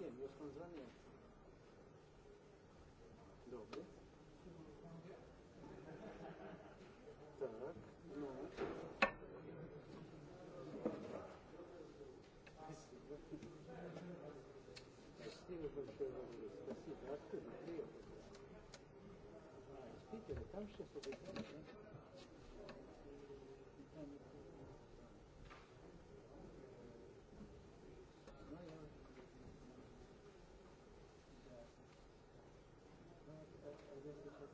wiem, już pan zamiast. Dobry. Tak, no. Спасибо большое вам, спасибо. Откуда приехали? А, из Питера, там сейчас обязательно.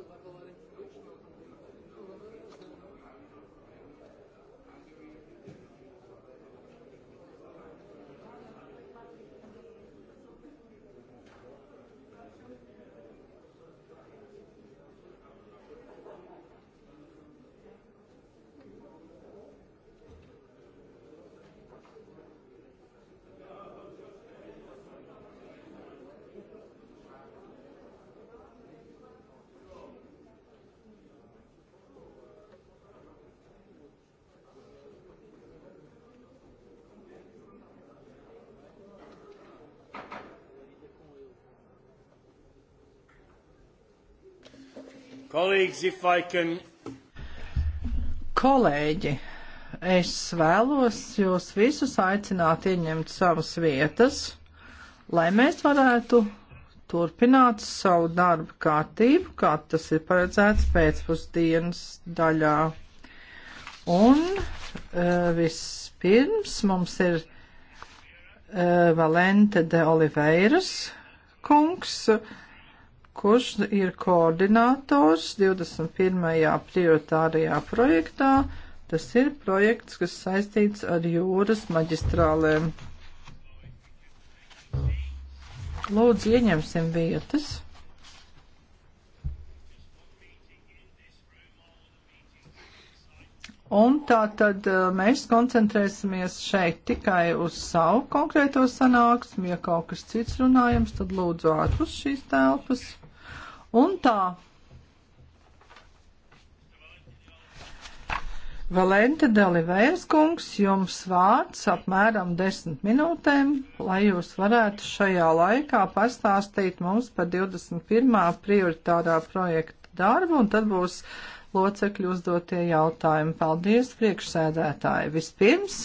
a favore. Can... Kolēģi, es vēlos jūs visus aicināt ieņemt savas vietas, lai mēs varētu turpināt savu darbu kārtību, kā tas ir paredzēts pēcpusdienas daļā. Un eh, vispirms mums ir eh, Valente de Oliveiras kungs, kurš ir koordinators 21. prioritārajā projektā. Tas ir projekts, kas saistīts ar jūras maģistrālēm. Lūdzu, ieņemsim vietas. Un tā tad eh, mēs koncentrēsimies šeit tikai uz savu konkrēto sanāksmi. Ja kaut kas cits runājams, tad lūdzu ārpus šīs telpas. Un tā. Valente Delivērs kungs, jums vārds apmēram desmit minūtēm, lai jūs varētu šajā laikā pastāstīt mums par 21. prioritārā projekta darbu, un tad būs locekļu uzdotie jautājumi. Paldies, priekšsēdētāji! Vispirms!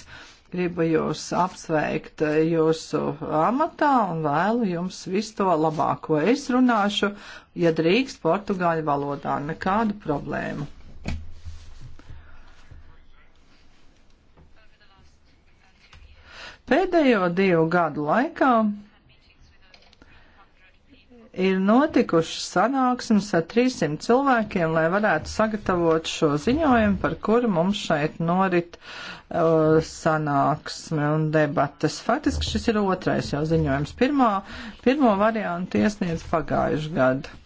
Gribu jūs apsveikt jūsu amatā un vēlu jums visu to labāko. Es runāšu, ja drīkst, portugāļu valodā, nekādu problēmu. Pēdējo divu gadu laikā ir notikušas sanāksmes ar 300 cilvēkiem, lai varētu sagatavot šo ziņojumu, par kuru mums šeit norit uh, sanāksme un debatas. Faktiski šis ir otrais jau ziņojums. Pirmā, pirmo variantu iesniedz pagājuši gadu.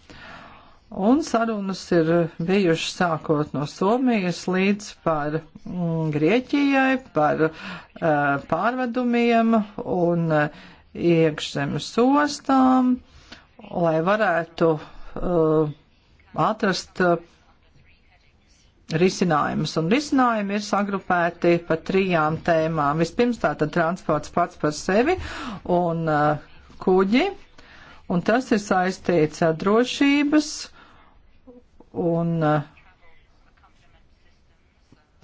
Un sarunas ir bijušas sākot no Somijas līdz par mm, Grieķijai, par uh, pārvadumiem un uh, iekšzemes ostām. Uh, lai varētu uh, atrast uh, risinājumus. Un risinājumi ir sagrupēti pa trijām tēmām. Vispirms tātad transports pats par sevi un uh, kuģi. Un tas ir saistīts ar drošības un uh,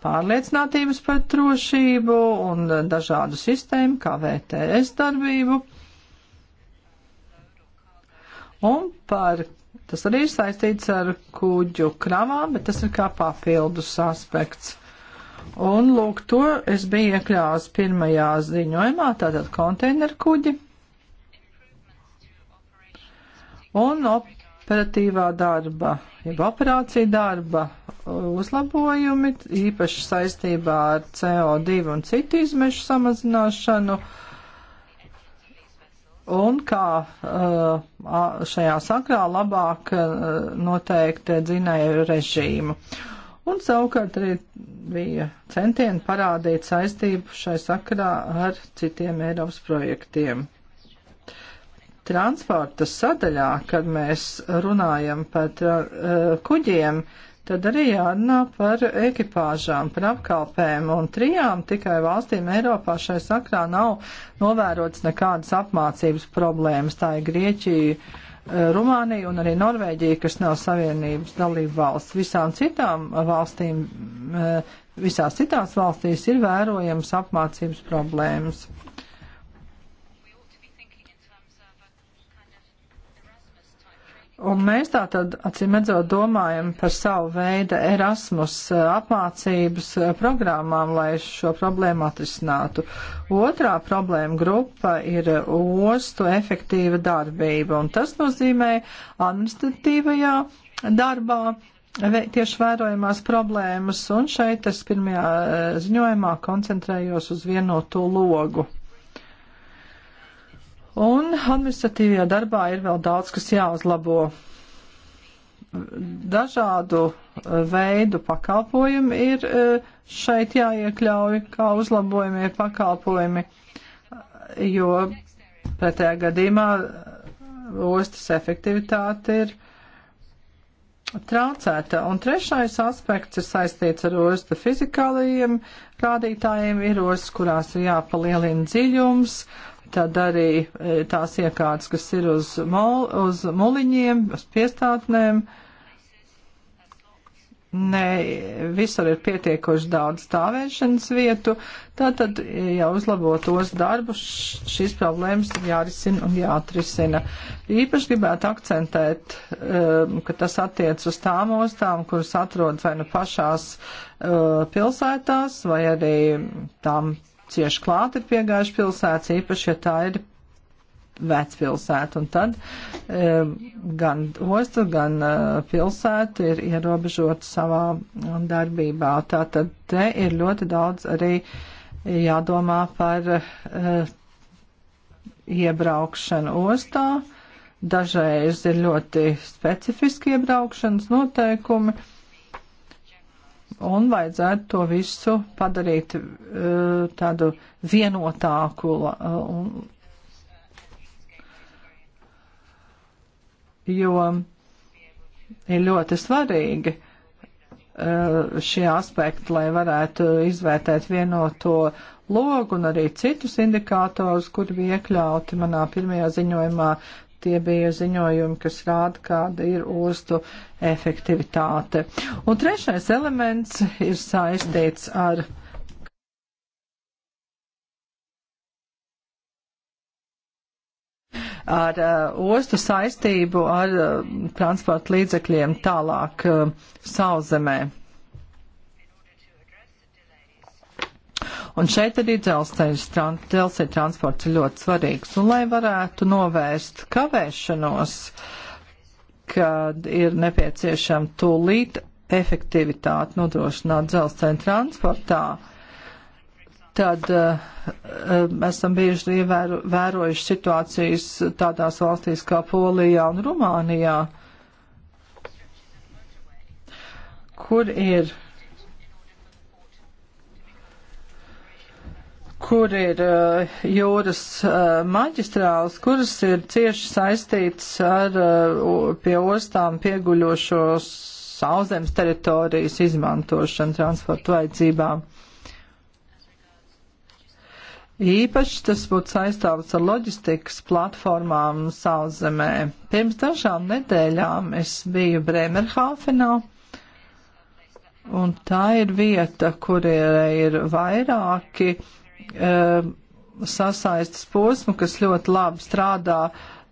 pārliecinātības par drošību un dažādu sistēmu, kā VTS darbību. Un par, tas arī ir saistīts ar kuģu kravām, bet tas ir kā papildus aspekts. Un lūk, to es biju iekļāvis pirmajā ziņojumā, tātad konteineru kuģi. Un operatīvā darba, jeb operācija darba uzlabojumi, īpaši saistībā ar CO2 un citu izmešu samazināšanu. Uh, un kā uh, šajā sakrā labāk uh, noteikt dzinēju režīmu. Un savukārt arī bija centieni parādīt saistību šai sakarā ar citiem Eiropas projektiem. Transporta sadaļā, kad mēs runājam par uh, kuģiem, uh, Tad arī jārunā par ekipāžām, par apkalpēm un trijām tikai valstīm Eiropā šai sakrā nav novērots nekādas apmācības problēmas. Tā ir Grieķija, eh, Rumānija un arī Norvēģija, kas nav savienības dalība valsts. Visām citām valstīm, eh, visās citās valstīs ir vērojams apmācības problēmas. Un mēs tā tad, acīm redzot, domājam par savu veidu Erasmus eh, apmācības eh, programmām, lai šo problēmu atrisinātu. Otrā problēma grupa ir eh, ostu efektīva darbība, un tas nozīmē administratīvajā darbā tieši vērojamās problēmas, un šeit es pirmajā ziņojumā koncentrējos uz vienoto logu. Un administratīvajā darbā ir vēl daudz, kas jāuzlabo. Dažādu e, veidu pakalpojumi ir e, šeit jāiekļauj kā uzlabojumie pakalpojumi, jo pretējā gadījumā ostas efektivitāte ir traucēta. Un trešais aspekts ir saistīts ar ostu fizikālajiem rādītājiem. Ir ostas, kurās ir jāpalielina dziļums, tad arī e, tās iekārtas, kas ir uz, mol, uz muliņiem, uz piestātnēm. Nē, visur ir pietiekoši daudz stāvēšanas vietu, tātad, e, ja uzlabo tos darbus, šīs problēmas ir jārisina un jāatrisina. Īpaši gribētu akcentēt, e, ka tas attiec uz tām ostām, kuras atrodas vai nu pašās pilsētās, vai arī tām cieši klāt ir piegājuši pilsētas, īpaši, ja tā ir vecpilsēta. Un tad e, gan osta, gan e, pilsēta ir ierobežota savā darbībā. Tātad te ir ļoti daudz arī jādomā par e, iebraukšanu ostā. Dažreiz ir ļoti specifiski iebraukšanas noteikumi. E, un vajadzētu to visu padarīt eh, tādu vienotāku. Eh, jo ir ļoti svarīgi eh, šie aspekti, lai varētu izvērtēt vienoto logu un arī citus indikātorus, kuri bija iekļauti manā pirmajā ziņojumā tie bija ziņojumi, kas rāda, kāda ir ostu efektivitāte. Un trešais elements ir saistīts ar. ar uh, ostu saistību ar uh, transporta līdzekļiem tālāk uh, sauzemē. Un šeit arī dzelzceļa trans, transports ir ļoti svarīgs. Un lai varētu novērst kavēšanos, kad ir nepieciešama tūlīt efektivitāte nodrošināt dzelzceļa transportā, tad uh, esam bieži ievēru, vērojuši situācijas tādās valstīs kā Polijā un Rumānijā, kur ir kur ir eh, jūras eh, maģistrāls, kuras ir cieši saistīts ar eh, pie ostām pieguļošos sauszemes teritorijas izmantošanu transportu vajadzībām. Īpaši tas būtu saistāms ar loģistikas platformām sauszemē. Pirms dažām nedēļām es biju Bremerhāfenā. Un tā ir vieta, kur ir, ir vairāki uh, Um, sasaistas posmu, kas ļoti labi strādā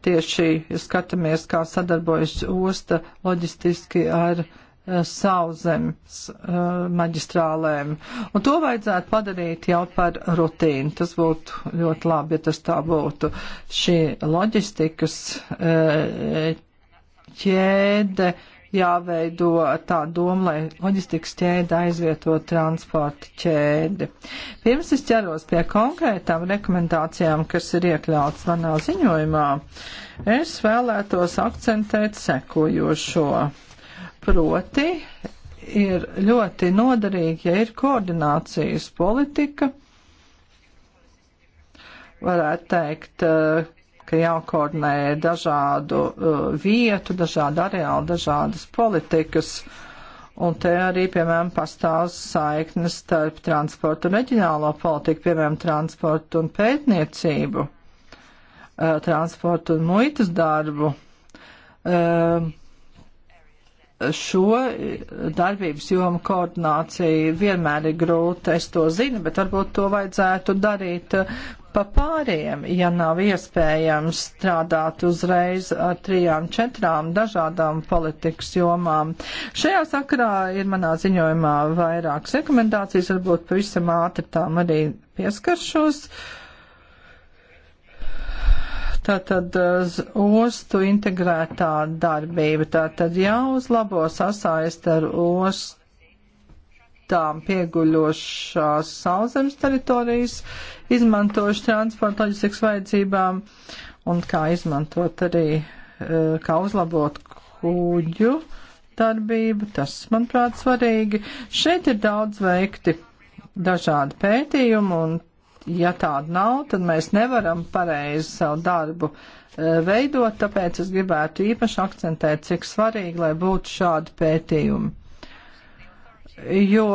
tieši, ja skatāmies, kā sadarbojas osta loģistiski ar uh, sauzemes uh, maģistrālēm. Un to vajadzētu padarīt jau par rutīnu. Tas būtu ļoti labi, ja tas tā būtu. Šī loģistikas uh, ķēde. Uh, jāveido tā doma, lai loģistikas ķēde aizvieto transporta ķēdi. Pirms es ķeros pie konkrētām rekomendācijām, kas ir iekļauts manā ziņojumā, es vēlētos akcentēt sekojošo. Proti, ir ļoti noderīgi, ja ir koordinācijas politika, varētu teikt, ka jākoordinē dažādu uh, vietu, dažādu areālu, dažādas politikas. Un te arī, piemēram, pastāv saiknes starp transportu un reģionālo politiku, piemēram, transportu un pētniecību, uh, transportu un muitas darbu. Uh, šo darbības jomu koordinācija vienmēr ir grūta, es to zinu, bet varbūt to vajadzētu darīt uh, pa pāriem, ja nav iespējams strādāt uzreiz ar trijām, četrām dažādām politikas jomām. Šajā sakarā ir manā ziņojumā vairākas rekomendācijas, varbūt pavisam ātri tām arī pieskaršos. Tātad eh, ostu integrētā darbība, tātad jāuzlabo sasaist ar ostu citām pieguļošās sauszemes teritorijas, izmantojuši transporta loģistikas vajadzībām un kā izmantot arī, eh, kā uzlabot kuģu darbību. Tas, manuprāt, svarīgi. Šeit ir daudz veikti dažādi pētījumi, un ja tāda nav, tad mēs nevaram pareizi savu darbu eh, veidot, tāpēc es gribētu īpaši akcentēt, cik svarīgi, lai būtu šādi pētījumi jo,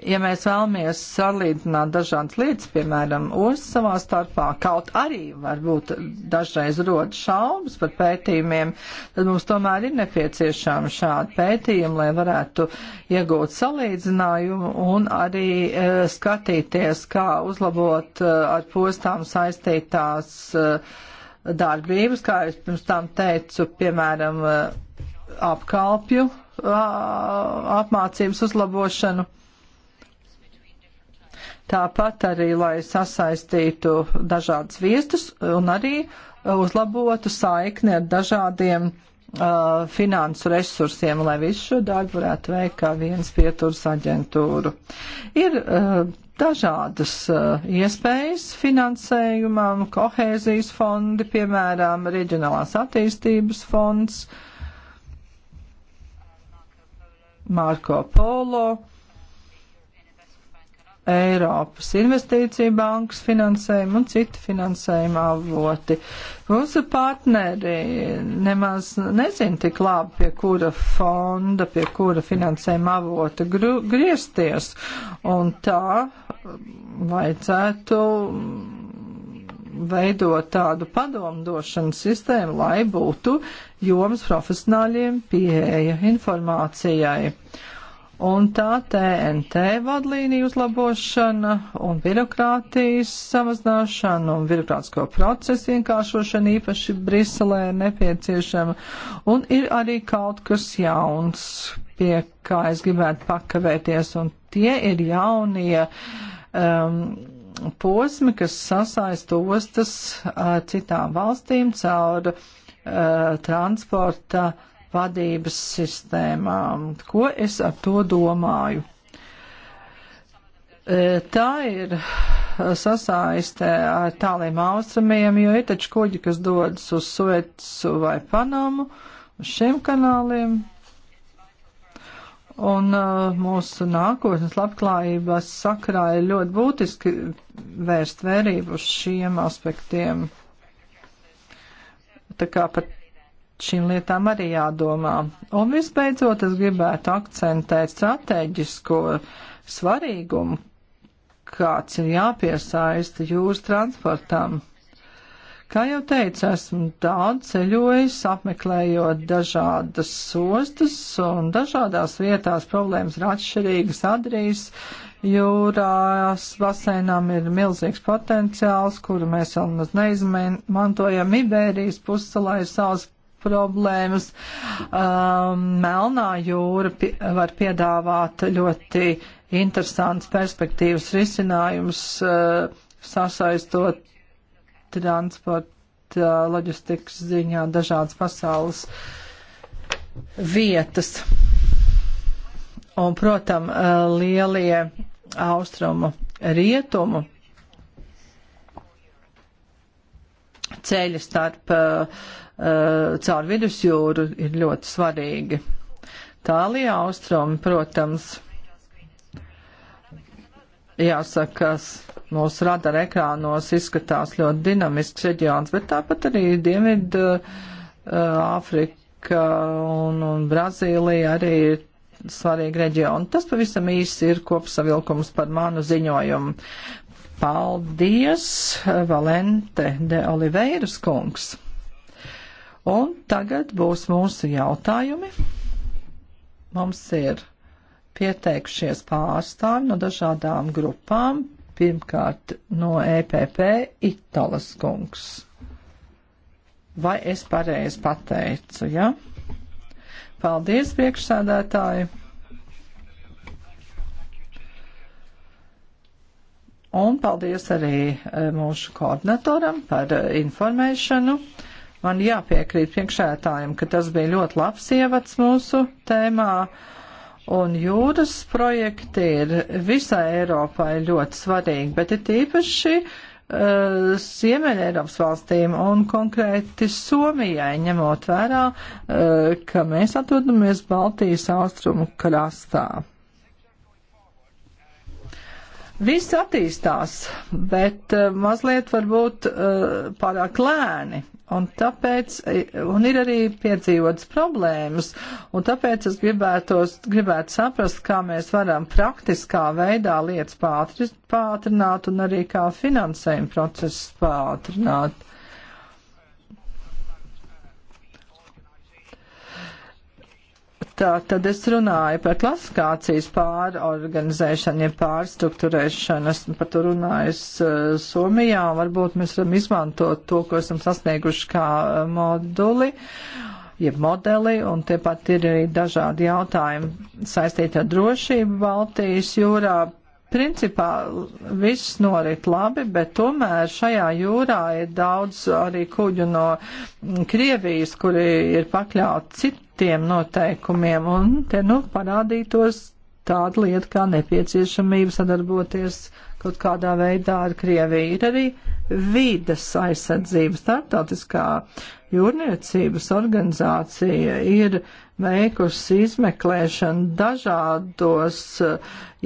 ja mēs vēlamies salīdzināt dažādas lietas, piemēram, ostas savā starpā, kaut arī varbūt dažreiz rod šaubas par pētījumiem, tad mums tomēr ir nepieciešama šāda pētījuma, lai varētu iegūt salīdzinājumu un arī e, skatīties, kā uzlabot e, ar postām saistītās. E, darbības, kā es pirms tam teicu, piemēram, e, apkalpju apmācības uzlabošanu. Tāpat arī, lai sasaistītu dažādas viestas un arī uzlabotu saikni ar dažādiem uh, finansu resursiem, lai visu šo darbu varētu veikt kā viens pieturs aģentūru. Ir uh, dažādas uh, iespējas finansējumam, kohēzijas fondi, piemēram, reģionālās attīstības fonds. Uh, Marko Polo, Eiropas investīcija bankas finansējumu un citu finansējumu avoti. Mūsu partneri nemaz nezin tik labi, pie kura fonda, pie kura finansējuma avota griezties, un tā vajadzētu veidot tādu padomdošanas sistēmu, lai būtu jomas profesionāļiem pieeja informācijai. Un tā TNT vadlīnija uzlabošana un birokrātijas samazināšana un birokrātisko procesu vienkāršošana īpaši Briselē ir nepieciešama. Un ir arī kaut kas jauns, pie kā es gribētu pakavēties, un tie ir jaunie um, posmi, kas sasaista ostas ar citām valstīm caur transporta vadības sistēmām. Ko es ar to domāju? Tā ir sasaiste ar tāliem austrumiem, jo ir taču kuģi, kas dodas uz Suecu vai Panamu, uz šiem kanāliem, Un uh, mūsu nākotnes labklājības sakrā ir ļoti būtiski vērst vērību uz šiem aspektiem. Tā kā par šīm lietām arī jādomā. Un visbeidzot, es gribētu akcentēt strateģisko svarīgumu, kāds ir jāpiesaista jūras transportam. Kā jau teicu, esmu daudz ceļojis, apmeklējot dažādas ostas un dažādās vietās problēmas ir atšķirīgas. Adrijas jūrās basēnām ir milzīgs potenciāls, kuru mēs vēl maz neizmantojam. Iberijas pussalā ir savas problēmas. Um, Melnā jūra pi var piedāvāt ļoti interesants perspektīvas risinājums, uh, sasaistot transporta loģistikas ziņā dažādas pasaules vietas. Un, protams, eh, lielie austrumu, rietumu ceļi starp eh, eh, caur vidusjūru ir ļoti svarīgi. Tālie austrumi, protams, jāsaka, kas mūsu radara ekrānos izskatās ļoti dinamisks reģions, bet tāpat arī Dienvidu uh, Āfrika un, un Brazīlija arī ir svarīgi reģioni. Tas pavisam īsi ir kopsavilkums par manu ziņojumu. Paldies, Valente de Oliveiras kungs! Un tagad būs mūsu jautājumi. Mums ir pieteikšies pārstāvi no dažādām grupām. Pirmkārt, no EPP Italas kungs. Vai es pareizi pateicu, ja? Paldies, priekšsēdētāji! Un paldies arī e, mūsu koordinatoram par e, informēšanu. Man jāpiekrīt priekšētājiem, ka tas bija ļoti labs ievads mūsu tēmā. Un jūras projekti ir visai Eiropai ļoti svarīgi, bet ir tīpaši uh, eh, Ziemeļa Eiropas valstīm un konkrēti Somijai, ņemot vērā, uh, ka mēs atrodamies Baltijas austrumu krastā. Viss attīstās, bet eh, mazliet varbūt eh, pārāk lēni. Un tāpēc, eh, un ir arī piedzīvotas problēmas, un tāpēc es gribētos, gribētu saprast, kā mēs varam praktiskā veidā lietas pātrināt un arī kā finansējuma procesus pātrināt. Tā tad es runāju par klasifikācijas pārorganizēšanu, ja pārstruktūrēšanu. Esmu par to runājis uh, eh, Somijā, un varbūt mēs varam izmantot to, ko esam sasnieguši kā eh, moduli jeb modeli, un tepat ir arī dažādi jautājumi saistīti ar drošību Baltijas jūrā. Principā viss norit labi, bet tomēr šajā jūrā ir daudz arī kuģu no Krievijas, kuri ir pakļauti citu citiem noteikumiem, un te nu parādītos tāda lieta kā nepieciešamība sadarboties kaut kādā veidā ar Krieviju. Ir arī vīdes aizsardzība. Startautiskā jūrniecības organizācija ir veikusi izmeklēšanu dažādos,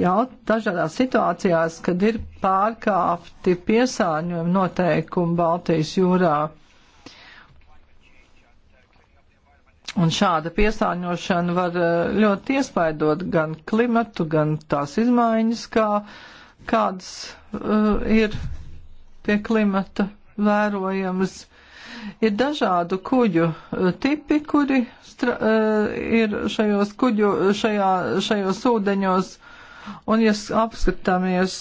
jaut, dažādās situācijās, kad ir pārkāpti piesāņojumi noteikumi Baltijas jūrā. Un šāda piesārņošana var eh, ļoti iespaidot gan klimatu, gan tās izmaiņas, kā, kādas uh, ir pie klimata vērojamas. Ir dažādu kuģu eh, tipi, kuri stra, uh, ir šajos kuģu, šajā, šajos ūdeņos, un ja apskatāmies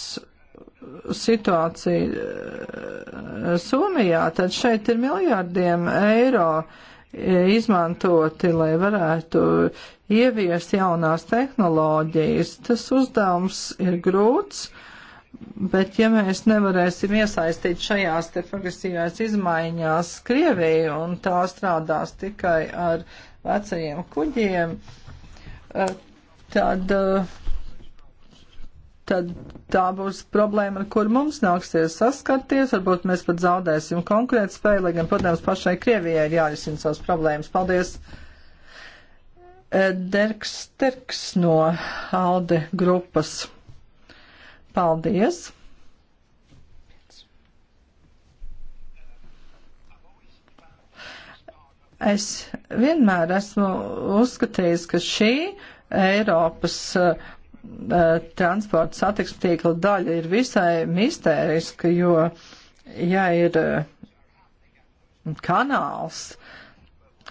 situāciju Somijā, tad šeit ir miljārdiem eiro uh, izmantoti, lai varētu ieviest jaunās tehnoloģijas. Tas uzdevums ir grūts, bet ja mēs nevarēsim iesaistīt šajās te progresīvās izmaiņās Krieviju un tā strādās tikai ar vecajiem kuģiem, eh, tad uh, tad tā būs problēma, ar kur mums nāksies saskarties. Varbūt mēs pat zaudēsim konkurētspēju, lai gan, protams, pašai Krievijai ir jārisina savas problēmas. Paldies! E, Derks Terks no Alde grupas. Paldies! Es vienmēr esmu uzskatījis, ka šī Eiropas uh, E, transporta satiksmes tīkla daļa ir visai mistēriska, jo, ja ir e, kanāls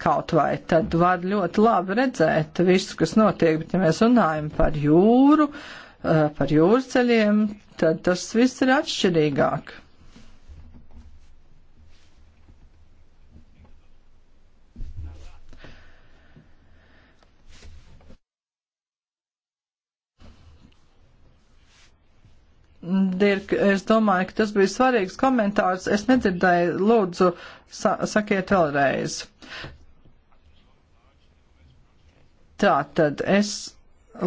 kaut vai, tad var ļoti labi redzēt visu, kas notiek, bet ja mēs runājam par jūru, e, par jūras ceļiem, tad tas viss ir atšķirīgāk. Dirk, es domāju, ka tas bija svarīgs komentārs. Es nedzirdēju, lūdzu, sa sakiet vēlreiz. Tā tad es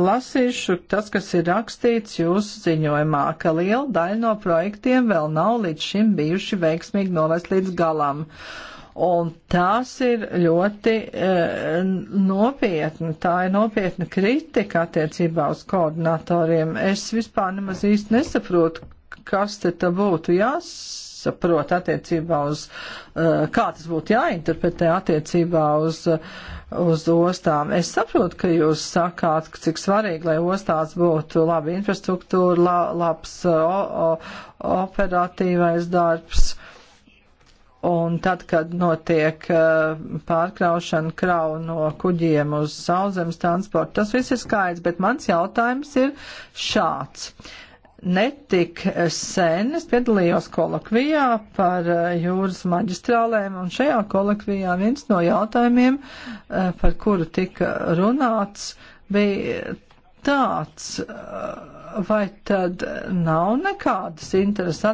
lasīšu tas, kas ir rakstīts jūsu ziņojumā, ka liela daļa no projektiem vēl nav līdz šim bijuši veiksmīgi novest līdz galam. Uh, Un tās ir ļoti e, eh, nopietna, tā ir nopietna kritika attiecībā uz koordinatoriem. Es vispār nemaz īsti nesaprotu, kas te tā būtu jāsaprot attiecībā uz, e, kā tas būtu jāinterpretē attiecībā uz, uz ostām. Es saprotu, ka jūs sakāt, cik svarīgi, lai ostās būtu laba infrastruktūra, la, labs eh, o, o, operatīvais darbs Un tad, kad notiek uh, pārkraušana krau no kuģiem uz sauszemes transportu, tas viss ir skaidrs, bet mans jautājums ir šāds. Netik sen es piedalījos kolokvijā par uh, jūras maģistrālēm, un šajā kolokvijā viens no jautājumiem, uh, par kuru tika runāts, bija tāds, vai tad nav nekādas intereses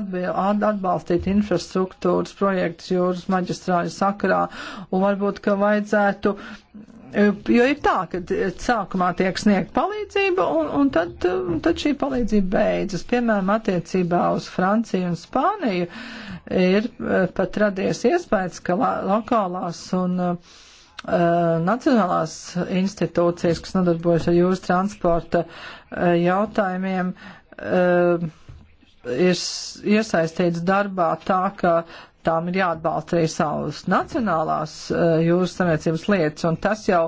atbalstīt infrastruktūras projektus jūras maģistrāļu sakarā, un varbūt, ka vajadzētu, jo ir tā, ka sākumā tiek sniegt palīdzība, un, un tad, tad šī palīdzība beidzas. Piemēram, attiecībā uz Franciju un Spāniju ir pat radies iespējas, ka lokālās un uh, Uh, nacionālās institūcijas, kas nodarbojas ar jūras transporta uh, jautājumiem, uh, ir iesaistīts darbā tā, ka tām ir jāatbalsta arī savas nacionālās eh, jūras saimniecības lietas, un tas jau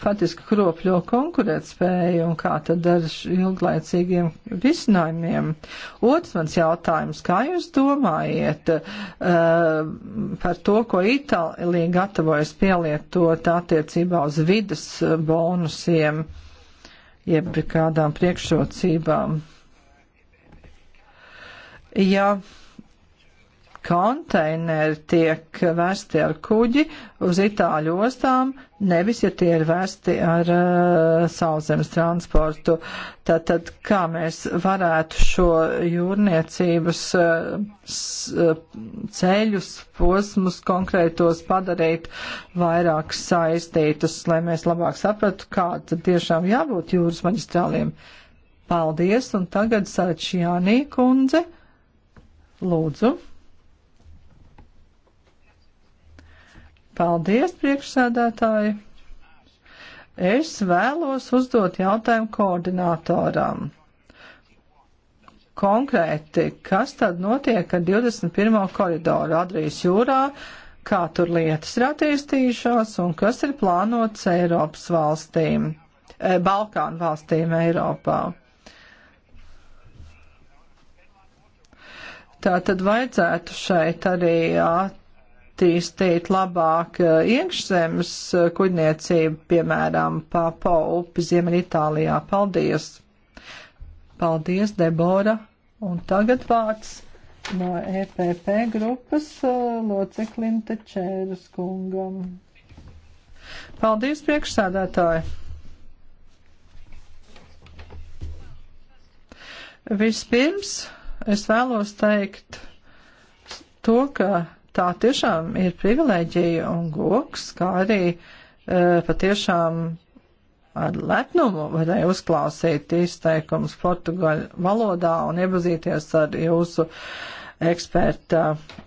faktiski kropļo konkurētspēju un kā tad ar ilglaicīgiem risinājumiem. Otrs mans jautājums, kā jūs domājat uh, par to, ko Itālija gatavojas pielietot attiecībā uz vidas bonusiem, jeb kādām priekšrocībām? Ja konteineri tiek vērsti ar kuģi uz Itāļu ostām, nevis, ja tie ir vērsti ar uh, sauszemes transportu. Tad, tad kā mēs varētu šo jūrniecības uh, ceļus, posmus konkrētos padarīt vairāk saistītus, lai mēs labāk sapratu, kāda tiešām jābūt jūras maģistrāliem. Paldies, un tagad Sarčjānī kundze. Lūdzu. Paldies, priekšsēdētāji! Es vēlos uzdot jautājumu koordinātoram. Konkrēti, kas tad notiek ar 21. koridoru Adrijas jūrā, kā tur lietas ir attīstījušās un kas ir plānots Eiropas valstīm, eh, Balkānu valstīm Eiropā? Tā tad vajadzētu šeit arī at, attīstīt labāk eh, iekšzemes eh, kuģniecību, piemēram, pa paupi Ziemeļitālijā. Paldies! Paldies, Debora! Un tagad vārds no EPP grupas eh, loceklim Tečēras kungam. Paldies, priekšsādātāji! Vispirms es vēlos teikt to, ka tā tiešām ir privilēģija un goks, kā arī e, patiešām ar lepnumu varēja uzklausīt izteikums portugaļu valodā un iepazīties ar jūsu eksperta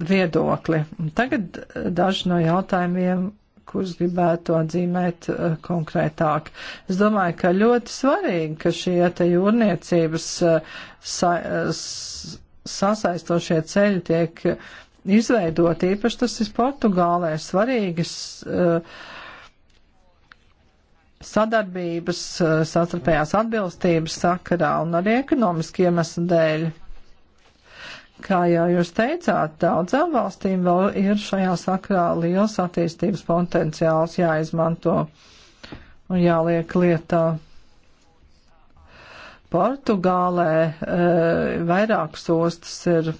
viedokli. Tagad daži no jautājumiem, kurus gribētu atzīmēt e, konkrētāk. Es domāju, ka ļoti svarīgi, ka šie te jūrniecības e, sa sasaistošie ceļi tiek uh, izveidot, īpaši tas ir Portugālē, svarīgas uh, sadarbības, uh, sastarpējās atbilstības sakarā un arī ekonomiski iemeslu dēļ. Kā jau jūs teicāt, daudzām valstīm vēl ir šajā sakrā liels attīstības potenciāls jāizmanto un jāliek lietā. Portugālē e, vairākas ostas ir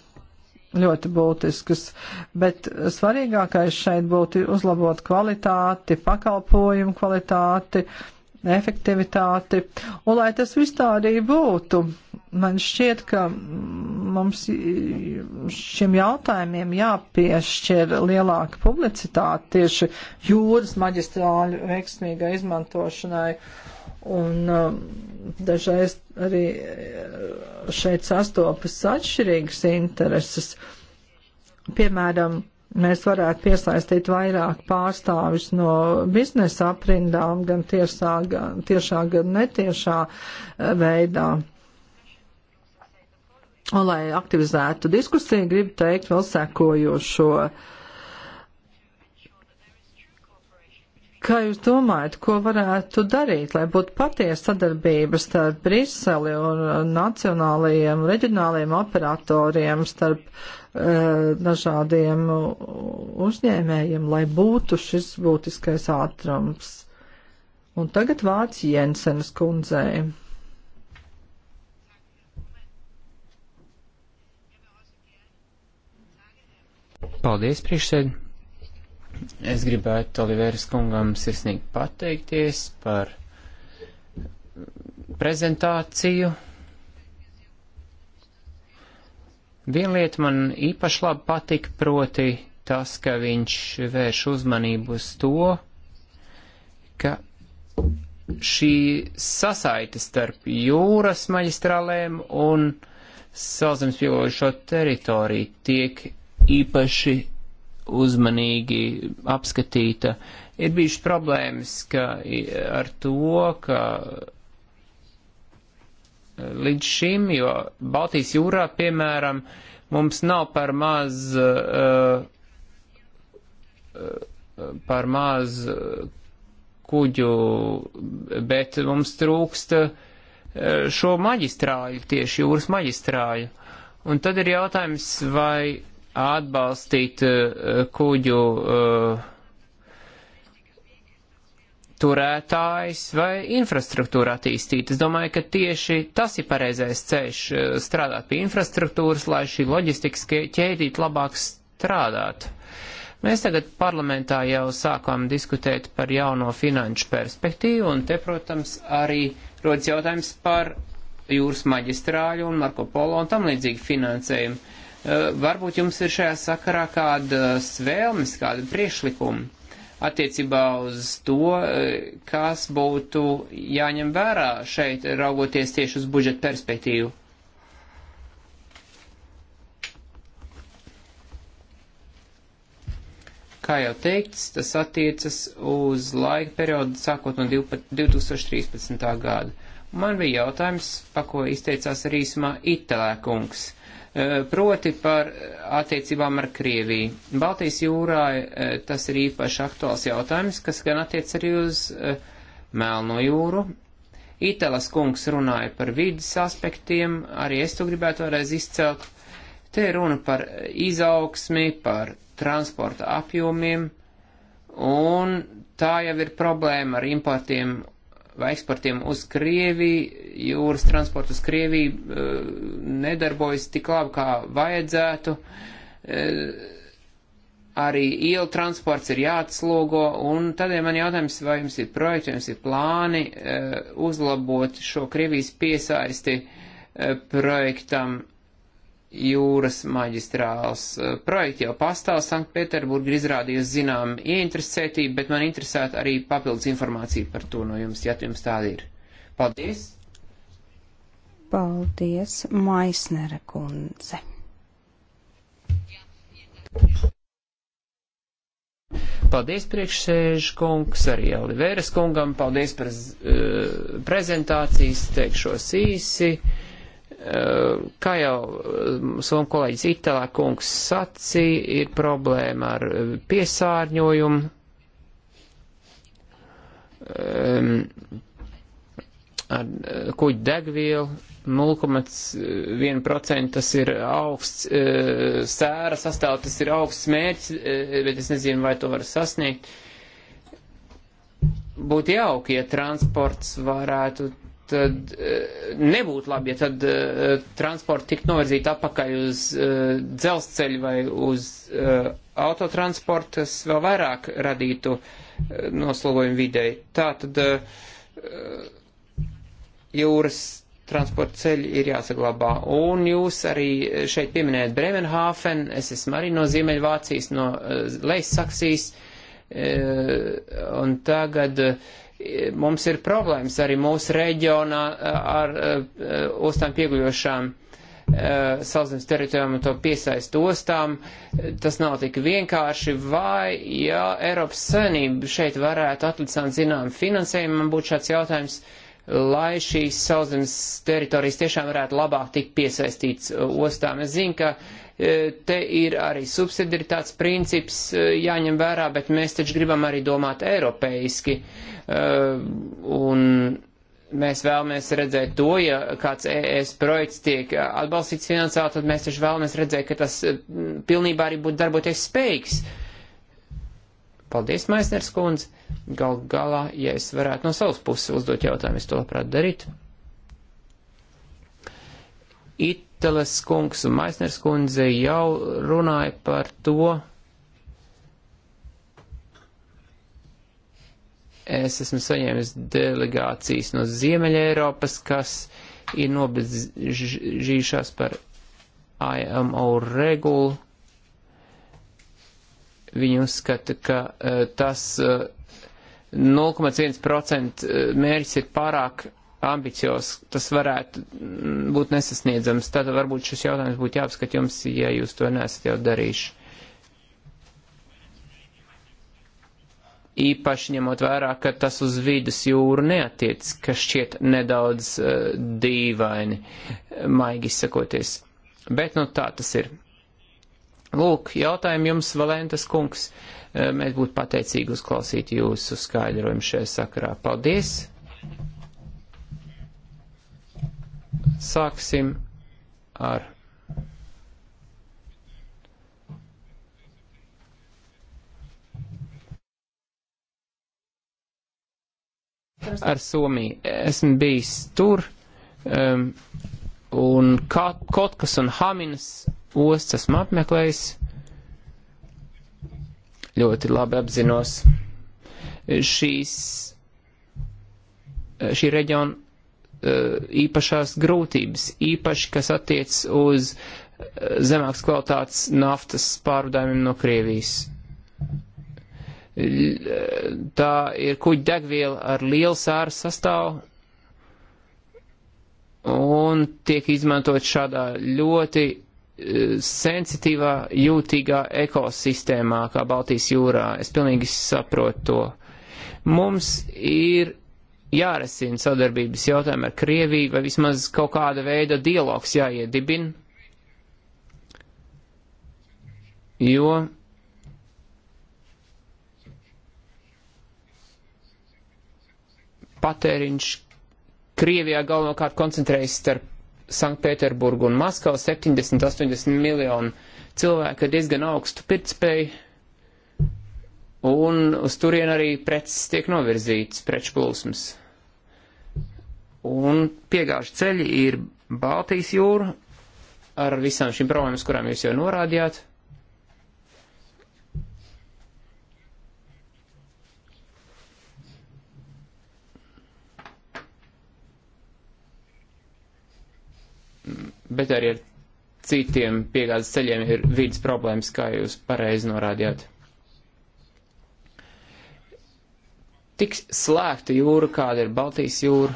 ļoti būtiskas, bet svarīgākais šeit būtu uzlabot kvalitāti, pakalpojumu kvalitāti, efektivitāti, un lai tas viss tā arī būtu, man šķiet, ka mums šiem jautājumiem jāpiešķir lielāka publicitāte tieši jūras maģistrāļu veiksmīgai izmantošanai. Uh, Un um, dažreiz arī uh, šeit sastopas atšķirīgas intereses. Piemēram, mēs varētu piesaistīt vairāk pārstāvis no biznesa aprindām, gan tiesā, gan, tiešā, gan netiešā uh, veidā. Un, lai aktivizētu diskusiju, gribu teikt vēl sekojošo. Uh, Kā jūs domājat, ko varētu darīt, lai būtu patiesa sadarbība starp Briseli un uh, nacionālajiem, reģionālajiem operatoriem, starp uh, dažādiem uh, uzņēmējiem, lai būtu šis būtiskais ātrums? Un tagad vārds Jensenas kundzei. Paldies, priekšsēdētāji! Es gribētu Oliveras kungam sirsnīgi pateikties par prezentāciju. Viena lieta man īpaši labi patika, proti tas, ka viņš vērš uzmanību uz to, ka šī sasaite starp jūras maģistrālēm un sauszemes pielojušo teritoriju tiek īpaši uzmanīgi apskatīta. Ir bijušas problēmas ka, ar to, ka e, līdz šim, jo Baltijas jūrā, piemēram, mums nav par maz, uh, par maz kuģu, bet mums trūkst šo maģistrāļu, tieši jūras maģistrāļu. Un tad ir jautājums, vai atbalstīt eh, kuģu eh, turētājs vai infrastruktūra attīstīt. Es domāju, ka tieši tas ir pareizais ceļš eh, strādāt pie infrastruktūras, lai šī loģistikas ķēdīt labāk strādāt. Mēs tagad parlamentā jau sākām diskutēt par jauno finanšu perspektīvu, un te, protams, arī rodas jautājums par jūras maģistrāļu un Marko Polo un tam līdzīgi finansējumu Eh, varbūt jums ir šajā sakarā kādas vēlmes, kādi priešlikumi attiecībā uz to, eh, kas būtu jāņem vērā šeit, raugoties tieši uz budžeta perspektīvu. Kā jau teikts, tas attiecas uz laika periodu sākot no 2013. gada. Man bija jautājums, pa ko izteicās arī īsumā Itālē kungs. Uh, Eh, proti par eh, attiecībām ar Krieviju. Baltijas jūrā eh, tas ir īpaši aktuāls jautājums, kas gan attiec arī uz Melno jūru. Itālas kungs runāja par vidas aspektiem, arī es to gribētu vēlreiz izcelt. Te ir runa par izaugsmi, par transporta apjomiem, un tā jau ir problēma ar importiem vai eksportiem uz Krieviju, jūras transportu uz Krieviju eh, nedarbojas tik labi, kā vajadzētu. Eh, arī ielu transports ir jāatslogo, un tad ir ja man jautājums, vai jums ir projekti, vai jums ir plāni eh, uzlabot šo Krievijas piesaisti projektam jūras maģistrāls. Eh, projekti jau pastāv, Sanktpēterburga izrādījusi zinām ieinteresētību, bet man interesētu arī papildus informācija par to no jums, ja jums tāda ir. Paldies! Paldies, Maisnere kundze! Paldies priekšsēžu kungs, arī Oliveras kungam, paldies par uh, prezentācijas, teikšos īsi. Uh, kā jau um, somu kolēģis Itālā kungs sacīja, ir problēma ar um, piesārņojumu. Um, ar uh, kuģu degvielu 0,1% tas ir augsts uh, sēra sastāv, tas ir augsts mērķis, uh, bet es nezinu, vai to var sasniegt. Būtu jauki, ja transports varētu tad eh, nebūtu labi, ja tad eh, transporta tiktu novirzīt atpakaļ uz eh, dzelzceļu vai uz autotransportu, tas vēl vairāk radītu noslogojumu videi. Tā tad jūras transporta ceļi ir jāsaglabā. Un jūs arī šeit pieminējat Bremenhāfen, es esmu arī no Ziemeļvācijas, no Leissaksijas, un tagad uh, mums ir problēmas arī mūsu reģionā ar ostām pieguļošām sauszemes teritorijām un to piesaist ostām. Tas nav tik vienkārši, vai, ja Eiropas Savienība šeit varētu atlicināt zinām finansējumu, man būtu šāds jautājums, lai šīs sauszemes teritorijas tiešām varētu labāk tikt piesaistīts ostām. Es zinu, ka uh, E, te ir arī subsidiaritāts princips e, jāņem vērā, bet mēs taču gribam arī domāt eiropeiski. E, un mēs vēlamies redzēt to, ja kāds ES projekts tiek atbalstīts finansāli, tad mēs taču vēlamies redzēt, ka tas pilnībā arī būtu darboties spējīgs. Paldies, Maisners kundze. Gal galā, ja es varētu no savas puses uzdot jautājumu, es to labprāt darītu. Iteles kungs un Maisners kundze jau runāja par to. Es esmu saņēmis delegācijas no Ziemeļa Eiropas, kas ir nobežījušās par IMO regulu. Viņi uzskata, ka uh, tas uh, eh, 0,1% eh, mērķis ir pārāk ambicios, tas varētu mm, būt nesasniedzams. Tad varbūt šis jautājums būtu jāapskat jums, ja jūs to nesat jau darījuši. Īpaši ņemot vērā, ka tas uz vidus jūru neatiec, kas šķiet nedaudz uh, dīvaini, maigi sakoties. Bet nu tā tas ir. Lūk, jautājumu jums, Valentas kungs. Eh, mēs būtu pateicīgi uzklausīt jūsu skaidrojumu šajā sakarā. Paldies! Sāksim ar. Ar Somiju. Esmu bijis tur, um, un Kat Kotkas un Haminas ostas esmu apmeklējis. Ļoti labi apzinos šīs, šī reģiona Eh, īpašās grūtības, īpaši, kas attiec uz eh, zemāks kvalitātes naftas pārvadājumiem no Krievijas. Eh, tā ir kuģa degviela ar lielu sāru sastāvu un tiek izmantot šādā ļoti sensitīvā, jūtīgā ekosistēmā, kā Baltijas jūrā. Es pilnīgi saprotu to. Mums ir jāresina sadarbības jautājumi ar Krieviju, vai vismaz kaut kāda veida dialogs jāiedibina, jo patēriņš Krievijā galvenokārt koncentrējas starp Sanktpēterburgu un Maskavu 70-80 miljonu cilvēku ir diezgan augstu pirtspēju un uz turien arī preces tiek novirzītas, preču plūsmas. Un piegājuši ceļi ir Baltijas jūra ar visām šīm problēmas, kurām jūs jau norādījāt. Bet arī ar citiem piegādes ceļiem ir vidas problēmas, kā jūs pareizi norādījāt. tik slēgta jūra, kāda ir Baltijas jūra.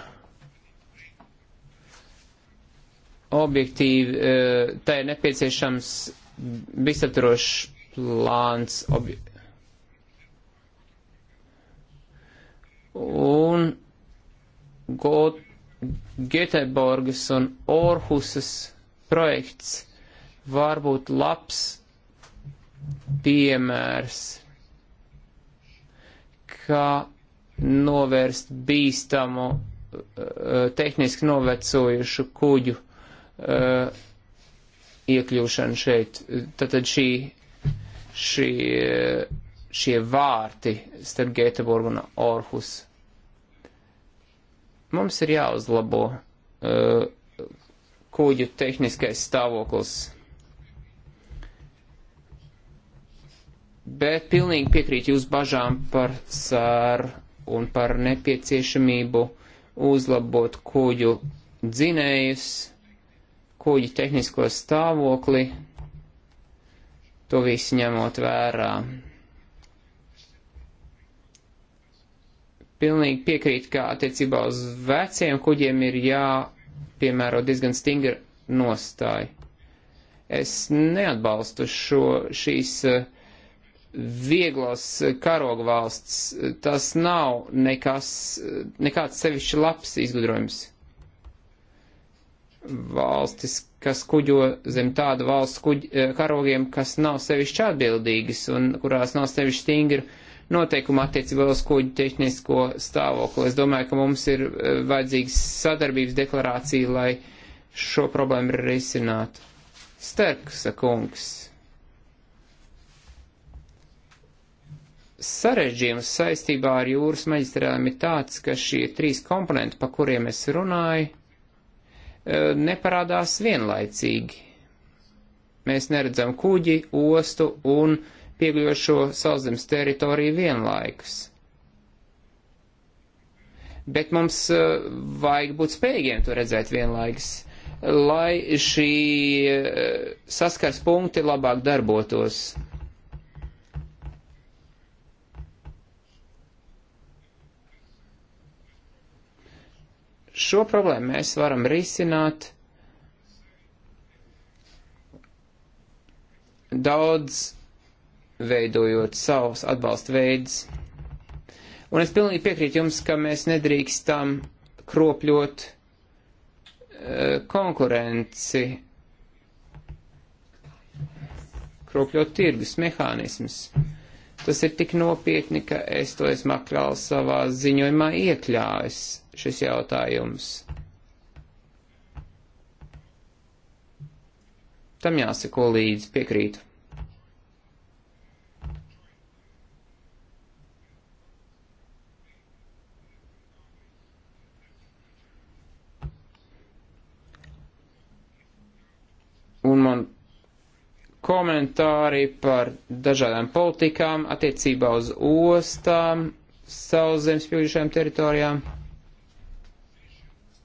Objektīvi, e, tā ir nepieciešams visaptarošs plāns. Obj... Un Got Göteborgas un Orhusas projekts var būt labs piemērs, ka novērst bīstamu uh, tehniski novecojušu kuģu uh, iekļūšanu šeit. Tātad šī, šī, eh, šie vārti starp Gēteburgu un Orhus. Mums ir jāuzlabo uh, kuģu tehniskais stāvoklis. Bet pilnīgi piekrīt jūs bažām par sāru un par nepieciešamību uzlabot kuģu dzinējus, kuģu tehnisko stāvokli, to visu ņemot vērā. Pilnīgi piekrīt, ka attiecībā uz veciem kuģiem ir jāpiemēro diezgan stingra nostāja. Es neatbalstu šo, šīs uh, vieglos eh, karoga valsts, eh, tas nav nekas, eh, nekāds sevišķi labs izgudrojums. Valstis, kas kuģo zem tāda valsts kuģ, karogiem, kas nav sevišķi atbildīgas un kurās nav sevišķi stingri noteikumi attiecībā uz kuģu tehnisko stāvokli. Es domāju, ka mums ir vajadzīgs sadarbības deklarācija, lai šo problēmu risinātu. Sterksa kungs sarežģījums saistībā ar jūras maģistrāliem ir tāds, ka šie trīs komponenti, pa kuriem es runāju, eh, neparādās vienlaicīgi. Mēs neredzam kuģi, ostu un piegļošo sauszemes teritoriju vienlaikus. Bet mums eh, vajag būt spējīgiem to redzēt vienlaikus, lai šī eh, saskars punkti labāk darbotos. Šo problēmu mēs varam risināt daudz veidojot savus atbalsta veidus. Un es pilnīgi piekrītu jums, ka mēs nedrīkstam kropļot e, konkurenci, kropļot tirgus mehānismus. Tas ir tik nopietni, ka es to esmu akļāls savā ziņojumā iekļājis šis jautājums. Tam jāseko līdzi, piekrītu. Un man komentāri par dažādām politikām attiecībā uz ostām, sauszemes pieguļšajām teritorijām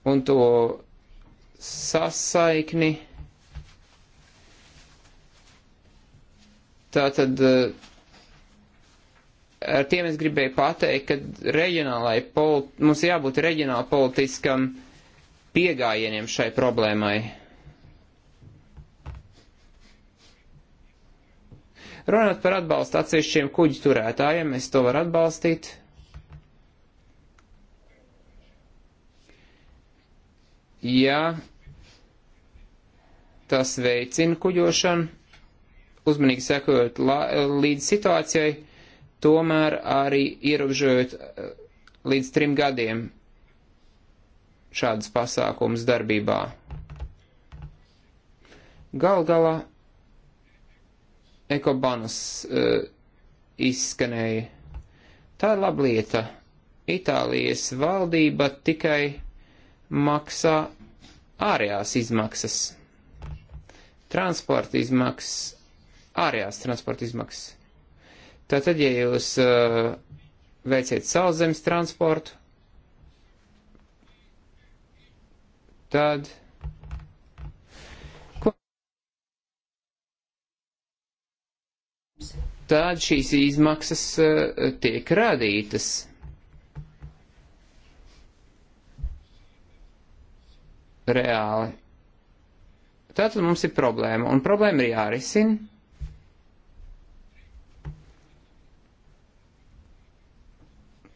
un to sasaikni. Tātad eh, ar tiem es gribēju pateikt, ka reģionālai politi mums jābūt reģionāli politiskam piegājieniem šai problēmai. Runāt par atbalstu atsevišķiem kuģi turētājiem, es to varu atbalstīt. ja tas veicina kuģošanu, uzmanīgi sekojot līdz situācijai, tomēr arī ierobežojot eh, līdz trim gadiem šādas pasākumas darbībā. Gal galā ekobanas uh, izskanēja. Tā ir laba lieta. Itālijas valdība tikai maksā ārējās izmaksas. Transporta izmaksas, ārējās transporta izmaksas. Tātad, ja jūs uh, veiciet sauszemes transportu, tad. Tad šīs izmaksas uh, tiek radītas reāli. Tātad mums ir problēma, un problēma ir jārisina.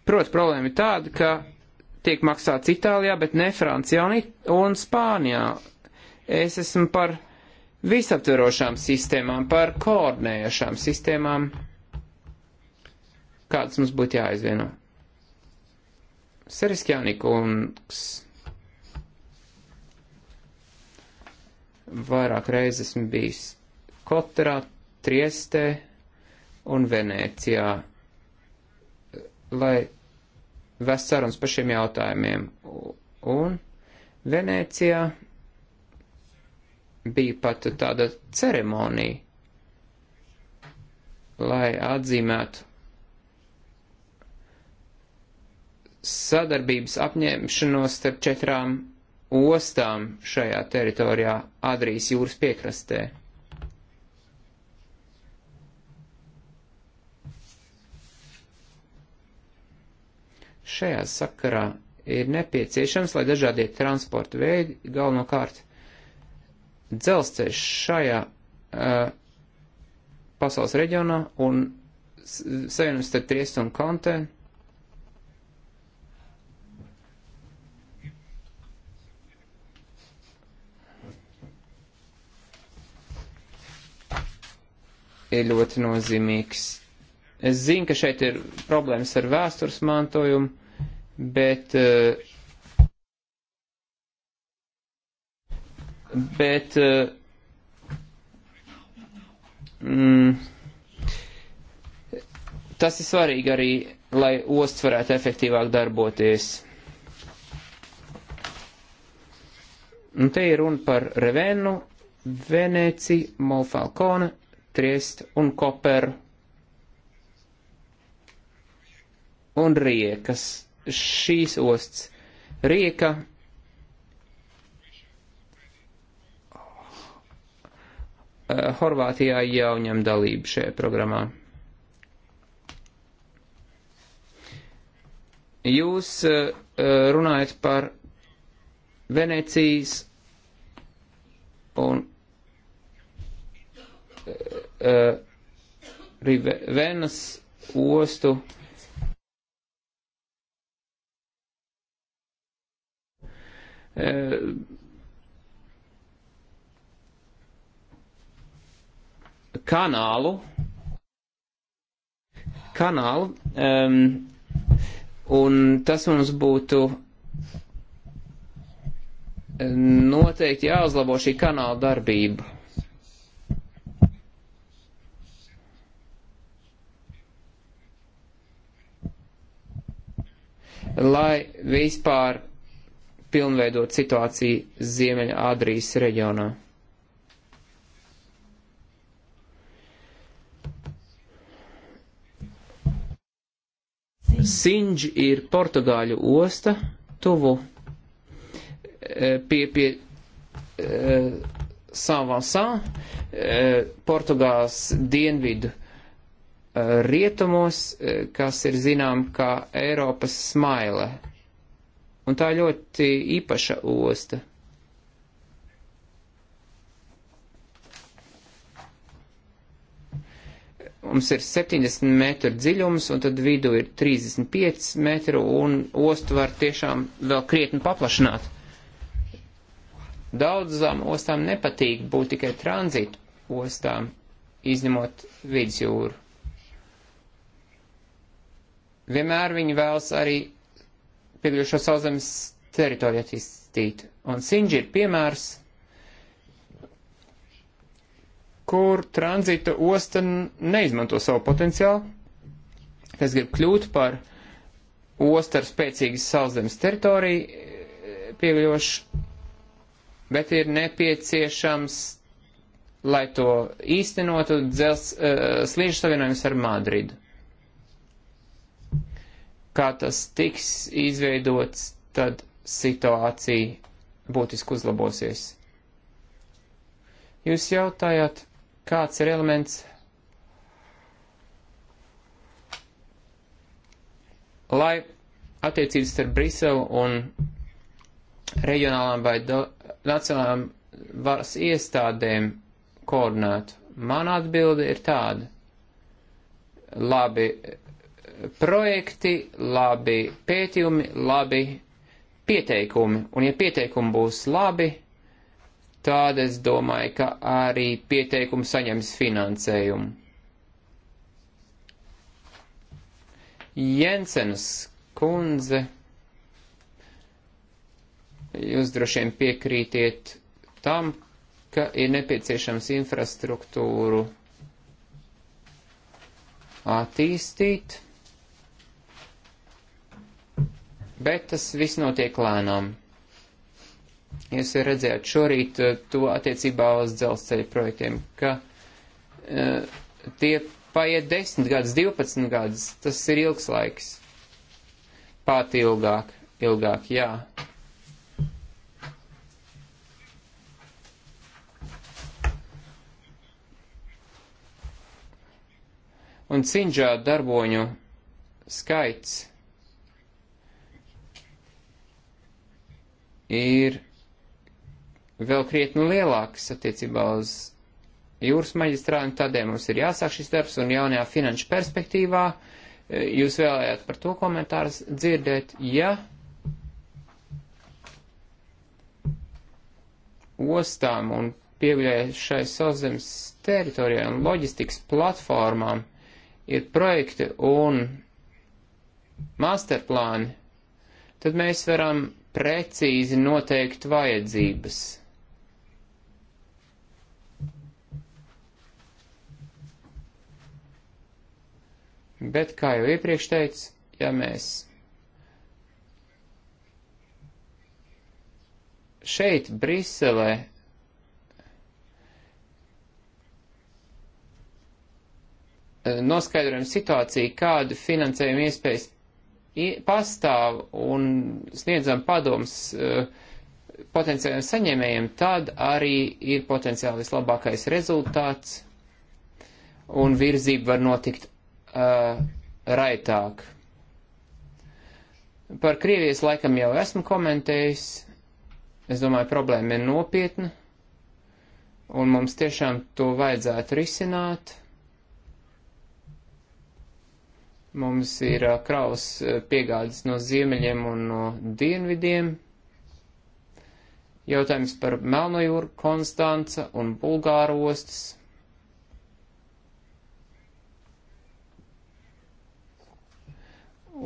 Protams, problēma ir tāda, ka tiek maksāts Itālijā, bet ne Francijā un, un Spānijā. Es esmu par visaptverošām sistēmām, par koordinējošām sistēmām, kādas mums būtu jāizvieno. Seriskjānī kungs. Vairāk reizes esmu bijis Kotrā, Triestē un Venēcijā, lai vest sarunas par šiem jautājumiem. Un Venēcijā bija pat tāda ceremonija, lai atzīmētu sadarbības apņemšanos starp četrām ostām šajā teritorijā Adrijas jūras piekrastē. Šajā sakarā ir nepieciešams, lai dažādie transporta veidi, galvenokārt dzelzceļš šajā uh, pasaules reģionā un savienojums starp Triestu un Kontēnu ir ļoti nozīmīgs. Es zinu, ka šeit ir problēmas ar vēstures mantojumu, bet, eh, bet eh, mm, tas ir svarīgi arī, lai osts varētu efektīvāk darboties. Un te ir runa par Revenu, Venēciju, Molfalkonu Triest un Koperu un Riekas. Šīs osts Rieka eh, Horvātijā jau ņem dalību šajā programmā. Jūs eh, runājat par Venecijas un Eh, eh, Rivenas ostu. Eh, kanālu, kanālu, um, un tas mums būtu noteikti jāuzlabo šī kanāla darbība. lai vispār pilnveidot situāciju Ziemeļa Adrijas reģionā. Sinž ir Portugāļu osta, tuvu eh, pie, pie eh, San Vansā, eh, Portugāls dienvidu rietumos, eh, kas ir zinām kā Eiropas smaile. Un tā ļoti īpaša osta. Mums ir 70 metru dziļums, un tad vidū ir 35 metru, un ostu var tiešām vēl krietni paplašināt. Daudzām ostām nepatīk būt tikai tranzītu ostām, izņemot vidusjūru. Vienmēr viņi vēlas arī piekļuvušo sauszemes teritoriju attīstīt. Un Sinģi ir piemērs, kur tranzīta osta neizmanto savu potenciālu, kas grib kļūt par ostu ar spēcīgas sauszemes teritoriju eh, piekļuvušu, bet ir nepieciešams, lai to īstenotu, dzels uh, eh, sliežu savienojums ar Madridu kā tas tiks izveidots, tad situācija būtiski uzlabosies. Jūs jautājāt, kāds ir elements, lai attiecības starp Briselu un reģionālām vai nacionālām varas iestādēm koordinētu? Mana atbilde ir tāda. Labi, projekti, labi pētījumi, labi pieteikumi. Un ja pieteikumi būs labi, tad es domāju, ka arī pieteikumi saņems finansējumu. Jensenas kundze, jūs droši vien piekrītiet tam, ka ir nepieciešams infrastruktūru attīstīt. bet tas viss notiek lēnām. Jūs jau redzējāt šorīt eh, to attiecībā uz dzelzceļa projektiem, ka uh, tie paiet 10 gadus, 12 gadus, tas ir ilgs laiks. Pat ilgāk, ilgāk, jā. Un cinģā darboņu skaits ir vēl krietni lielāks attiecībā uz jūras maģistrāli, tādēļ mums ir jāsāk šis darbs un jaunajā finanšu perspektīvā. Eh, jūs vēlējāt par to komentārus dzirdēt, ja ostām un pieviļējušai sauszemes teritorijai un loģistikas platformām ir projekti un masterplāni, tad mēs varam precīzi noteikt vajadzības. Bet, kā jau iepriekš teicu, ja mēs šeit, Briselē, noskaidrojam situāciju, kādu finansējumu iespējas pastāv un sniedzam padoms eh, potenciālajiem saņēmējiem, tad arī ir potenciāli vislabākais rezultāts un virzība var notikt uh, raitāk. Par Krievijas laikam jau esmu komentējis. Es domāju, problēma ir nopietna, un mums tiešām to vajadzētu risināt. Mums ir kraus piegādes no ziemeļiem un no dienvidiem. Jautājums par Melnojūru, Konstanca un Bulgāru ostas.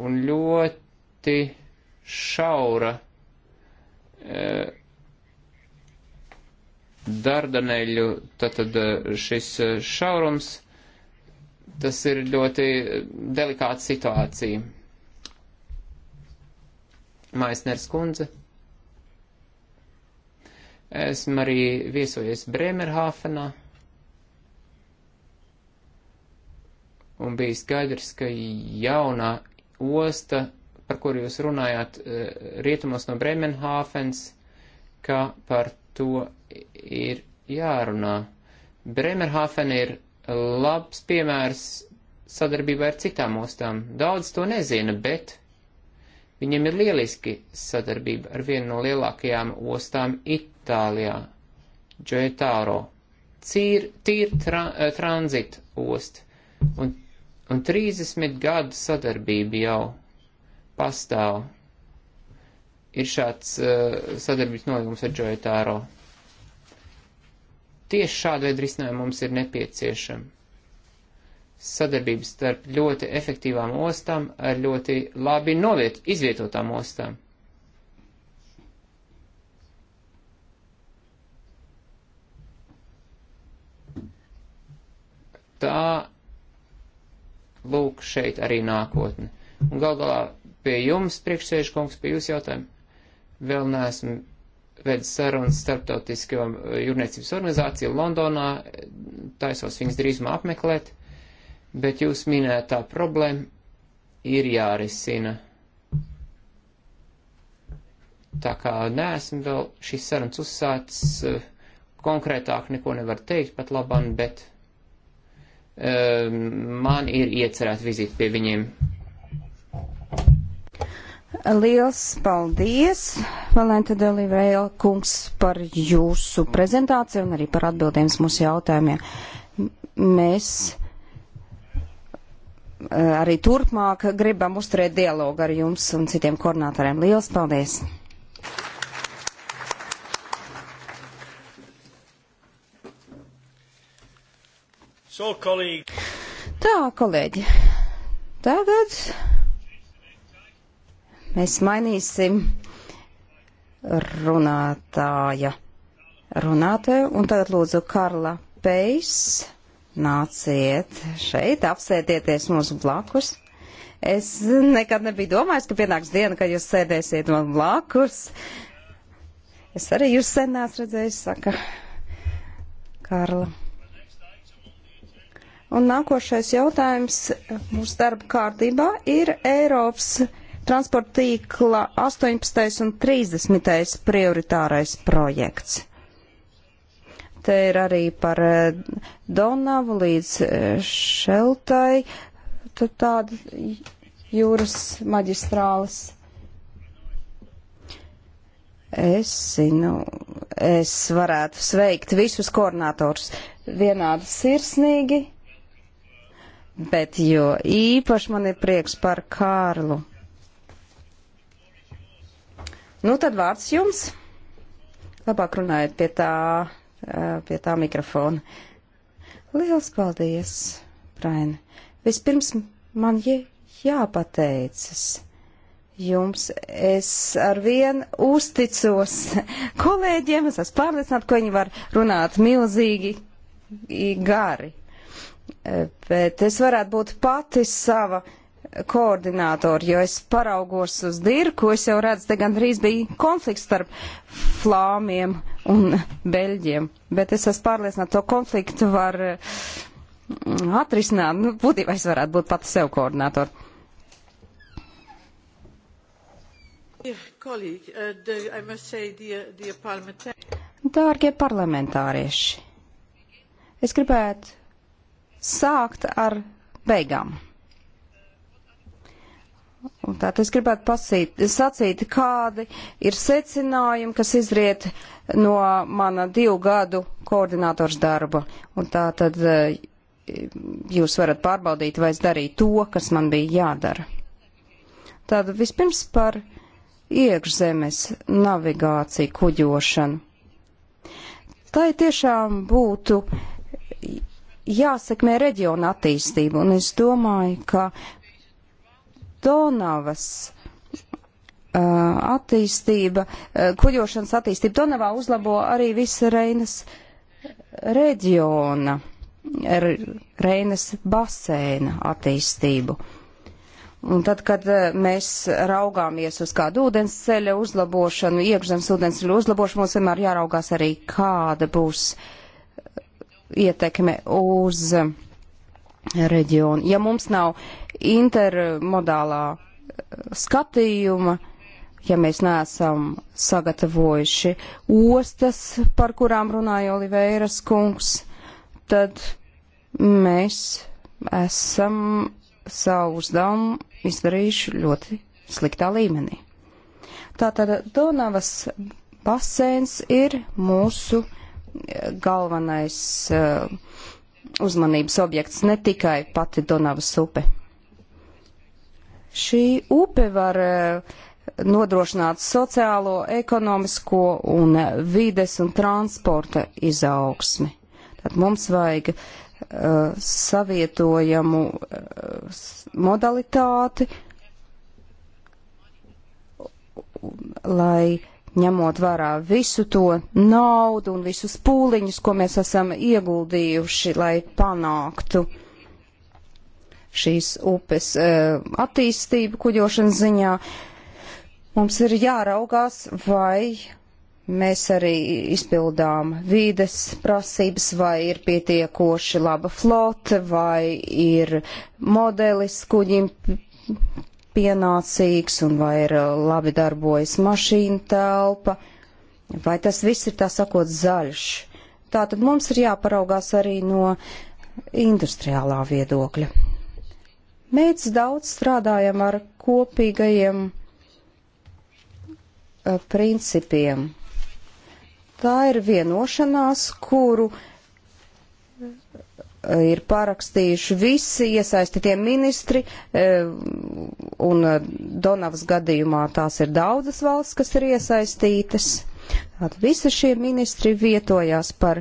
Un ļoti šaura e, dardaneļu, tātad šis šaurums. E, Tas ir ļoti delikāta situācija. Maisners kundze. Esmu arī viesojies Bremerhāfenā. Un bija skaidrs, ka jaunā osta, par kuru jūs runājāt, eh, rietumos no Bremenhāfens, ka par to ir jārunā. Bremerhāfen ir labs piemērs sadarbībā ar citām ostām. Daudz to nezina, bet viņiem ir lieliski sadarbība ar vienu no lielākajām ostām Itālijā - Džoetāro. Cīr, tīr tra, eh, tranzit ost. Un, un 30 gadu sadarbība jau pastāv. Ir šāds uh, sadarbības nolīgums ar Džoetāro. Tieši šāda veida risinājumi mums ir nepieciešami. Sadarbības starp ļoti efektīvām ostām ar ļoti labi noviet, izvietotām ostām. Tā lūk šeit arī nākotne. Un gal galā pie jums, priekšsēžkungs, pie jūsu jautājumu, vēl neesmu veids sarunas starptautisko jūrniecības organizāciju Londonā, taisos viņas drīzumā apmeklēt, bet jūs minētā problēma ir jārisina. Tā kā neesmu vēl šīs sarunas uzsācis, konkrētāk neko nevar teikt pat labam, bet um, man ir iecerēt vizīt pie viņiem Liels paldies, Valenta Delivēla kungs, par jūsu prezentāciju un arī par atbildēm mūsu jautājumiem. Mēs eh, arī turpmāk gribam uzturēt dialogu ar jums un citiem koordinātoriem. Liels paldies! So, kolēģi. Tā, kolēģi, tagad Mēs mainīsim runātāja runātāju, un tagad lūdzu Karla Pejs, nāciet šeit, apsēdieties mūsu blakus. Es nekad nebiju domājis, ka pienāks diena, kad jūs sēdēsiet man blakus. Es arī jūs sen neesmu redzējis, saka Karla. Un nākošais jautājums mūsu darba kārtībā ir Eiropas transporta tīkla 18. un 30. prioritārais projekts. Te ir arī par eh, Donavu līdz eh, Šeltai, tad tāda jūras maģistrāles. Es zinu, es varētu sveikt visus koordinatorus vienādi sirsnīgi, bet jo īpaši man ir prieks par Kārlu. Nu, tad vārds jums. Labāk runājiet pie tā, pie tā mikrofona. Liels paldies, Brain. Vispirms man jāpateicas jums. Es ar vienu uzticos kolēģiem, es esmu pārliecināta, ka viņi var runāt milzīgi gari. Bet es varētu būt pati sava koordinātori, jo es paraugos uz dirku, es jau redzu, te gandrīz bija konflikts starp flāmiem un beļģiem, bet es esmu pārliecināta, to konfliktu var mm, atrisināt, nu, būtībā es varētu būt pati sev koordinātori. Uh, Dārgie parlamentārieši, es gribētu sākt ar beigām. Un tātad es gribētu pasīt, sacīt, kādi ir secinājumi, kas izriet no mana divu gadu koordinators darba. Un tātad eh, jūs varat pārbaudīt, vai es darīju to, kas man bija jādara. Tātad vispirms par iekšzemes navigāciju, kuģošanu. Tā ir tiešām būtu jāsekmē reģiona attīstība, un es domāju, ka Donavas uh, attīstība, uh, kuģošanas attīstība Donavā uzlabo arī visa Reinas reģiona, er, Reinas basēna attīstību. Un tad, kad uh, mēs raugāmies uz kādu ūdens ceļa uzlabošanu, iekšzemes ūdens ceļa uzlabošanu, mums vienmēr jāraugās arī, kāda būs ietekme uz uh, reģionu. Ja mums nav intermodālā eh, skatījuma, ja mēs neesam sagatavojuši ostas, par kurām runāja Oliveiras kungs, tad mēs esam savu uzdevumu izdarījuši ļoti sliktā līmenī. Tātad Donavas basēns ir mūsu eh, galvenais uh, uzmanības objekts, ne tikai pati Donavas upe. Šī upe var eh, nodrošināt sociālo, ekonomisko un eh, vides un transporta izaugsmi. Tad mums vajag uh, savietojamu uh, modalitāti, lai uh, ņemot vērā visu to naudu un visus pūliņus, ko mēs esam ieguldījuši, lai panāktu šīs upes eh, attīstību kuģošanas ziņā, mums ir jāraugās, vai mēs arī izpildām vīdes prasības, vai ir pietiekoši laba flote, vai ir modelis kuģim pienācīgs un vai ir uh, labi darbojas mašīna telpa, vai tas viss ir tā sakot zaļš. Tātad mums ir jāparaugās arī no industriālā viedokļa. Mēs daudz strādājam ar kopīgajiem uh, principiem. Tā ir vienošanās, kuru ir parakstījuši visi iesaistītie ministri, e, un e, Donavas gadījumā tās ir daudzas valsts, kas ir iesaistītas. Tātad visi šie ministri vietojās par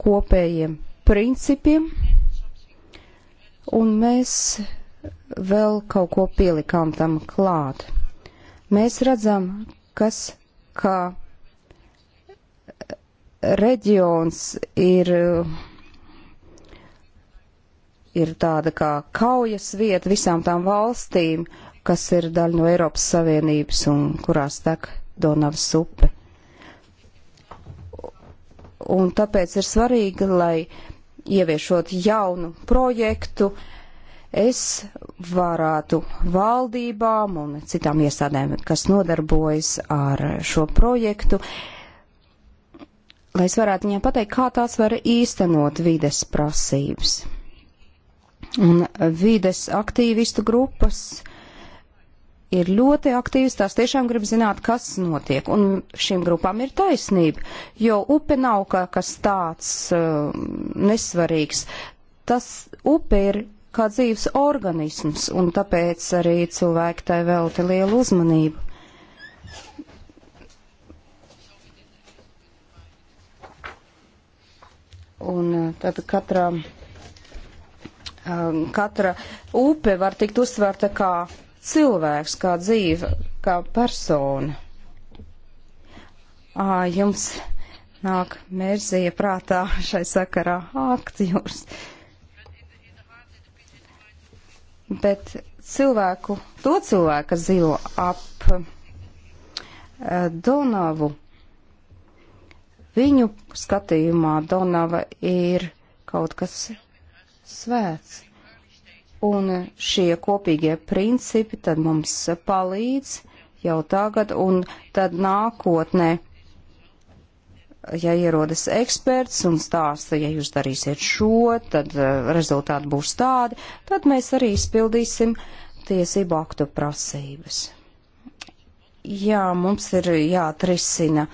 kopējiem principiem, un mēs vēl kaut ko pielikām tam klāt. Mēs redzam, kas, kā reģions ir. Uh, ir tāda kā kaujas vieta visām tām valstīm, kas ir daļa no Eiropas Savienības un kurās tek Donavas upe. Un tāpēc ir svarīgi, lai ieviešot jaunu projektu, es varētu valdībām un citām iestādēm, kas nodarbojas ar šo projektu, lai es varētu viņiem pateikt, kā tās var īstenot vides prasības. Un vides aktīvistu grupas ir ļoti aktīvas, tās tiešām grib zināt, kas notiek. Un šīm grupām ir taisnība, jo upe nav kā kas tāds uh, nesvarīgs. Tas upe ir kā dzīves organisms, un tāpēc arī cilvēki tai velti lielu uzmanību. Un uh, tad katram. Uh, Um, katra upe var tikt uztverta kā cilvēks, kā dzīve, kā persona. Ā, jums nāk mērzīja prātā šai sakarā aktjors. Bet cilvēku, to cilvēku, kas dzīvo ap uh, Donavu, viņu skatījumā Donava ir kaut kas svēts. Un šie kopīgie principi tad mums palīdz jau tagad un tad nākotnē. Ja ierodas eksperts un stāsta, ja jūs darīsiet šo, tad eh, rezultāti būs tādi, tad mēs arī izpildīsim tiesību aktu prasības. Jā, mums ir jāatrisina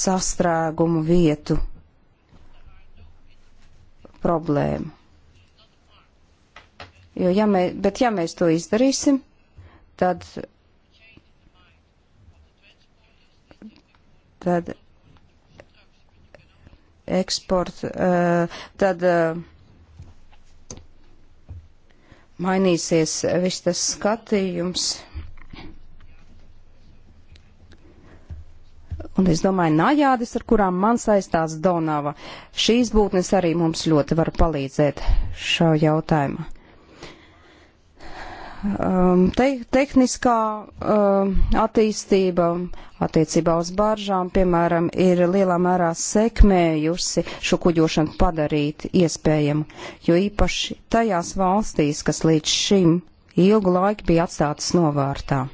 sastrēgumu vietu problēmu. Jo, ja mē, bet ja mēs to izdarīsim, tad, tad eksports, eh, tad eh, mainīsies viss tas skatījums. Un es domāju, najādas, ar kurām man saistās Donava, šīs būtnes arī mums ļoti var palīdzēt šā jautājumā. Um, te, tehniskā um, attīstība attiecībā uz baržām, piemēram, ir lielā mērā sekmējusi šo kuģošanu padarīt iespējamu, jo īpaši tajās valstīs, kas līdz šim ilgu laiku bija atstātas novārtā.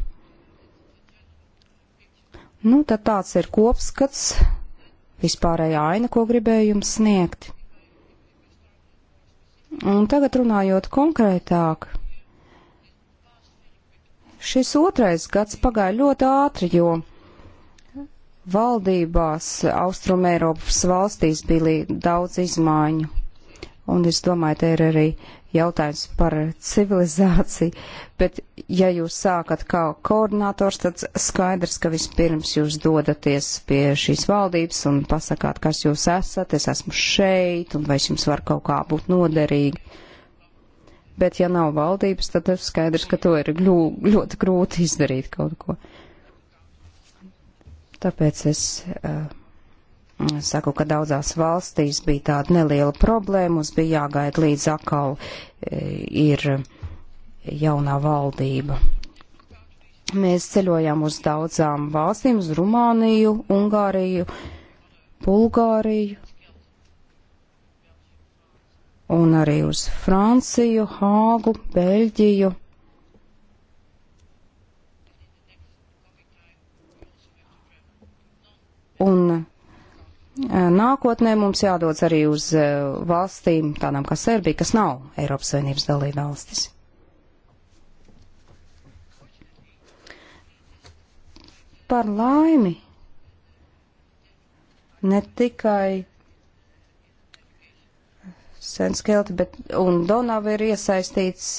Nu, tad tāds ir kopskats, vispārējā aina, ko gribēju jums sniegt. Un tagad runājot konkrētāk, šis otrais gads pagāja ļoti ātri, jo valdībās Austrumēropas valstīs bija daudz izmaiņu un es domāju, te ir arī jautājums par civilizāciju, bet ja jūs sākat kā koordinators, tad skaidrs, ka vispirms jūs dodaties pie šīs valdības un pasakāt, kas jūs esat, es esmu šeit un vai es jums var kaut kā būt noderīgi. Bet ja nav valdības, tad skaidrs, ka to ir ļu, ļoti grūti izdarīt kaut ko. Tāpēc es. Uh, Mm, saku, ka daudzās valstīs bija tāda neliela problēma, mums bija jāgaida līdz atkal e, ir jaunā valdība. Mēs ceļojām uz daudzām valstīm, uz Rumāniju, Ungāriju, Bulgāriju un arī uz Franciju, Hāgu, Beļģiju. Un Eh, nākotnē mums jādodas arī uz eh, valstīm, tādām kā Serbija, kas nav Eiropas Savienības dalība valstis. Par laimi ne tikai Senskelti, bet un Donava ir iesaistīts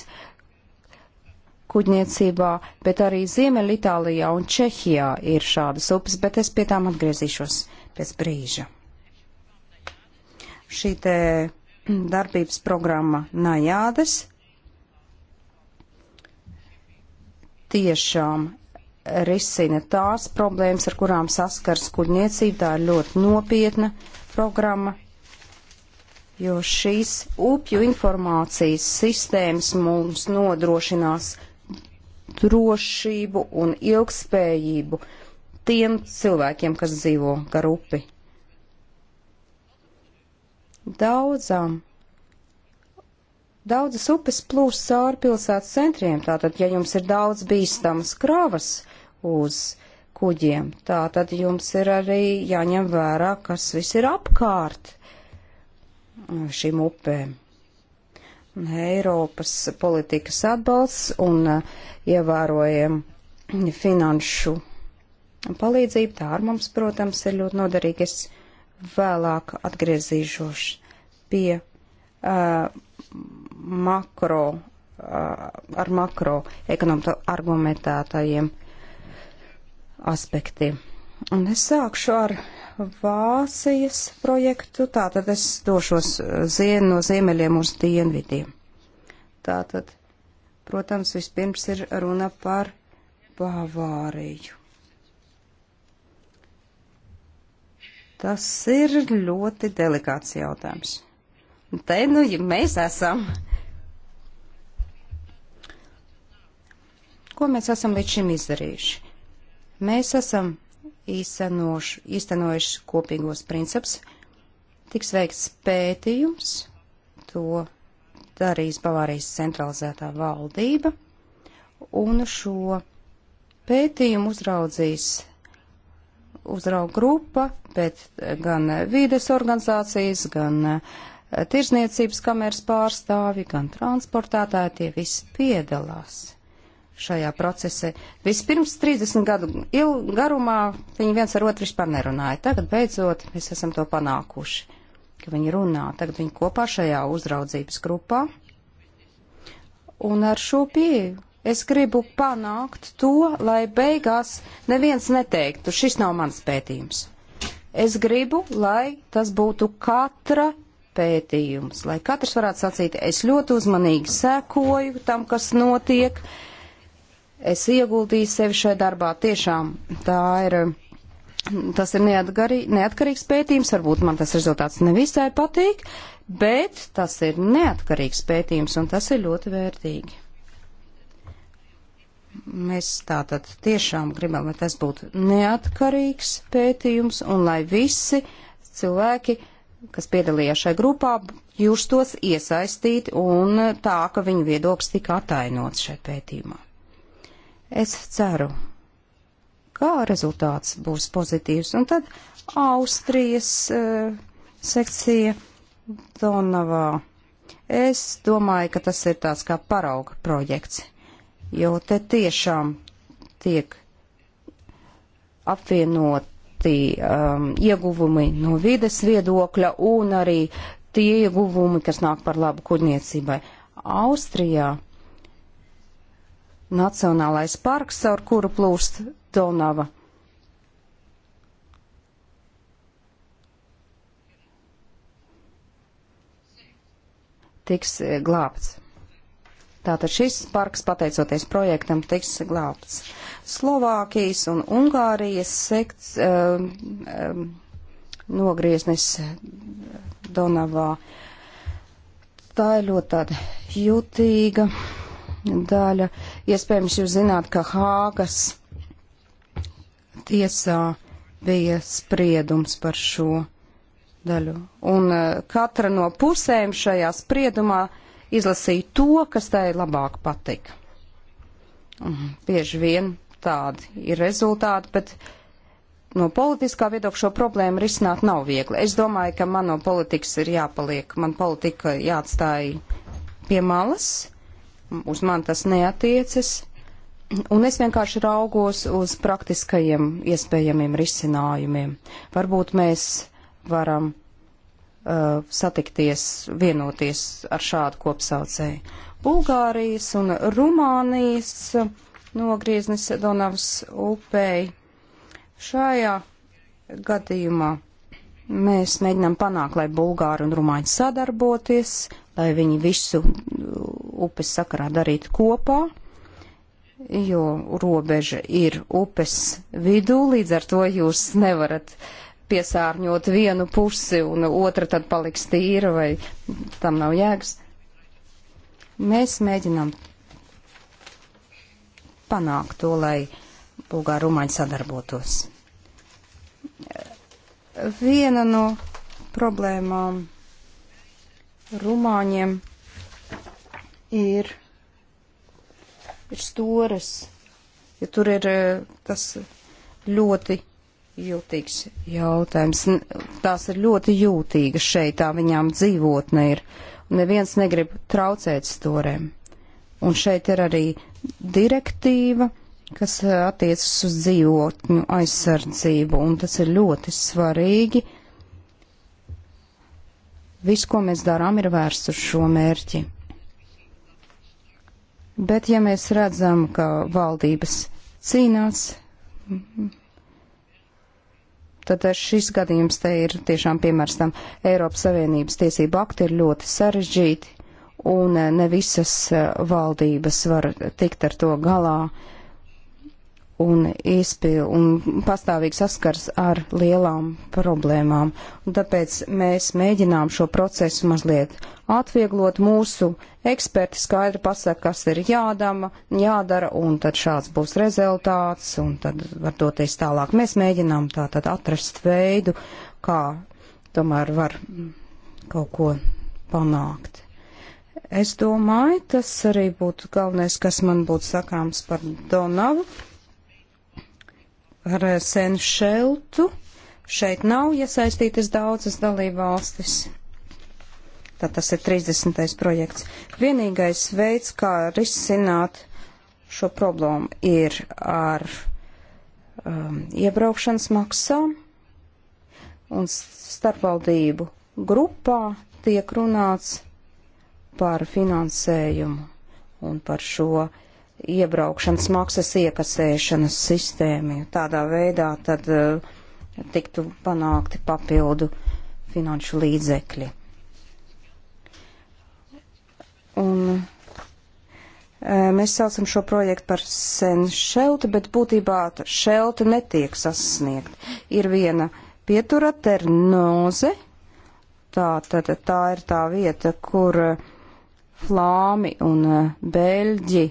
kuģniecībā, bet arī Ziemeļitālijā un Čehijā ir šādas upes, bet es pie tām atgriezīšos pēc brīža. Šī te darbības programma Najādes tiešām risina tās problēmas, ar kurām saskars kuģniecība. Tā ir ļoti nopietna programma, jo šīs upju informācijas sistēmas mums nodrošinās drošību un ilgspējību tiem cilvēkiem, kas dzīvo gar upi. Daudzām Daudzas upes plūst cauri pilsētas centriem, tātad, ja jums ir daudz bīstamas kravas uz kuģiem, tātad jums ir arī jāņem vērā, kas viss ir apkārt šīm upēm. Eiropas politikas atbalsts un uh, ievērojam finanšu palīdzību. Tā ar mums, protams, ir ļoti noderīga. Es vēlāk atgriezīšos pie uh, makro, uh, ar makro ekonomiku argumentētajiem aspektiem. Un es sākšu ar Vācijas projektu, tātad es došos zien, no ziemeļiem uz dienvidiem. Tātad, protams, vispirms ir runa par Bavāriju. Tas ir ļoti delikāts jautājums. Te nu ja mēs esam. Ko mēs esam līdz šim izdarījuši? Mēs esam īstenoši, īstenojuši kopīgos principus. Tiks veikts pētījums, to darīs Bavārijas centralizētā valdība, un šo pētījumu uzraudzīs uzrauga grupa, bet gan vīdes organizācijas, gan eh, tirzniecības kameras pārstāvi, gan transportētāji, tie visi piedalās šajā procesē. Vispirms 30 gadu garumā viņi viens ar otru vispār nerunāja. Tagad beidzot mēs esam to panākuši, ka viņi runā. Tagad viņi kopā šajā uzraudzības grupā. Un ar šo pieeju Es gribu panākt to, lai beigās neviens neteiktu, šis nav mans pētījums. Es gribu, lai tas būtu katra pētījums, lai katrs varētu sacīt, es ļoti uzmanīgi sekoju tam, kas notiek, es ieguldīju sevi šajā darbā, tiešām tā ir. Tas ir neatgarī, neatkarīgs pētījums, varbūt man tas rezultāts nevisai patīk, bet tas ir neatkarīgs pētījums un tas ir ļoti vērtīgi. Mēs tātad tiešām gribam, lai tas būtu neatkarīgs pētījums un lai visi cilvēki, kas piedalījās šai grupā, justos iesaistīti un tā, ka viņu viedoklis tika atainots šai pētījumā. Es ceru, ka rezultāts būs pozitīvs. Un tad Austrijas uh, sekcija Donavā. Es domāju, ka tas ir tāds kā parauga projekts jo te tiešām tiek apvienoti um, ieguvumi no vides viedokļa un arī tie ieguvumi, kas nāk par labu kuģniecībai. Austrijā Nacionālais parks, ar kuru plūst Donava. tiks eh, glābts. Tātad šis parks, pateicoties projektam, tiks glābts. Slovākijas un Ungārijas sekts um, um, nogrieznes Donavā. Tā ir ļoti tāda jutīga daļa. Iespējams, jūs zināt, ka Hāgas tiesā bija spriedums par šo daļu. Un uh, katra no pusēm šajā spriedumā uh, izlasīja to, kas tai labāk patika. Bieži vien tādi ir rezultāti, bet no politiskā viedokļa šo problēmu risināt nav viegli. Es domāju, ka man no politikas ir jāpaliek, man politika jāatstāj pie malas, uz man tas neatiecas, un es vienkārši raugos uz praktiskajiem iespējamiem risinājumiem. Varbūt mēs varam uh, satikties, vienoties ar šādu kopsaucēju. Bulgārijas un Rumānijas nogrieznis Donavas upei. Šajā gadījumā mēs mēģinām panākt, lai Bulgāri un Rumāņi sadarboties, lai viņi visu upes sakarā darītu kopā, jo robeža ir upes vidū, līdz ar to jūs nevarat uh, piesārņot vienu pusi un otra tad paliks tīra vai tam nav jēgas. Mēs mēģinām panākt to, lai Bulgāri Rumāņi sadarbotos. Viena no problēmām Rumāņiem ir, ir stores, ja tur ir eh, tas ļoti jūtīgs jautājums. Tās ir ļoti jūtīgas šeit, tā viņām dzīvotne ir. Neviens negrib traucēt storēm. Un šeit ir arī direktīva, kas eh, attiecas uz dzīvotņu aizsardzību, un tas ir ļoti svarīgi. Viss, ko mēs darām, ir vērsts uz šo mērķi. Bet ja mēs redzam, ka valdības cīnās, Tad šis gadījums te ir tiešām piemērs tam. Eiropas Savienības tiesību akti ir ļoti sarežģīti, un eh, ne visas eh, valdības var tikt ar to galā. Uh, un, izpil, un pastāvīgi saskars ar lielām problēmām. Un tāpēc mēs mēģinām šo procesu mazliet atvieglot. Mūsu eksperti skaidri pasaka, kas ir jādama, jādara, un tad šāds būs rezultāts, un tad var doties tālāk. Mēs mēģinām tā tad atrast veidu, kā tomēr var kaut ko panākt. Es domāju, tas arī būtu galvenais, kas man būtu sakāms par Donavu resenu šeltu. Šeit nav iesaistītas daudzas dalībvalstis. Tad tas ir 30. projekts. Vienīgais veids, kā risināt šo problēmu, ir ar um, iebraukšanas maksām un starpvaldību grupā tiek runāts par finansējumu un par šo uh, iebraukšanas maksas iekasēšanas sistēmu. Tādā veidā tad eh, tiktu panākti papildu finanšu līdzekļi. Un eh, mēs saucam šo projektu par senšeltu, bet būtībā šelta netiek sasniegt. Ir viena pietura ternoze, tā, tā, tā ir tā vieta, kur eh, flāmi un beļģi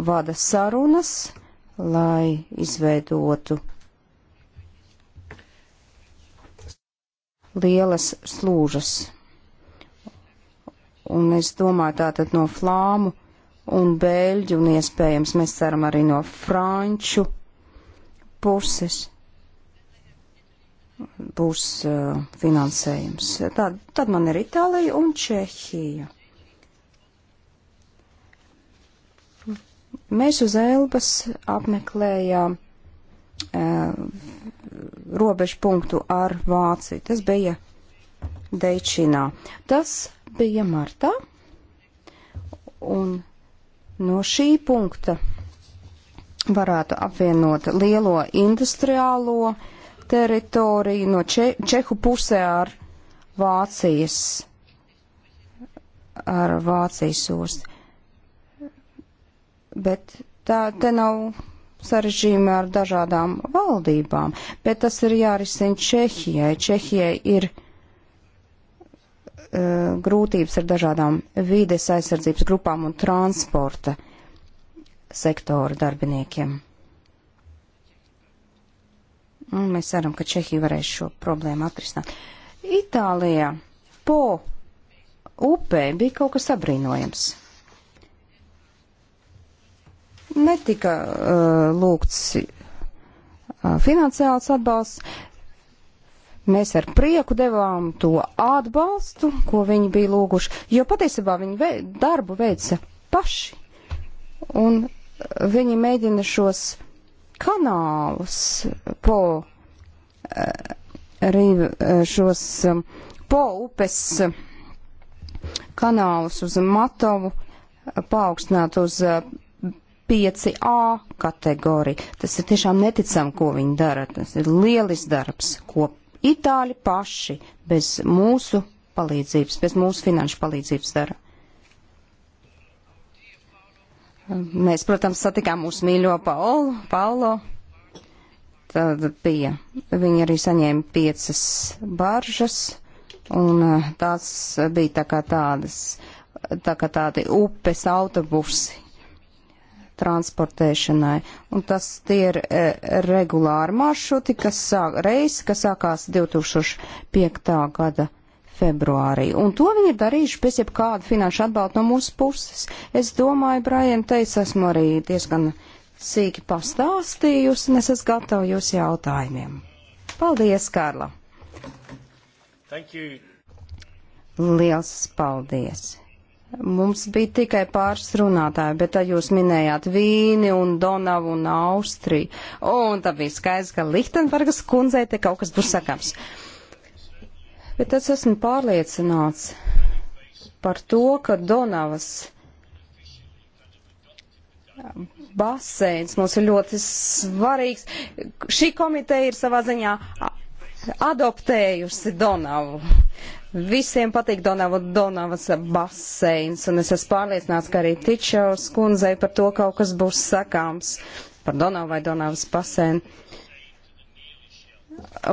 vada sarunas, lai izveidotu lielas slūžas. Un es domāju tātad no flāmu un bēļģu, un iespējams mēs ceram arī no franču puses būs uh, finansējums. Tad, tad man ir Itālija un Čehija. Mēs uz Elbas apmeklējām e, eh, robežu punktu ar Vāciju. Tas bija Deičinā. Tas bija martā. Un no šī punkta varētu apvienot lielo industriālo teritoriju no Če Čehu pusē ar Vācijas, ar Vācijas ostu bet tā te nav sarežģījumi ar dažādām valdībām, bet tas ir jārisina Čehijai. Čehijai ir uh, grūtības ar dažādām vīdes aizsardzības grupām un transporta sektora darbiniekiem. Un nu, mēs ceram, ka Čehija varēs šo problēmu atrisināt. Itālijā po upē bija kaut kas abrīnojams netika uh, lūgts uh, finansiāls atbalsts. Mēs ar prieku devām to atbalstu, ko viņi bija lūguši, jo patiesībā viņi vei, darbu veica paši. Un viņi mēģina šos kanālus po uh, arī uh, šos um, po upes uh, kanālus uz Matovu uh, paaugstināt uz uh, 5A kategoriju. Tas ir tiešām neticami, ko viņi dara. Tas ir lielis darbs, ko itāļi paši bez mūsu palīdzības, bez mūsu finanšu palīdzības dara. Mēs, protams, satikām mūsu mīļo Paulu. Paulo. Tad bija. Viņi arī saņēma piecas baržas, un eh, tās bija tā kā tādas, tā kā tādi upes autobusi transportēšanai. Un tas tie ir e, regulāri maršruti, kas sāk, reisi, kas sākās 2005. gada februārī. Un to viņi ir darījuši bez jebkāda finanšu atbalsta no mūsu puses. Es domāju, Brian teica, esmu arī diezgan sīki pastāstījusi, un es esmu gatava jūsu jautājumiem. Paldies, Kārla! Liels paldies! Mums bija tikai pāris runātāji, bet tad jūs minējāt Vīni un Donavu un Austriju. Un tad bija skaidrs, ka Lichtenbergas kundzei te kaut kas būs sakams. Bet es esmu pārliecināts par to, ka Donavas baseins mums ir ļoti svarīgs. Šī komiteja ir savā ziņā adoptējusi Donavu. Visiem patīk Donava, Donavas baseins, un es esmu pārliecināts, ka arī Tičaus kundzei par to kaut kas būs sakāms par Donavu vai Donavas baseinu.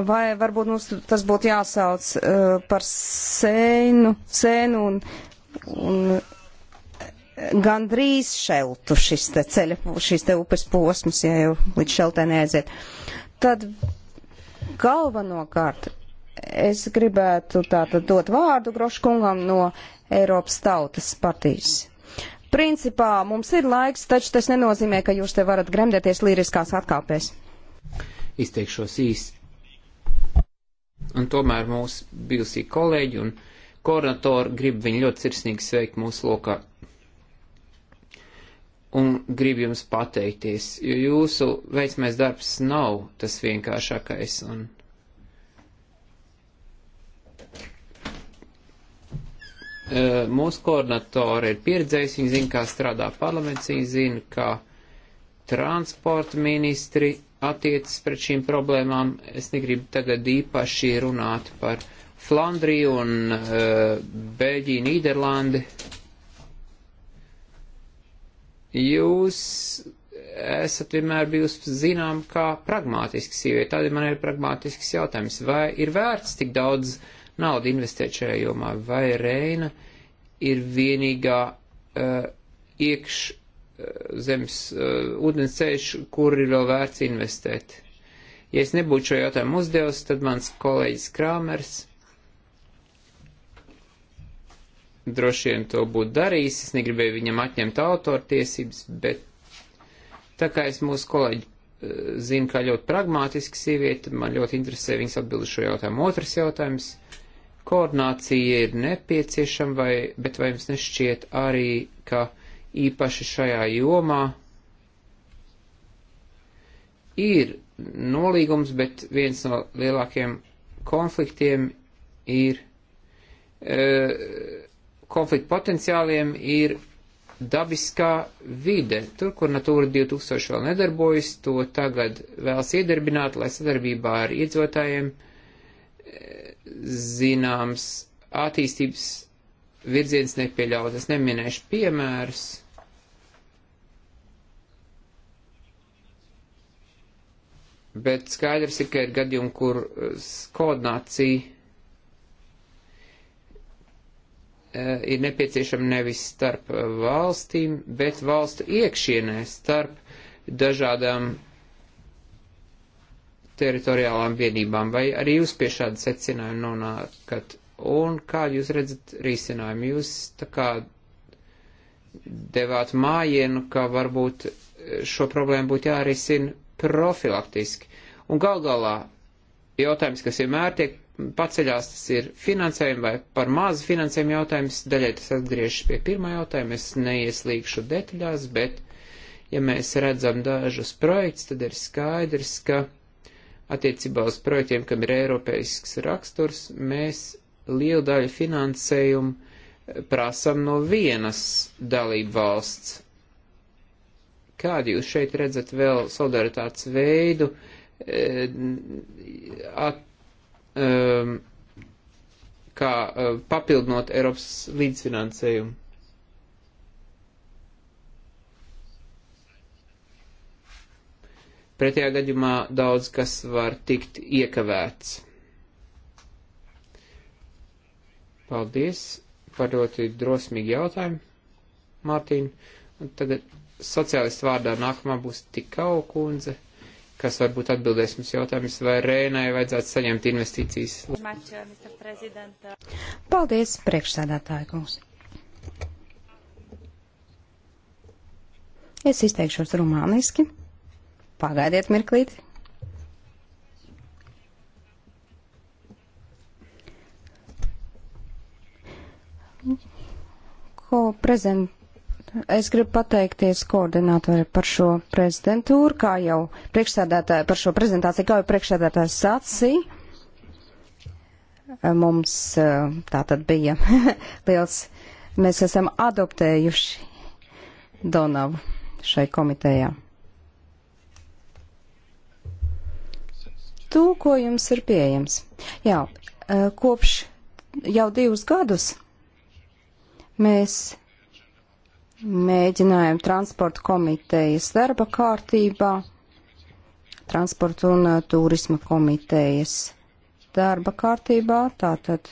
Vai varbūt mums tas būtu jāsauc uh, par sēnu, sēnu un, un gandrīz šeltu šis te ceļa, šis te upes posms, ja jau līdz šeltē neaiziet. Tad galvenokārt es gribētu tātad dot vārdu Groškungam no Eiropas tautas partijas. Principā mums ir laiks, taču tas nenozīmē, ka jūs te varat gremdēties līriskās atkāpēs. Izteikšos īsi. Un tomēr mūsu bijusī kolēģi un koordinatori grib viņu ļoti sirsnīgi sveikt mūsu lokā. Un grib jums pateikties, jo jūsu veicamais darbs nav tas vienkāršākais un Mūsu koordinatori ir pieredzējusi, viņi zina, kā strādā parlaments, viņi zina, kā transporta ministri attiecas pret šīm problēmām. Es negribu tagad īpaši runāt par Flandriju un uh, Beļģiju, Nīderlandi. Jūs esat vienmēr bijusi zinām kā pragmātiski sieviete, tādēļ man ir pragmātisks jautājums, vai ir vērts tik daudz uh, naudu investēt šajā jomā, vai Reina ir vienīgā uh, iekš uh, zemes uh, ūdens ceļš, kur ir vēl vērts investēt. Ja es nebūtu šo jautājumu uzdevis, tad mans kolēģis Krāmers droši vien to būtu darījis. Es negribēju viņam atņemt autortiesības, bet tā kā es mūsu kolēģi zinu, kā ļoti pragmātiski sieviete, man ļoti interesē viņas atbildi šo jautājumu. Otrs jautājums. Uh, Koordinācija ir nepieciešama, vai, bet vai jums nešķiet arī, ka īpaši šajā jomā ir nolīgums, bet viens no lielākiem konfliktiem ir, e, konflikta potenciāliem ir dabiskā vide. Tur, kur Natūra 2000 vēl nedarbojas, to tagad vēlas iedarbināt, lai sadarbībā ar iedzotājiem e, zināms attīstības virziens nepieļaut. Es neminēšu piemērus. Bet skaidrs ir, ka ir gadījumi, kur eh, koordinācija eh, ir nepieciešama nevis starp eh, valstīm, bet valstu iekšienē, starp dažādām teritoriālām vienībām, vai arī jūs pie šāda secinājuma nonākat? Un kā jūs redzat risinājumu? Jūs tā kā devāt mājienu, ka varbūt šo problēmu būtu jārisina profilaktiski. Un gal galā jautājums, kas vienmēr tiek paceļās, tas ir finansējumi vai par mazu finansējumu jautājums. Daļai tas atgriežas pie pirmā jautājuma, es neieslīgšu detaļās, bet ja mēs redzam dažus projekts, tad ir skaidrs, ka Attiecībā uz projektiem, kam ir eiropeisks raksturs, mēs lielu daļu finansējumu prasam no vienas dalību valsts. Kādi jūs šeit redzat vēl solidaritātes veidu? E, at, um, kā uh, papildinot Eiropas līdzfinansējumu. Pretējā gadījumā daudz kas var tikt iekavēts. Paldies par ļoti drosmīgu jautājumu, Mārtiņ. Un tagad sociālistu vārdā nākamā būs Tikau kundze, kas varbūt atbildēs mums jautājumus, vai Rēnai vajadzētu saņemt investīcijas. Paldies, priekšsēdētāja kungs. Es izteikšos rumāniski. Pagaidiet mirklīti. Ko prezent... Es gribu pateikties koordinātori par šo prezidentūru, kā jau priekšsēdētāji par šo prezentāciju, kā jau priekšsēdētājs sacīja. Mums eh, tā tad bija liels. Mēs esam adoptējuši Donavu šai komitejai. tūkojums ir pieejams. Jā, e, kopš jau divus gadus mēs mēģinājām transporta komitejas darba kārtībā, transporta un e, turisma komitejas darba kārtībā, tātad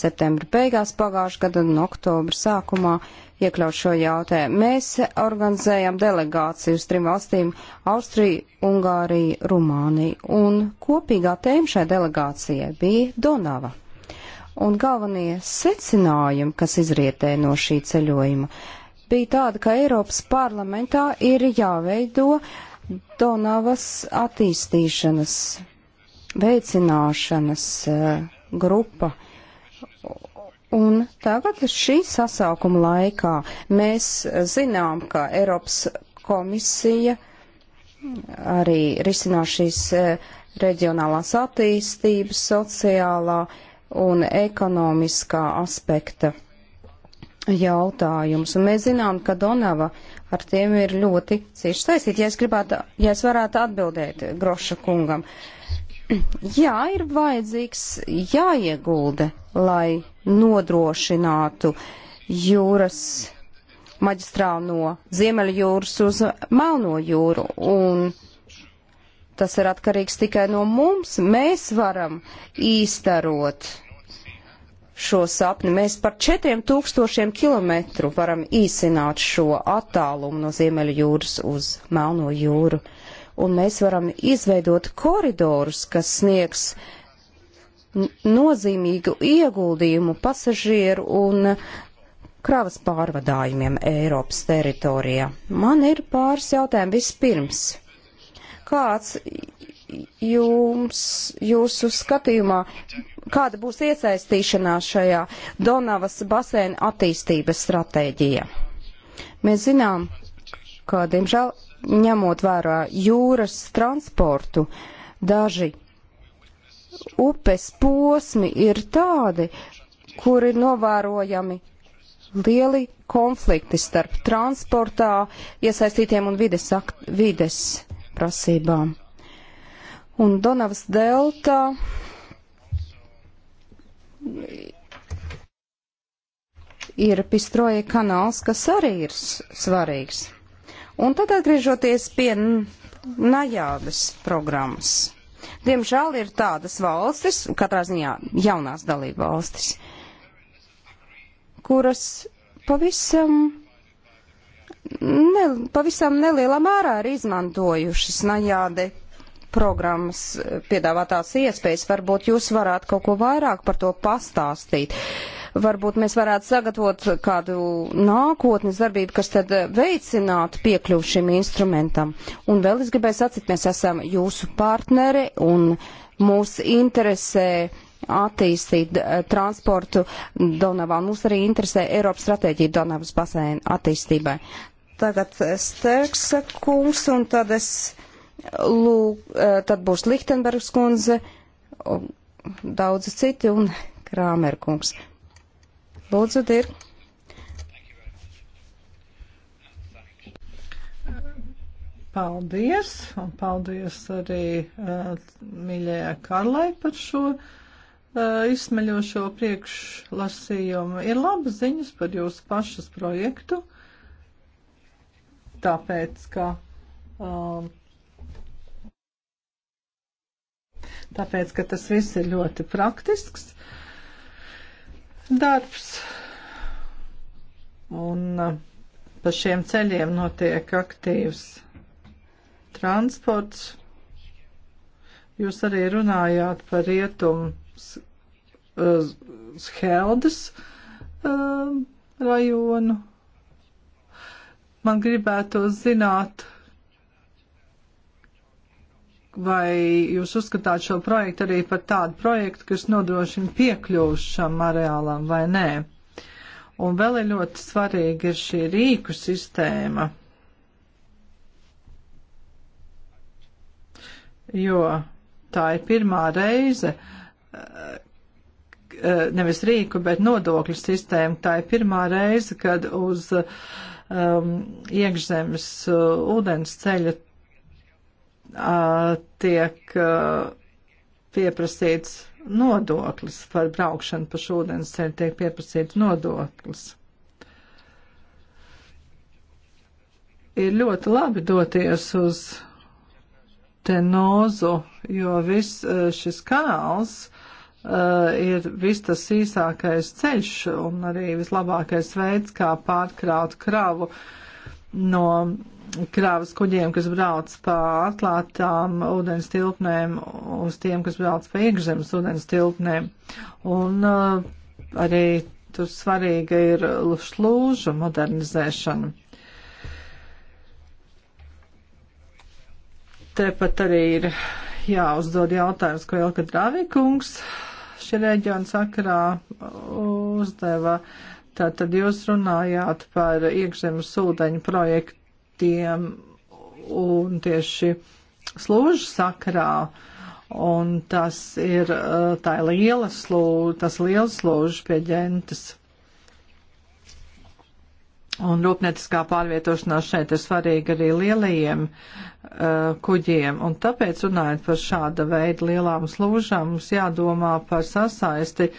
septembra beigās pagājušā gada un oktobra sākumā iekļaut šo jautājumu. Mēs organizējam delegāciju uz trim valstīm - Austriju, Ungāriju, Rumāniju, un kopīgā tēma šai delegācijai bija Donava. Un galvenie secinājumi, kas izrietē no šī ceļojuma, bija tāda, ka Eiropas parlamentā ir jāveido Donavas attīstīšanas, veicināšanas eh, grupa. Uh, Un tagad šī sasaukuma laikā mēs zinām, ka Eiropas komisija arī risinās šīs e, reģionālās attīstības, sociālā un ekonomiskā aspekta jautājums. Un mēs zinām, ka Donava ar tiem ir ļoti cieši saistīta. Ja es gribētu, ja es varētu atbildēt Groša kungam. Jā, ir vajadzīgs jāiegulda, lai nodrošinātu jūras maģistrālu no Ziemeļjūras uz Melno jūru. Un tas ir atkarīgs tikai no mums. Mēs varam īstarot šo sapni. Mēs par 4000 km varam īsināt šo attālumu no Ziemeļjūras uz Melno jūru. Un mēs varam izveidot koridorus, kas sniegs uh, nozīmīgu ieguldījumu pasažieru un kravas pārvadājumiem Eiropas teritorijā. Man ir pāris jautājumi vispirms. Kāds jums, jūsu skatījumā, kāda būs iesaistīšanās šajā Donavas basēna attīstības stratēģijā? Mēs zinām, ka, diemžēl, ņemot vērā jūras transportu, daži upes posmi ir tādi, kur ir novērojami lieli konflikti starp transportā iesaistītiem un vides, akt, vides prasībām. Un Donavas delta ir pistroja kanāls, kas arī ir svarīgs. Un tad atgriežoties pie najādas programmas. Diemžēl ir tādas valstis, katrā ziņā jaunās dalība valstis, kuras pavisam, ne, pavisam nelielā mērā ir izmantojušas najādi programmas eh, piedāvātās iespējas. Varbūt jūs varētu kaut ko vairāk par to pastāstīt. Uh, Varbūt mēs varētu sagatavot kādu nākotnes darbību, kas tad veicinātu piekļuvu šim instrumentam. Un vēl es gribēju sacīt, mēs esam jūsu partneri un mūs interesē attīstīt eh, transportu Donavā. Mums arī interesē Eiropas stratēģija Donavas basēna attīstībai. Tagad Sterksa kungs un tad es lūk, eh, tad būs Lichtenbergs kundze, daudzi citi un Krāmer kungs. Lūdzu, Dirk. Paldies, un paldies arī uh, eh, mīļajā Karlai par šo uh, izsmeļošo priekšlasījumu. Ir labas ziņas par jūsu pašas projektu, tāpēc, ka. Um, Tāpēc, ka tas viss ir ļoti praktisks. Uh, darbs. Un uh, pa šiem ceļiem notiek aktīvs transports. Jūs arī runājāt par rietumu uh, Heldes uh, rajonu. Man gribētu zināt, vai jūs uzskatāt šo projektu arī par tādu projektu, kas nodrošina piekļūšam areālam vai nē. Un vēl ir ļoti svarīga ir šī rīku sistēma, jo tā ir pirmā reize, eh, eh, nevis rīku, bet nodokļu sistēma, tā ir pirmā reize, kad uz um, iekšzemes uh, ūdens ceļa Uh, tiek uh, pieprasīts nodoklis par braukšanu pa šūdensceļu, tiek pieprasīts nodoklis. Ir ļoti labi doties uz tenozu, jo viss uh, šis kanāls uh, ir viss tas īsākais ceļš un arī vislabākais veids, kā pārkraut kravu no krāvas kuģiem, kas brauc pa atklātām ūdens tilpnēm, uz tiem, kas brauc pa iekšzemes ūdens tilpnēm. Un uh, arī tur svarīga ir slūžu modernizēšana. Tepat arī ir jāuzdod jautājums, ko Elka Dravikungs šī reģiona sakarā uzdeva. Tātad jūs runājāt par iekšzemes ūdeņu projektu produktiem un tieši slūžu sakarā. Un tas ir eh, tā ir liela slūža, tas liels slūža pie ģentes. Un rūpnieciskā pārvietošanās šeit ir svarīga arī lielajiem uh, kuģiem. Un tāpēc, runājot par šāda veida lielām slūžām, mums jādomā par sasaisti uh,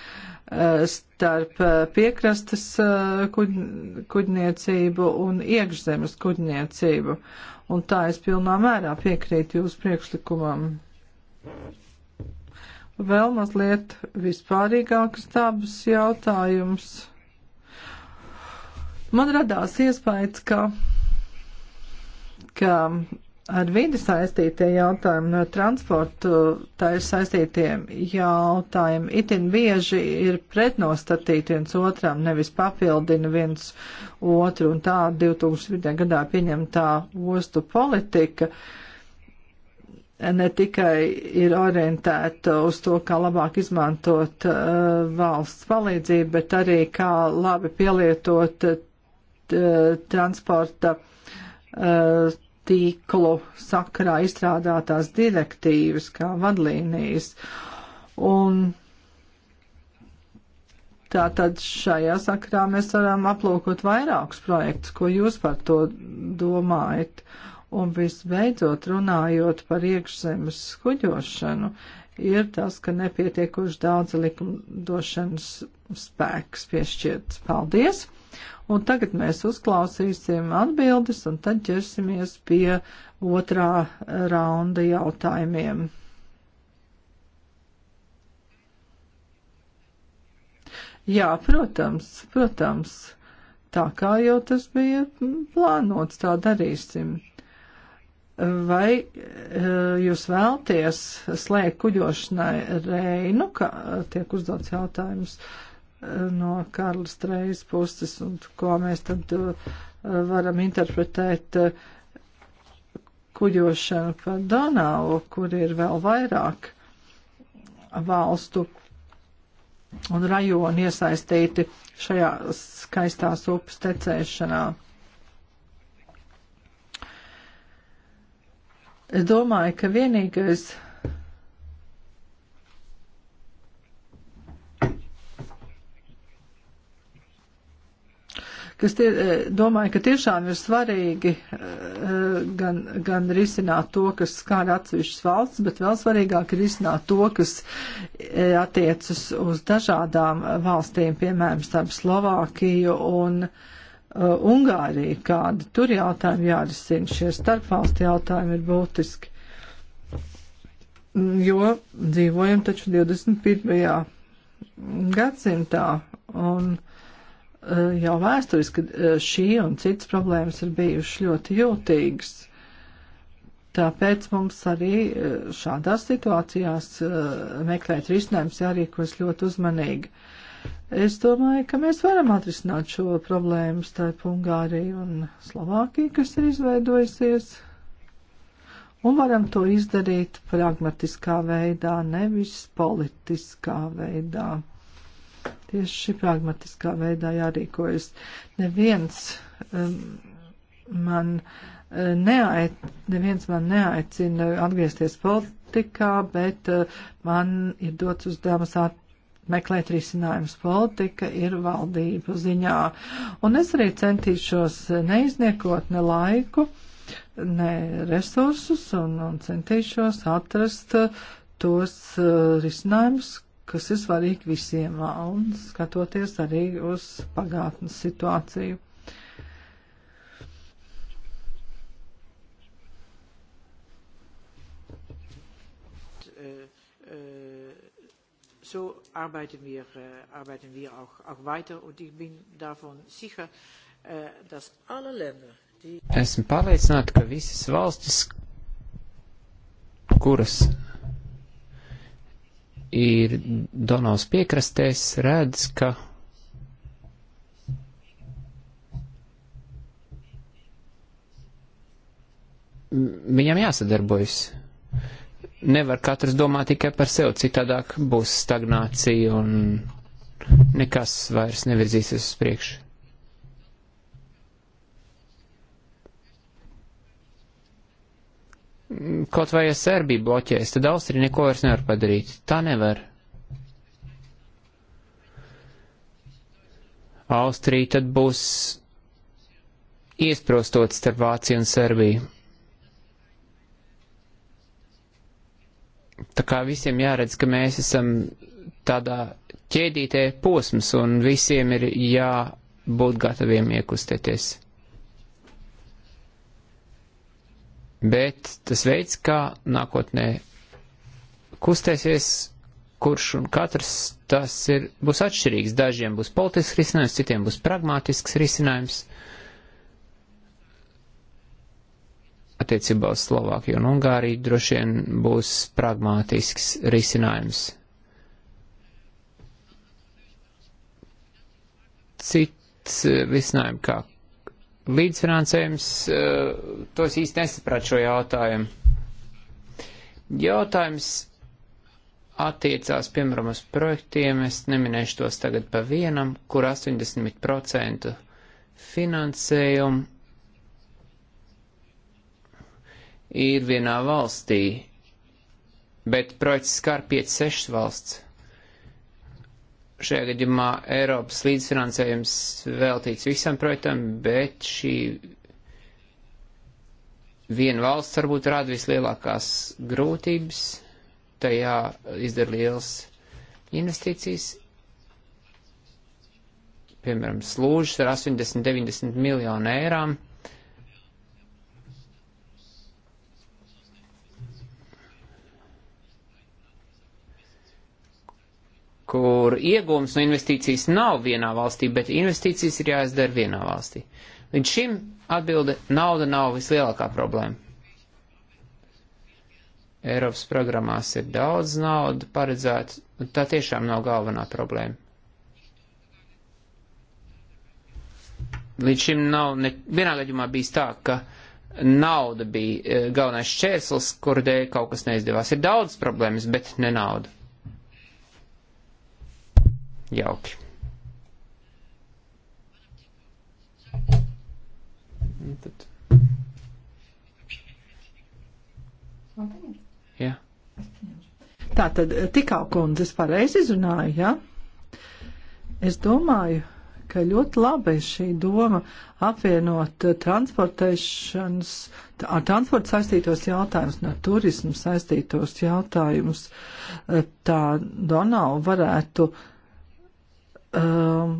Eh, starp eh, piekrastes eh, kuģ, kuģniecību un iekšzemes kuģniecību. Un tā es pilnā mērā piekrītu jūsu priekšlikumam. Vēl mazliet vispārīgāks dabas jautājums. Man radās iespējas, ka, ka ar vidi saistītie jautājumi, no transportu tā ir saistītie jautājumi. Itin bieži ir pretnostatīti viens otram, nevis papildina viens otru, un tā 2000. gadā pieņemtā ostu politika ne tikai ir orientēta uz to, kā labāk izmantot uh, valsts palīdzību, bet arī kā labi pielietot uh, transporta uh, tīklu sakrā izstrādātās direktīvas kā vadlīnijas. Un Tātad šajā sakrā mēs varam aplūkot vairākus projektus, ko jūs par to domājat. Un visbeidzot, runājot par iekšzemes skuģošanu, ir tas, ka nepietiekoši daudz likumdošanas spēks piešķirts. Paldies! Un tagad mēs uzklausīsim atbildes un tad ķersimies pie otrā raunda jautājumiem. Jā, protams, protams. Tā kā jau tas bija plānots, tā darīsim. Vai eh, jūs vēlties slēgt kuģošanai Reinu, ka tiek uzdots jautājums? Uh, no Karla Strejas puses un ko mēs tad uh, varam interpretēt uh, kuģošanu pa Donau, kur ir vēl vairāk valstu un rajonu iesaistīti šajā skaistās upes tecēšanā. Es domāju, ka vienīgais kas tie, eh, domāju, ka tiešām ir svarīgi eh, gan, gan risināt to, kas skār atsevišķas valsts, bet vēl svarīgāk ir risināt to, kas eh, attiecas uz dažādām valstīm, piemēram, starp Slovākiju un. Ungārija, kādi tur jautājumi jārisina, šie starpvalstu jautājumi ir būtiski. Mm, jo dzīvojam taču 21. gadsimtā, un Eh, jau vēsturiski eh, šī un citas problēmas ir bijušas ļoti jūtīgas. Tāpēc mums arī eh, šādās situācijās meklēt risinājums jārīkos ļoti uzmanīgi. Es domāju, ka mēs varam atrisināt šo problēmu starp Ungāriju un Slovākiju, kas ir izveidojusies, un varam to izdarīt pragmatiskā veidā, nevis politiskā veidā. Tieši pragmatiskā veidā jārīkojas. Neviens um, man uh, neait, neviens man neaicina atgriezties politikā, bet uh, man ir dots uzdevums meklēt risinājumus. Politika ir valdību ziņā. Un es arī centīšos neizniekot ne laiku, ne resursus un, un centīšos atrast uh, tos uh, risinājumus, kas ir svarīgi visiem un skatoties arī uz pagātnes situāciju. Eh, eh, so arbeiten wir, äh, arbeiten wir auch, auch weiter und ich bin davon sicher, äh, dass alle Länder, die. Esmu pārliecināta, ka visas valstis, kuras ir Donavas piekrastēs, redz, ka viņam jāsadarbojas. Nevar katrs domāt tikai par sevi, citādāk būs stagnācija un nekas vairs nevirzīsies uz priekšu. Kaut vai ja Serbija bloķēs, tad Austrija neko vairs nevar padarīt. Tā nevar. Austrija tad būs iesprostot starp Vāciju un Serbiju. Tā kā visiem jāredz, ka mēs esam tādā ķēdītē posms un visiem ir jābūt gataviem iekustēties. bet tas veids, kā nākotnē kustēsies, kurš un katrs tas ir, būs atšķirīgs. Dažiem būs politisks risinājums, citiem būs pragmātisks risinājums. Attiecībā uz Slovākiju un Ungāriju droši vien būs pragmātisks risinājums. Cits eh, risinājums kā Līdzfinansējums, eh, to es īsti nesapratu šo jautājumu. Jautājums attiecās, piemēram, uz projektiem, es neminēšu tos tagad pa vienam, kur 80% finansējumu ir vienā valstī, bet projekts skar 5-6 valsts šajā gadījumā Eiropas līdzfinansējums veltīts visam projektam, bet šī viena valsts varbūt rada vislielākās grūtības, tajā izdara liels investīcijas, piemēram, slūžas ar 80-90 miljonu eirām. kur iegūms no investīcijas nav vienā valstī, bet investīcijas ir jāizdara vienā valstī. Līdz šim atbilde nauda nav vislielākā problēma. Eiropas programmās ir daudz naudu paredzēts, un tā tiešām nav galvenā problēma. Līdz šim nav ne, vienā gadījumā bijis tā, ka nauda bija eh, galvenais šķērslis, kur dēļ kaut kas neizdevās. Ir daudz problēmas, bet ne nauda. Jauki. Un tad. Jā. Tā tad eh, tikau kundzes pareizi izrunāju, jā? Ja? Es domāju, ka ļoti labi šī doma apvienot eh, transportēšanas, ar transportu saistītos jautājumus un ar turismu saistītos jautājumus. Eh, tā Donau varētu uh, um,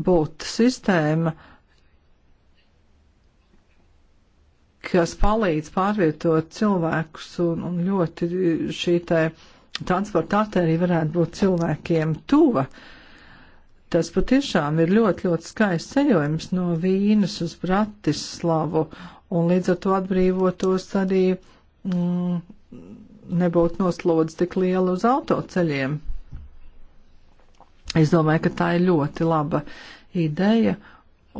būt sistēma, kas palīdz pārvietot cilvēkus un, un ļoti šī te transporta arterija varētu būt cilvēkiem tuva. Tas patiešām ir ļoti, ļoti skaists ceļojums no Vīnas uz Bratislavu un līdz ar to atbrīvotos arī mm, nebūtu noslodzes tik liela uz autoceļiem. Es domāju, ka tā ir ļoti laba ideja,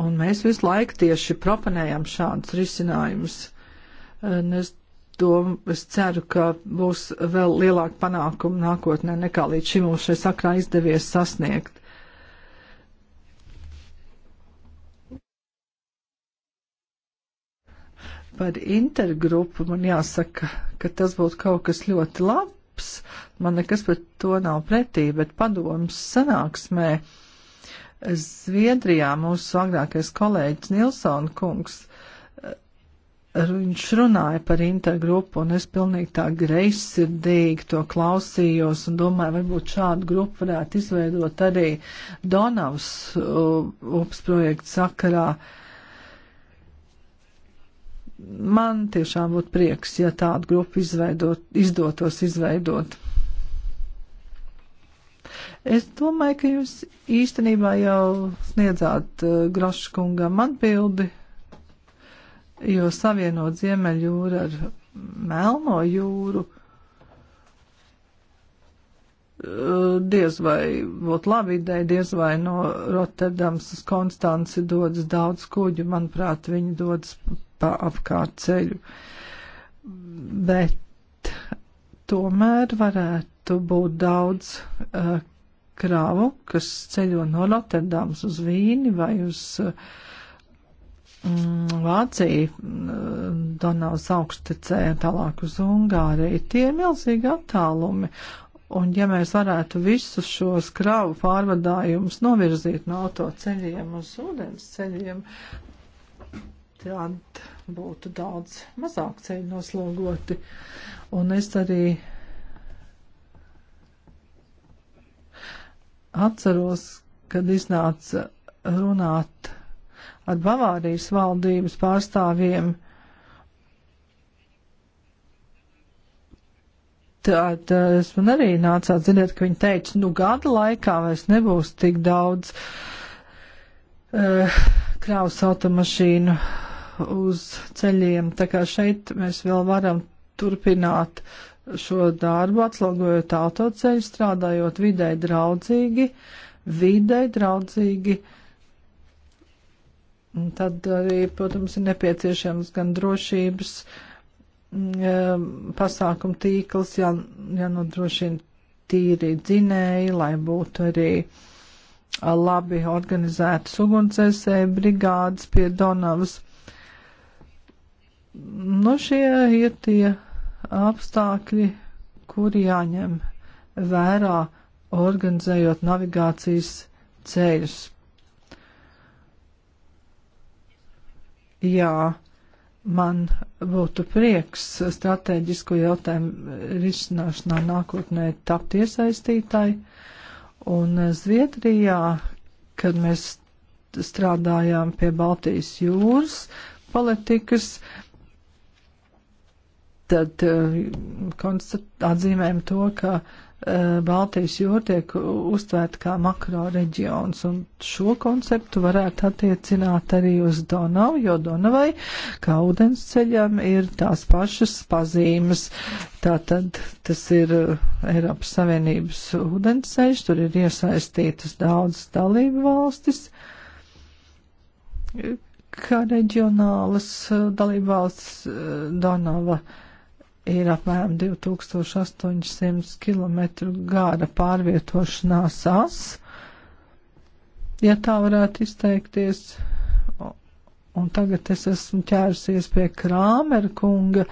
un mēs visu laiku tieši propanējam šādus risinājumus. Es, dom, es ceru, ka būs vēl lielāka panākuma nākotnē nekā līdz šim mums šai sakrā izdevies sasniegt. Par intergrupu man jāsaka, ka tas būtu kaut kas ļoti labi darbs. Man nekas pret to nav pretī, bet padomus sanāksmē Zviedrijā mūsu agrākais kolēģis Nilsona kungs. Eh, viņš runāja par intergrupu, un es pilnīgi tā greizsirdīgi to klausījos un domāju, varbūt šādu grupu varētu izveidot arī Donavas uh, ups projekta sakarā. Uh, man tiešām būtu prieks, ja tādu grupu izveidot, izdotos izveidot. Es domāju, ka jūs īstenībā jau sniedzāt uh, Groškungam atbildi, jo savienot Ziemeļjūru ar Melno jūru uh, diez vai būtu laba ideja, diez vai no Rotterdams uz Konstanci dodas daudz kuģu, manuprāt, viņi dodas pa apkārtceļu. Bet tomēr varētu būt daudz uh, eh, kravu, kas ceļo no Rotterdams uz Vīni vai uz uh, Vāciju, mm, Donavas augstecē un tālāk uz Ungāriju. Tie ir milzīgi attālumi. Un ja mēs varētu visus šos kravu pārvadājumus novirzīt no autoceļiem uz ūdens ceļiem, tad būtu daudz mazāk ceļu noslogoti. Un es arī atceros, kad iznāca runāt ar Bavārijas valdības pārstāvjiem. Tad eh, es man arī nācās dzirdēt, ka viņi teica, nu gada laikā vairs nebūs tik daudz uh, eh, kravas automašīnu uz ceļiem. Tā kā šeit mēs vēl varam turpināt šo darbu, atslogojot autoceļu, strādājot vidē draudzīgi, vidē draudzīgi. Un tad arī, protams, ir nepieciešams gan drošības mm, pasākumu tīkls, jā, jānodrošina tīri dzinēji, lai būtu arī labi organizētas ugunsdzēsēji brigādes pie Donavas Nu, šie ir tie apstākļi, kuri jāņem vērā, organizējot navigācijas ceļus. Jā, man būtu prieks strateģisku jautājumu risināšanā nākotnē tapt iesaistītāji. Un Zviedrijā, kad mēs strādājām pie Baltijas jūras politikas, uh, tad eh, atzīmējam to, ka eh, Baltijas jūra tiek uztvērta kā makro reģions, un šo konceptu varētu attiecināt arī uz Donavu, jo Donavai kā ūdensceļam ir tās pašas pazīmes. Tātad tas ir eh, Eiropas Savienības ūdensceļš, tur ir iesaistītas daudzas dalību valstis kā reģionālas dalībvalsts Donava ir apmēram 2800 km gara pārvietošanās as, ja tā varētu izteikties. Un tagad es esmu ķērsies pie Krāmera kunga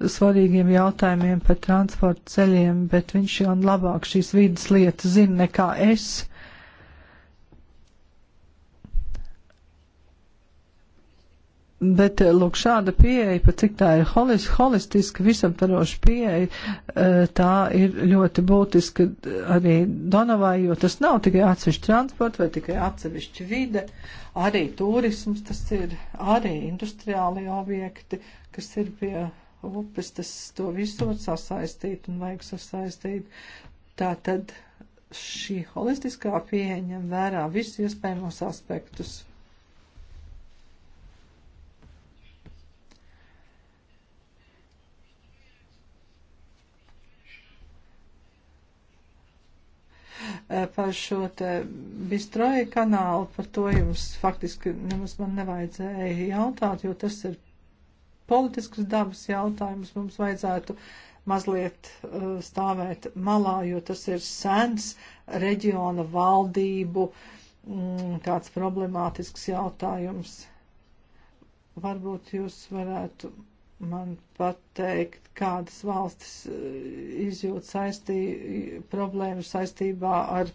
svarīgiem jautājumiem par transporta ceļiem, bet viņš jau labāk šīs vidas lietas zina nekā es. Bet, eh, lūk, šāda pieeja, pat cik tā ir holis, holistiska, visaptvaroša pieeja, eh, tā ir ļoti būtiska eh, arī Donavai, jo tas nav tikai atsevišķi transporta vai tikai atsevišķi vide, arī turisms, tas ir arī industriāli objekti, kas ir pie upes, tas to visu var sasaistīt un vajag sasaistīt. Tā tad šī holistiskā pieeja ņem vērā visus iespējamos aspektus. Eh, par šo te bistroju kanālu, par to jums faktiski nemaz man nevajadzēja jautāt, jo tas ir politisks dabas jautājums. Mums vajadzētu mazliet eh, stāvēt malā, jo tas ir sens reģiona valdību mm, tāds problemātisks jautājums. Varbūt jūs varētu man pateikt, kādas valstis eh, izjūt saistī, problēmu saistībā ar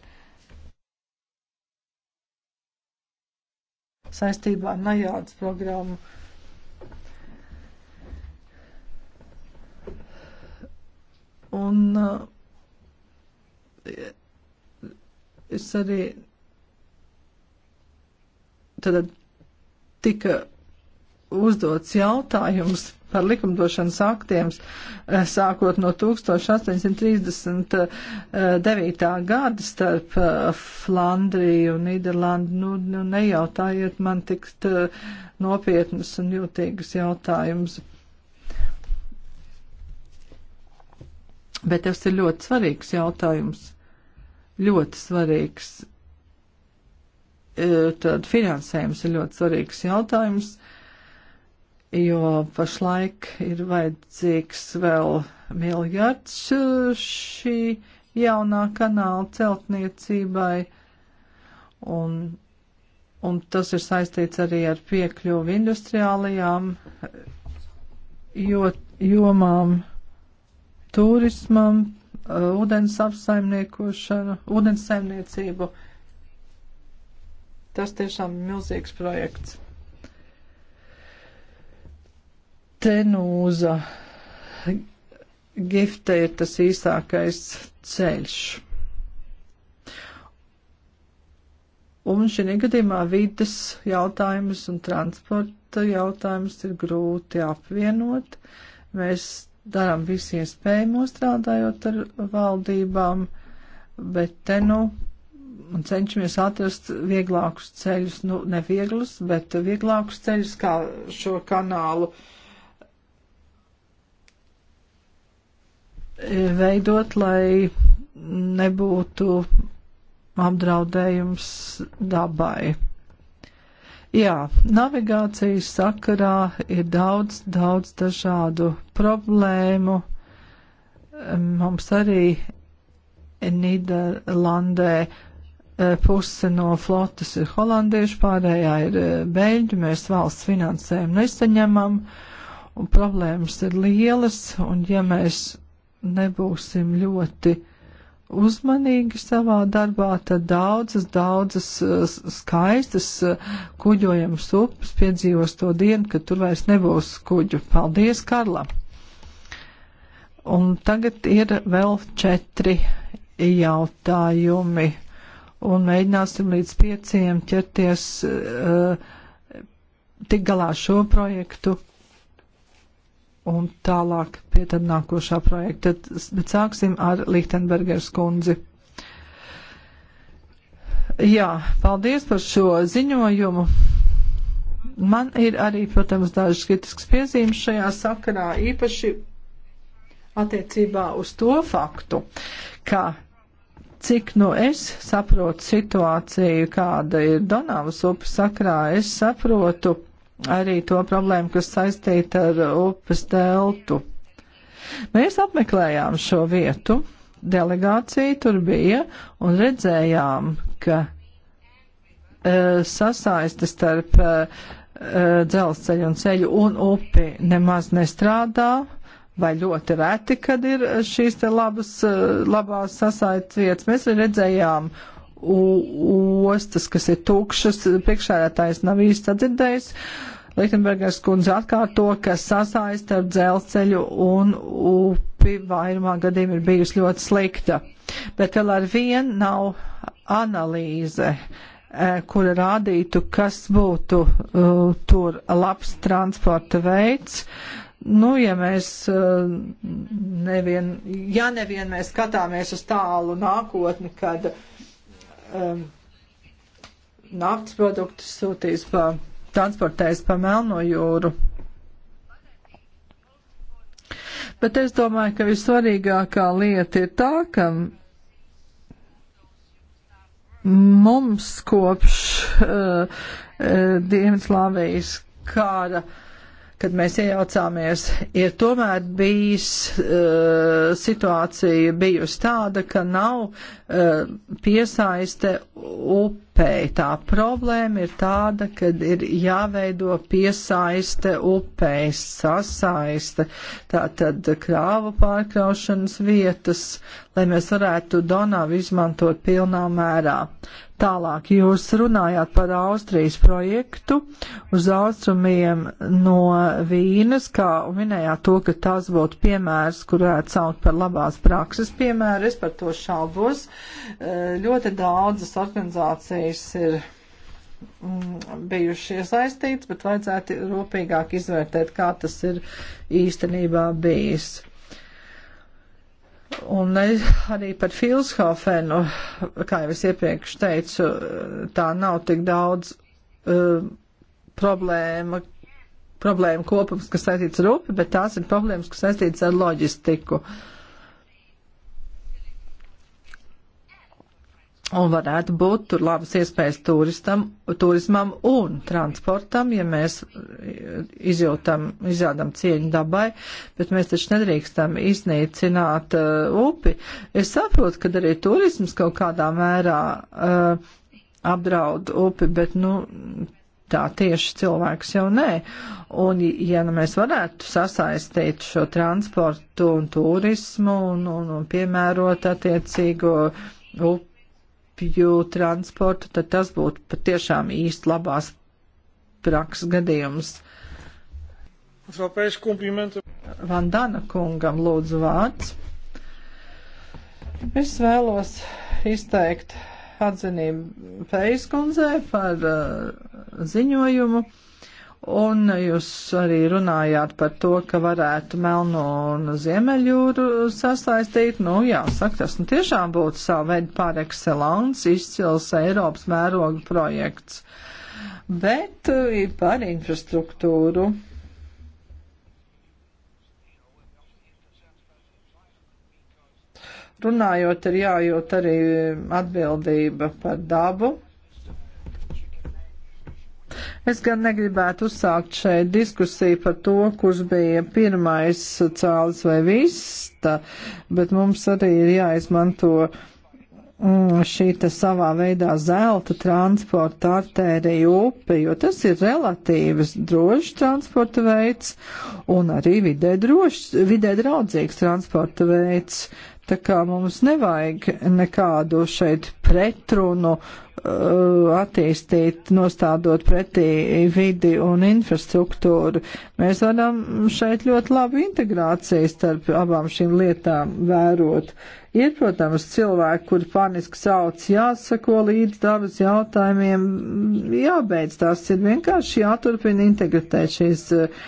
saistībā ar najaudas programmu. Un uh, es arī tad tika uzdots jautājums par likumdošanas aktiem eh, sākot no 1839. Eh, gada starp eh, Flandriju un Nīderlandi. Nu, nu, nejautājiet man tik nopietnus un jūtīgus jautājumus. Bet tas ir ļoti svarīgs jautājums. Ļoti svarīgs. Tad finansējums ir ļoti svarīgs jautājums jo pašlaik ir vajadzīgs vēl miljards uh, šī jaunā kanāla celtniecībai, un, un tas ir saistīts arī ar piekļuvu industriālajām uh, jomām, turismam, uh, ūdens apsaimniekošanu, ūdens saimniecību. Tas tiešām ir milzīgs projekts. Tenūza gifte ir tas īsākais ceļš. Un šī gadījumā vides jautājums un transporta jautājums ir grūti apvienot. Mēs darām visu iespējamo strādājot ar valdībām, bet te nu un cenšamies atrast vieglākus ceļus, nu nevieglus, bet vieglākus ceļus, kā šo kanālu uh, veidot, lai nebūtu apdraudējums dabai. Jā, navigācijas sakarā ir daudz, daudz dažādu problēmu. Mums arī Nīderlandē e, puse no flotas ir holandiešu, pārējā ir e, beļģi, mēs valsts finansējumu nesaņemam, un problēmas ir lielas, un ja mēs nebūsim ļoti uzmanīgi savā darbā, tad daudzas, daudzas uh, skaistas uh, kuģojamas upes piedzīvos to dienu, kad tur vairs nebūs kuģu. Paldies, Karla! Un tagad ir vēl četri jautājumi, un mēģināsim līdz pieciem ķerties uh, tik galā šo projektu un tālāk pie tad nākošā projekta. Tad, bet sāksim ar Lichtenbergers kundzi. Jā, paldies par šo ziņojumu. Man ir arī, protams, dažas kritiskas piezīmes šajā sakarā, īpaši attiecībā uz to faktu, ka cik nu es saprotu situāciju, kāda ir Donavas upes sakrā, es saprotu, arī to problēmu, kas saistīta ar upes teltu. Mēs apmeklējām šo vietu, delegācija tur bija un redzējām, ka e, sasaiste starp e, e dzelzceļu un ceļu un upi nemaz nestrādā. Vai ļoti reti, kad ir šīs te labas, e, labās sasaites vietas. Mēs redzējām ostas, kas ir tukšas, priekšsēdētājs nav īsti sadzirdējis. Liktenbergers kundze atkārto, ka sasaista ar dzelceļu un upi vairumā gadījumā ir bijusi ļoti slikta. Bet vēl ar vienu nav analīze, e, kura rādītu, kas būtu uh, tur labs transporta veids. Nu, ja mēs e, nevien, ja nevien mēs skatāmies uz tālu nākotni, kad uh, um, naftas produktus sūtīs pa, transportēs pa Melno jūru. Bet es domāju, ka vissvarīgākā lieta ir tā, ka mums kopš uh, uh, Dienvidslāvijas kāda uh, kad mēs iejaucāmies, ir tomēr bijis uh, situācija bijusi tāda, ka nav uh, piesaiste upei. Tā problēma ir tāda, kad ir jāveido piesaiste upei, sasaiste, tātad krāvu pārkraušanas vietas, lai mēs varētu Donavu izmantot pilnā mērā. Uh, Tālāk jūs runājāt par Austrijas projektu uz austrumiem no Vīnas, kā minējāt to, ka tas būtu piemērs, kur varētu saukt par labās prakses piemēru. Es par to šaubos. Eh, ļoti daudzas organizācijas ir mm, bijuši iesaistīts, bet vajadzētu rūpīgāk izvērtēt, kā tas ir īstenībā bijis. Un arī par Filshofenu, kā jau es iepriekš teicu, tā nav tik daudz uh, problēma, problēma kopums, kas saistīts ar upi, bet tās ir problēmas, kas saistīts ar loģistiku. Uh, Un varētu būt tur labas iespējas turistam, turismam un transportam, ja mēs izjūtam, izrādam cieņu dabai, bet mēs taču nedrīkstam iznīcināt uh, upi. Es saprotu, ka arī turisms kaut kādā mērā uh, apdraud upi, bet, nu, tā tieši cilvēks jau nē. Un, ja nu mēs varētu sasaistīt šo transportu un turismu un, un, un piemērot attiecīgo upi, apju transportu, tad tas būtu patiešām īsti labās prakses gadījums. Vandana kungam lūdzu vārds. Es vēlos izteikt atzinību Feiskundzē par uh, ziņojumu. Un jūs arī runājāt par to, ka varētu Melno un Ziemeļjūru sasaistīt. Nu, jāsaka, tas nu tiešām būtu savu veidu par excellence izcils Eiropas mēroga projekts. Bet uh, par infrastruktūru. Runājot, ir jājūt arī atbildība par dabu. Es gan negribētu uzsākt šeit diskusiju par to, kurš bija pirmais cālis vai vista, bet mums arī ir jāizmanto mm, šī te savā veidā zelta transporta artērija upe, jo tas ir relatīvas drošs transporta veids un arī vidē, drošs, vidē draudzīgs transporta veids. Tā kā mums nevajag nekādu šeit pretrunu uh, Uh, attīstīt, nostādot pretī vidi un infrastruktūru. Mēs varam šeit ļoti labu integrāciju starp abām šīm lietām vērot. Ir, protams, cilvēki, kur paniski sauc, jāsako līdz dabas jautājumiem, jābeidz tās ir vienkārši jāturpina integritēt šīs uh,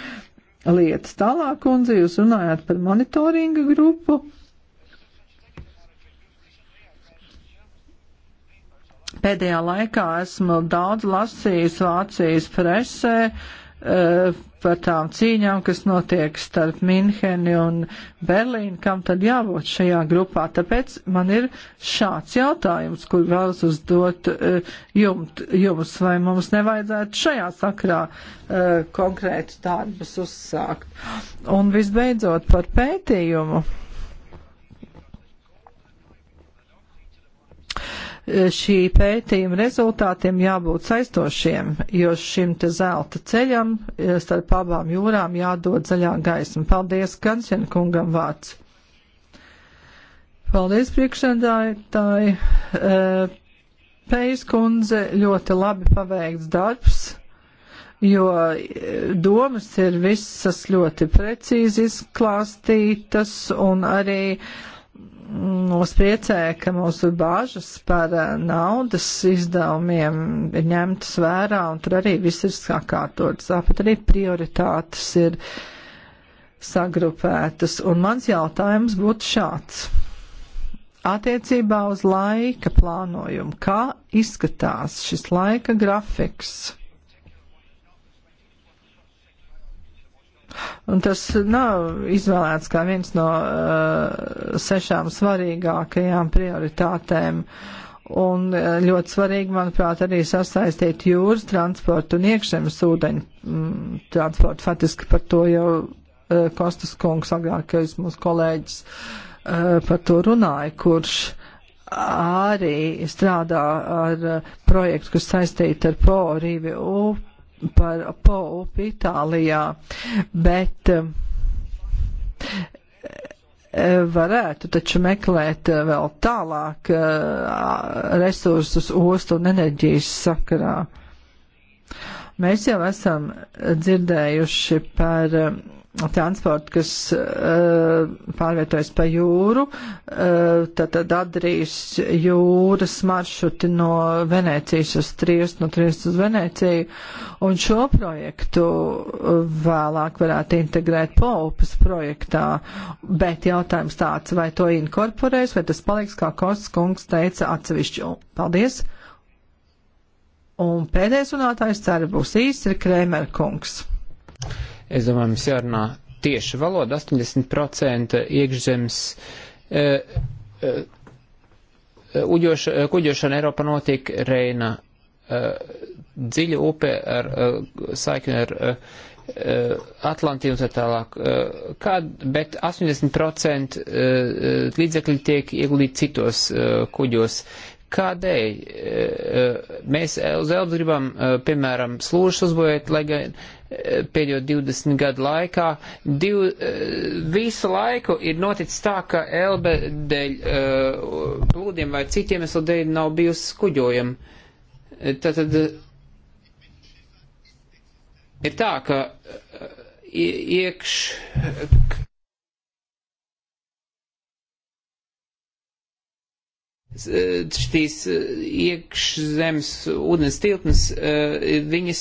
lietas. Tālāk, kundze, jūs runājāt par monitoringa grupu. Pēdējā laikā esmu daudz lasījis Vācijas presē uh, par tām cīņām, kas notiek starp Minheni un Berlīnu, kam tad jābūt šajā grupā. Tāpēc man ir šāds jautājums, kur vēlas uzdot uh, eh, jumt, jums, vai mums nevajadzētu šajā sakrā uh, eh, konkrētus darbus uzsākt. Un visbeidzot par pētījumu šī pētījuma rezultātiem jābūt saistošiem, jo šim te zelta ceļam eh, starp abām jūrām jādod zaļā gaisma. Paldies Gansen kungam vārds. Paldies priekšsēdātāji. Eh, Pējas kundze ļoti labi paveikts darbs jo eh, domas ir visas ļoti precīzi izklāstītas un arī uh, mūs priecē, ka mūsu bāžas par eh, naudas izdevumiem ir ņemtas vērā, un tur arī viss ir sakārtots. Tāpat arī prioritātes ir sagrupētas. Un mans jautājums būtu šāds. Attiecībā uz laika plānojumu, kā izskatās šis laika grafiks? Un tas nav izvēlēts kā viens no uh, sešām svarīgākajām prioritātēm. Un uh, ļoti svarīgi, manuprāt, arī sasaistīt jūras transportu un iekšzemes ūdeņu mm, transportu. Faktiski par to jau uh, Kostas kungs, agrākais mūsu kolēģis, uh, par to runāja, kurš arī strādā ar uh, projektu, kas saistīta ar Porīvi upi par Poupu Itālijā, bet eh, varētu taču meklēt eh, vēl tālāk eh, resursus ostu un enerģijas sakarā. Mēs jau esam dzirdējuši par transportu, kas uh, pārvietojas pa jūru, uh, tad atdrīs jūras maršruti no Venēcijas uz Triestu, no Triestu uz Venēciju, un šo projektu vēlāk varētu integrēt Paupas projektā, bet jautājums tāds, vai to inkorporēs, vai tas paliks, kā Kosts kungs teica, atsevišķi. Paldies! Un pēdējais runātājs, ceru, būs īsts, ir Krēmer kungs. Es domāju, mums jārunā tieši valoda, 80% iekšzemes e, e, uģoša, kuģošana Eiropā notiek Reina e, dziļa upe ar e, saikni ar e, e Atlantiju un tā tālāk. E, kād, bet 80% e, e, līdzekļi tiek ieguldīti citos e, kuģos. Kādēļ e, e mēs uz Elbu gribam, e, piemēram, slūžas uzbūvēt, lai gan. E, pēdējo 20 gadu laikā. Div, eh, visu laiku ir noticis tā, ka elbe dēļ eh, plūdiem vai citiem eslu dēļ nav bijusi kuģojama. Tātad eh, ir tā, ka iekš. Šīs iekšzemes ūdens tiltnes, viņas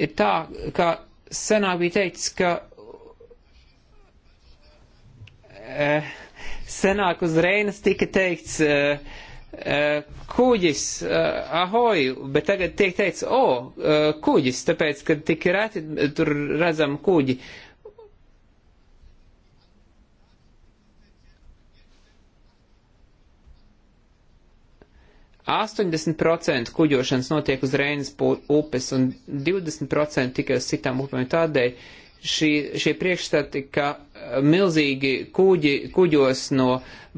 ir tā, ka senāk bija teikts, ka eh, senāk uz Reinas tika teikts eh, eh, kuģis, eh, ahoj, bet tagad tiek teikts, o, oh, eh, kuģis, tāpēc, ka tik reti tur redzam kuģi. Eh, 80% kuģošanas notiek uz Reinas upes un 20% tikai uz citām upēm. Tādēļ šī, šie priekšstati, ka eh, milzīgi kuģi kuģos no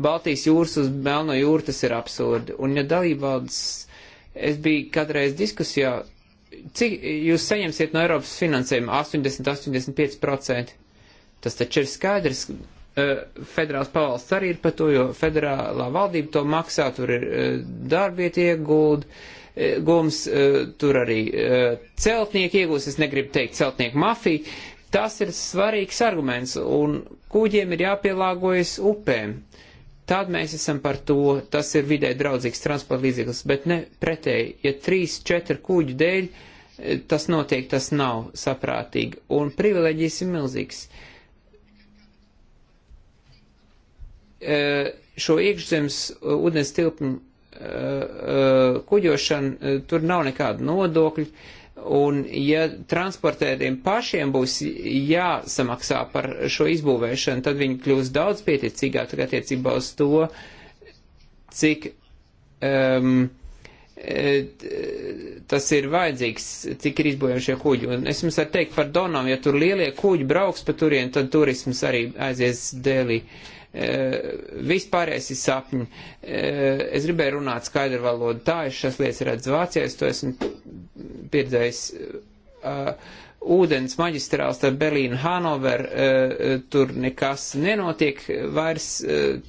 Baltijas jūras uz Melno jūru, tas ir absurdi. Un ja dalībvaldes, es biju kādreiz diskusijā, cik jūs saņemsiet no Eiropas finansējuma 80-85%? Tas taču ir skaidrs, Eh, federāls pavalsts arī ir par to, jo federālā valdība to maksā, tur ir eh, darbiet iegūdi, eh, gums, tur arī celtnieki iegūst, es negribu teikt celtnieku mafiju. Tas ir svarīgs arguments, un kuģiem ir jāpielāgojas upēm. Tad mēs esam par to, tas ir vidē draudzīgs transporta līdzeklis, bet ne pretēji, ja trīs, četri kuģu dēļ tas notiek, tas nav saprātīgi, un privileģijas ir milzīgs. Uh, Eh, šo iekšzemes eh, ūdens tilpnu eh, kuģošanu, tur nav nekādu nodokļu. Un ja transportēriem pašiem būs jāsamaksā par šo izbūvēšanu, tad viņi kļūs daudz pieticīgāk attiecībā uz to, cik um, tas ir vajadzīgs, cik ir izbūvēti šie kuģi. Un es jums varu teikt par Donām, ja tur lielie kuģi brauks pa turien, tad turisms arī aizies dēlī. Uh, E, vispārējais ir sapņi. E, es gribēju runāt skaidru valodu. Tā es šas lietas redzu Vācijā, es to esmu pieredzējis. E, ūdens maģistrāls ar Berlīnu Hanover, tur nekas nenotiek, vairs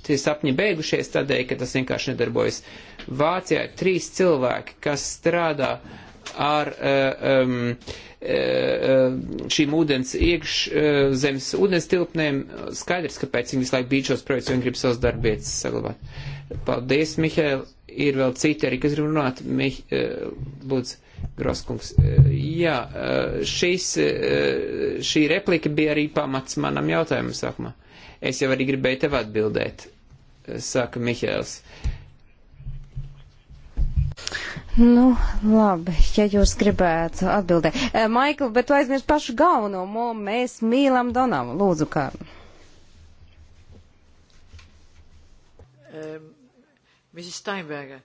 tie sapņi beigušies tādēļ, ka tas vienkārši nedarbojas. Vācijā ir trīs cilvēki, kas strādā uh, ar um, šīm ūdens iekšzemes ūdens tilpnēm. Skaidrs, kāpēc viņi visu laiku bija šos projekts, jo viņi grib savas darbietas saglabāt. Paldies, Mihēl. Ir vēl citi arī, kas grib runāt. Mih, lūdzu, Groskungs. Jā, šis, šī replika bija arī pamats manam jautājumam sākumā. Es jau arī gribēju tev atbildēt, saka Mihēls. Uh, Nu, labi, ja jūs gribētu atbildēt. E, eh, Maikl, bet tu aizmirst pašu galveno, mo, mēs mīlam Donavu. Lūdzu, kā. Um, Mrs. Steinberger.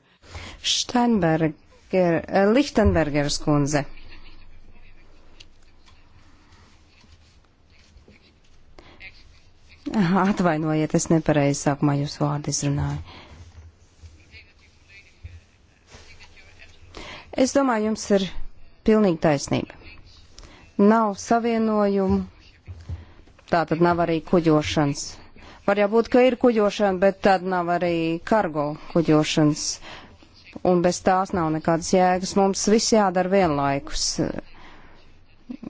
Steinberger, eh, Lichtenbergeras kundze. Atvainojiet, es nepareizi sākumā jūsu vārdu izrunāju. Es domāju, jums ir pilnīgi taisnība. Nav savienojumu, tā tad nav arī kuģošanas. Var jau būt, ka ir kuģošana, bet tad nav arī kargo kuģošanas. Un bez tās nav nekādas jēgas. Mums viss jādara vienlaikus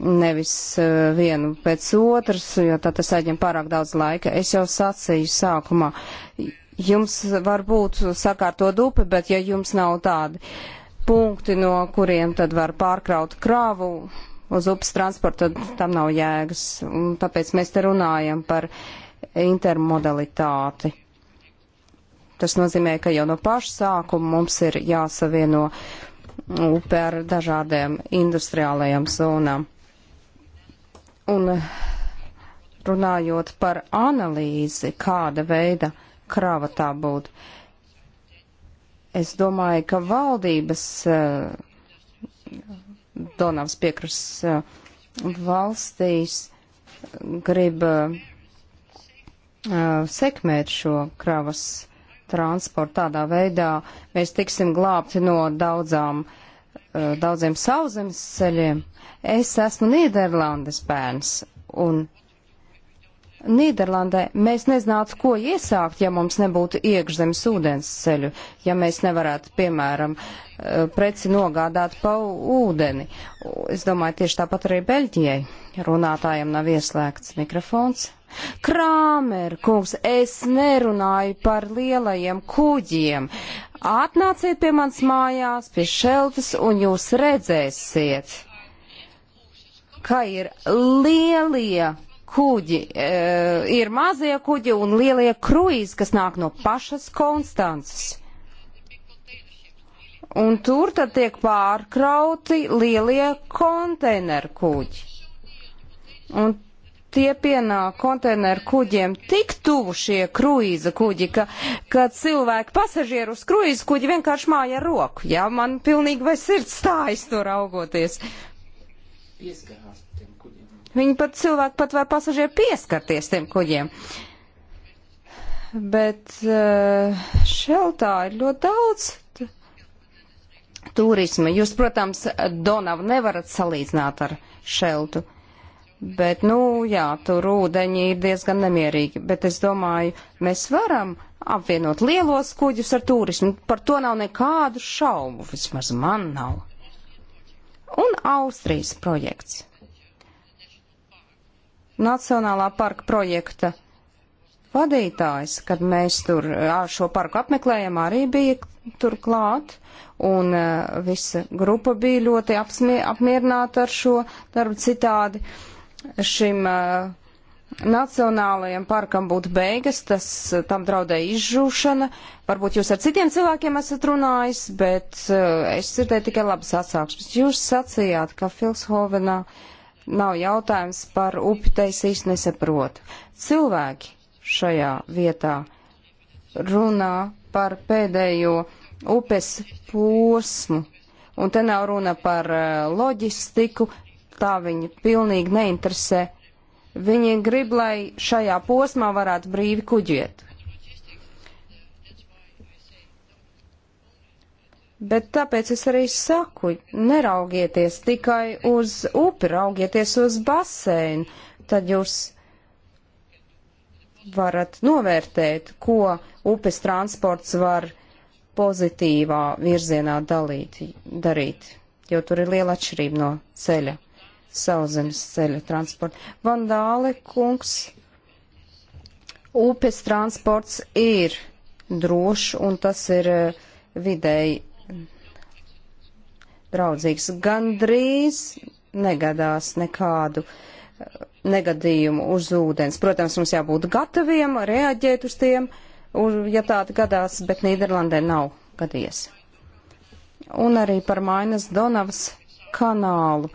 nevis uh, vienu pēc otras, jo tā tas aizņem pārāk daudz laika. Es jau sacīju sākumā, jums var būt sakārto dupe, bet ja jums nav tādi punkti, no kuriem tad var pārkraut krāvu uz upes transportu, tad tam nav jēgas. Un tāpēc mēs te runājam par intermodalitāti. Tas nozīmē, ka jau no paša sākuma mums ir jāsavieno upe ar dažādiem industriālajām zonām. Un eh, runājot par analīzi, kāda veida krava tā būtu Es domāju, ka valdības eh, Donavas piekras eh, valstīs grib eh, sekmēt šo kravas transportu. Tādā veidā mēs tiksim glābti no daudzām, daudziem sauzemes ceļiem. Es esmu Nīderlandes bērns, un Nīderlandē mēs nezinātu, ko iesākt, ja mums nebūtu iekšzemes ūdens ceļu, ja mēs nevarētu, piemēram, eh, preci nogādāt pa ūdeni. Es domāju, tieši tāpat arī Beļģijai. Runātājiem nav ieslēgts mikrofons. Krāmer, kungs, es nerunāju par lielajiem kuģiem. Atnāciet pie mans mājās, pie šeltas, un jūs redzēsiet, ka ir lielie kuģi e, ir mazie kuģi un lielie kruīzi, kas nāk no pašas Konstances. Un tur tad tiek pārkrauti lielie konteineru kuģi. Un tie pienāk konteineru kuģiem tik tuvu šie kruīza kuģi, ka, ka cilvēki pasažieru uz kruīza kuģi vienkārši māja roku. Jā, man pilnīgi vai sirds stājas tur augoties. Pieskarās Viņi pat cilvēki pat var pasažieri pieskarties tiem kuģiem. Bet eh, šeltā ir ļoti daudz turisma. Jūs, protams, Donavu nevarat salīdzināt ar šeltu. Bet, nu, jā, tur ūdeņi ir diezgan nemierīgi, bet es domāju, mēs varam apvienot lielos kuģus ar turismu. Par to nav nekādu šaubu, vismaz man nav. Un Austrijas projekts. Nacionālā parka projekta vadītājs, kad mēs tur šo parku apmeklējām, arī bija tur klāt, un visa grupa bija ļoti apsmie, apmierināta ar šo darbu citādi. Šim uh, Nacionālajam parkam būtu beigas, tas tam draudēja izžūšana. Varbūt jūs ar citiem cilvēkiem esat runājis, bet uh, es dzirdēju tikai labas atsāksmes. Jūs sacījāt, ka Filshovenā uh, nav jautājums par upi, te es īsti nesaprotu. Cilvēki šajā vietā runā par pēdējo upes posmu, un te nav runa par eh, loģistiku, tā viņu pilnīgi neinteresē. Viņi grib, lai šajā posmā varētu brīvi kuģiet. Bet tāpēc es arī saku, neraugieties tikai uz upi, raugieties uz basēnu, tad jūs varat novērtēt, ko upes transports var pozitīvā virzienā dalīt, darīt, jo tur ir liela atšķirība no ceļa, sauzemes ceļa transporta. Vandāle kungs, upes transports ir drošs un tas ir eh, vidēji draudzīgs. Gandrīz negadās nekādu eh, negadījumu uz ūdens. Protams, mums jābūt gataviem reaģēt uz tiem, ja tāda gadās, bet Nīderlandē nav gadījies. Un arī par Mainas Donavas kanālu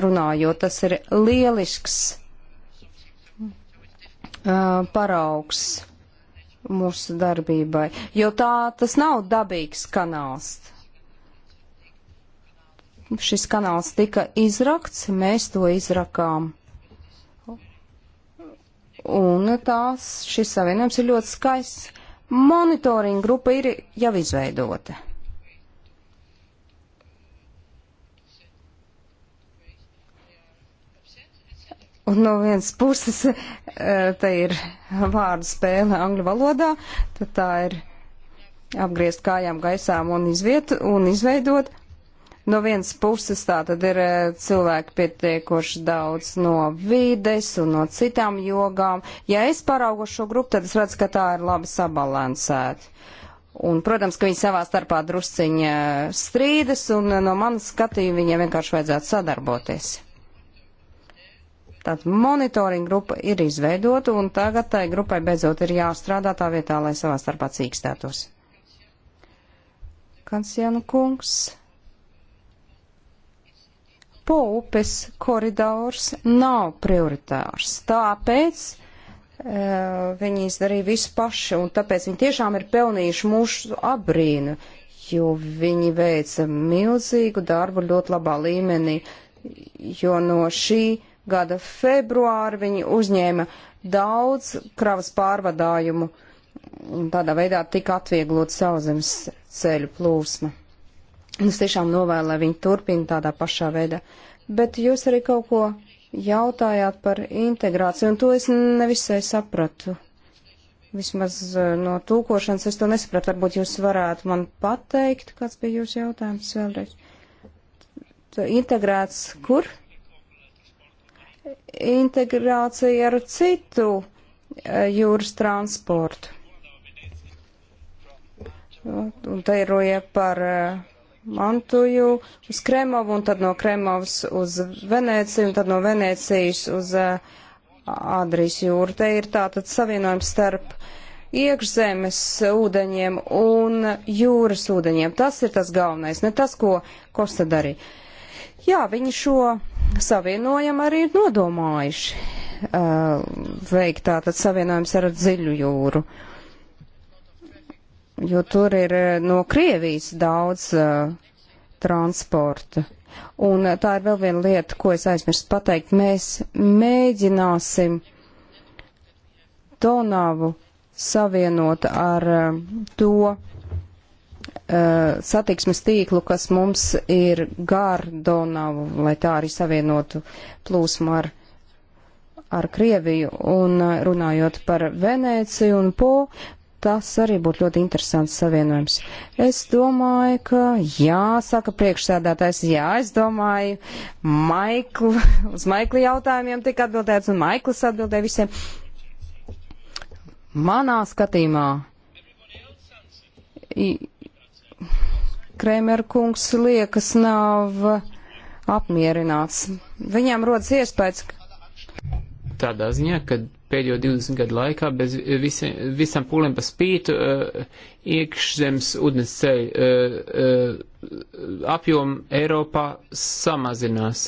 runājot, tas ir lielisks uh, paraugs mūsu darbībai, jo tā tas nav dabīgs kanāls šis kanāls tika izrakts, mēs to izrakām. Un tās, šis savienojums ir ļoti skaists. Monitoringa grupa ir jau izveidota. Un no vienas puses eh, te ir vārdu spēle angļu valodā, tad tā ir apgriezt kājām gaisām un, izviet, un izveidot. No vienas puses tā tad ir eh, cilvēki pietiekoši daudz no vides un no citām jogām. Ja es paraugu šo grupu, tad es redzu, ka tā ir labi sabalansēta. Un, protams, ka viņi savā starpā drusciņa strīdas, un eh, no manas skatījuma viņiem vienkārši vajadzētu sadarboties. Tātad monitoringa grupa ir izveidota, un tagad tai grupai beidzot ir jāstrādā tā vietā, lai savā starpā cīkstētos. Kansjana kungs Poupes koridors nav prioritārs, tāpēc uh, viņi izdarīja visu paši, un tāpēc viņi tiešām ir pelnījuši mūsu abrīnu, jo viņi veica milzīgu darbu ļoti labā līmenī, jo no šī gada februāra viņi uzņēma daudz kravas pārvadājumu, un tādā veidā tika atvieglot sauzemes ceļu plūsma. Es tiešām novēlu, lai viņi turpina tādā pašā veidā. Bet jūs arī kaut ko jautājāt par integrāciju, un to es nevisai sapratu. Vismaz eh, no tūkošanas es to nesapratu. Varbūt jūs varētu man pateikt, kāds bija jūsu jautājums vēlreiz. Integrēts kur? Integrācija ar citu eh, jūras transportu. Un te ir roja par eh, Mantuju uz Kremovu un tad no Kremovas uz Venēciju un tad no Venēcijas uz eh, Adrijas jūru. Te ir tātad savienojums starp iekšzemes ūdeņiem un jūras ūdeņiem. Tas ir tas galvenais, ne tas, ko Kosta darīja. Jā, viņi šo savienojumu arī ir nodomājuši uh, veikt tātad savienojums ar dziļu jūru. Uh, jo tur ir eh, no Krievijas daudz uh, transporta. Un eh, tā ir vēl viena lieta, ko es aizmirstu pateikt. Mēs mēģināsim Donavu savienot ar uh, to uh, satiksmes tīklu, kas mums ir gar Donavu, lai tā arī savienotu plūsmu ar ar Krieviju un runājot par Venēciju un Po, Tas arī būtu ļoti interesants savienojums. Es domāju, ka jā, saka priekšsēdētājs, jā, es domāju, Maikl, uz Maikla jautājumiem tika atbildēts, un Maikls atbildēja visiem. Manā skatījumā Kremerkungs liekas nav apmierināts. Viņam rodas iespējas, ka tādā ziņā, ka pēdējo 20 gadu laikā, bez visi, visam pūlēm pa spītu, uh, iekšzemes ūdens ceļu uh, eh, uh, eh, apjomu Eiropā samazinās.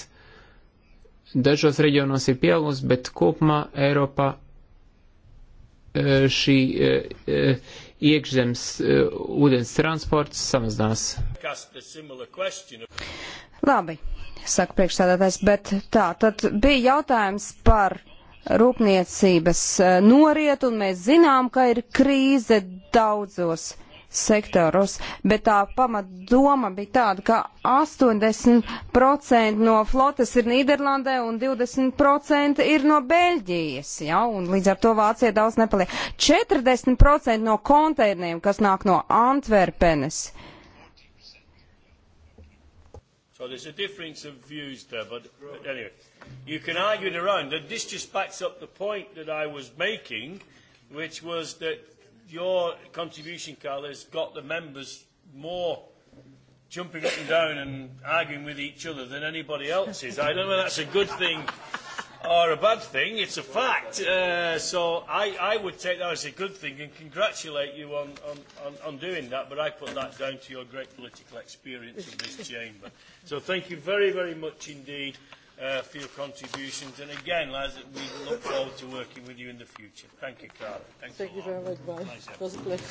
Dažos reģionos ir pieaugus, bet kopumā Eiropā uh, šī uh, iekšzemes uh, ūdens transports samazinās. Labi, saka priekšstādātais, bet tā, tad bija jautājums par rūpniecības eh, noriet, un mēs zinām, ka ir krīze daudzos sektoros, bet tā pamatdoma bija tāda, ka 80% no flotes ir Nīderlandē un 20% ir no Beļģijas, ja, un līdz ar to Vācija daudz nepaliek. 40% no konteineriem, kas nāk no Antverpenes. So there's a difference of views there, but anyway you can argue it around. And this just backs up the point that I was making, which was that your contribution, Carl, has got the members more jumping up and down and arguing with each other than anybody else's. I don't know that's a good thing or a bad thing. It's a fact. Uh, so I, I would take that as a good thing and congratulate you on, on, on, on doing that. But I put that down to your great political experience in this chamber. So thank you very, very much indeed uh, for your contributions. And again, Liza, we look forward to working with you in the future. Thank you, Carla. Thanks Thank a you lot. very much, Brian. Nice it was a pleasure.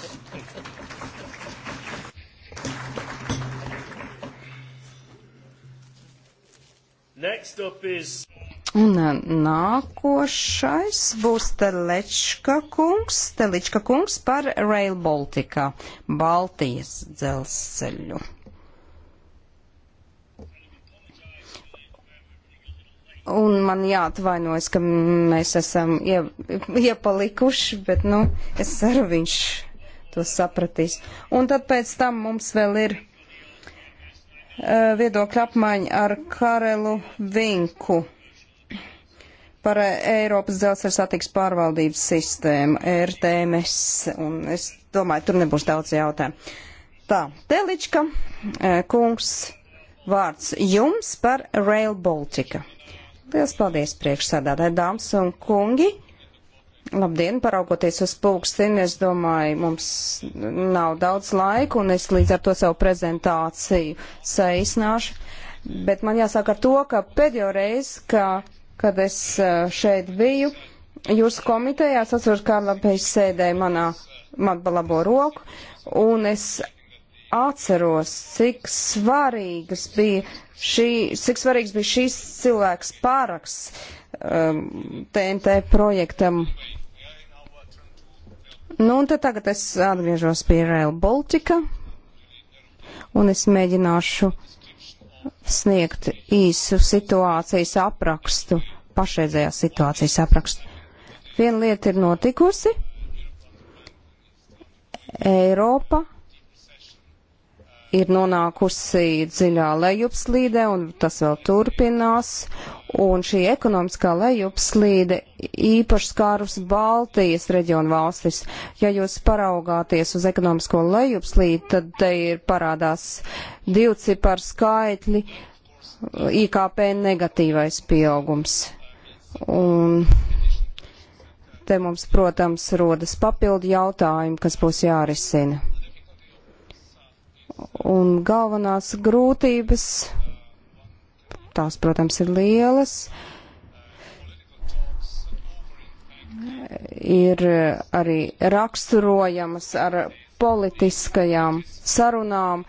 Next up is... Un uh, nākošais būs Telečka kungs, Telečka kungs par Rail Baltica, Baltijas dzelzceļu. Un man jāatvainojas, ka mēs esam ie, iepalikuši, bet, nu, es ceru, viņš to sapratīs. Un tad pēc tam mums vēl ir uh, viedokļa apmaiņa ar Karelu Vinku par e, Eiropas dzelzceļa satiks pārvaldības sistēmu, RTMS, un es domāju, tur nebūs daudz jautājumu. Tā, Telička, e, kungs, vārds jums par Rail Baltica. Pils paldies priekšsādātāji dāmas un kungi. Labdien, paraugoties uz pulksteni, es domāju, mums nav daudz laika un es līdz ar to savu prezentāciju saīsināšu. Bet man jāsaka ar to, ka pēdējo reizi, ka, kad es eh, šeit biju, jūsu komitejā, es atceros, kā labais sēdēja manā, man pa labo roku, un es atceros, cik svarīgas bija šī, cik svarīgs bija šīs cilvēks pāraks um, TNT projektam. Nu, un tad tagad es atgriežos pie Rail Baltica, un es mēģināšu sniegt īsu situācijas aprakstu, pašreizējās situācijas aprakstu. Viena lieta ir notikusi. Eiropa ir nonākusi dziļā lejupslīdē, un tas vēl turpinās. Un šī ekonomiskā lejupslīde īpaši skārus Baltijas reģionu valstis. Ja jūs paraugāties uz ekonomisko lejupslīdi, tad te ir parādās divcipar skaitļi, IKP negatīvais pieaugums. Un te mums, protams, rodas papildu jautājumi, kas būs jārisina. Un galvenās grūtības, tās, protams, ir lielas, ir arī raksturojamas ar politiskajām sarunām.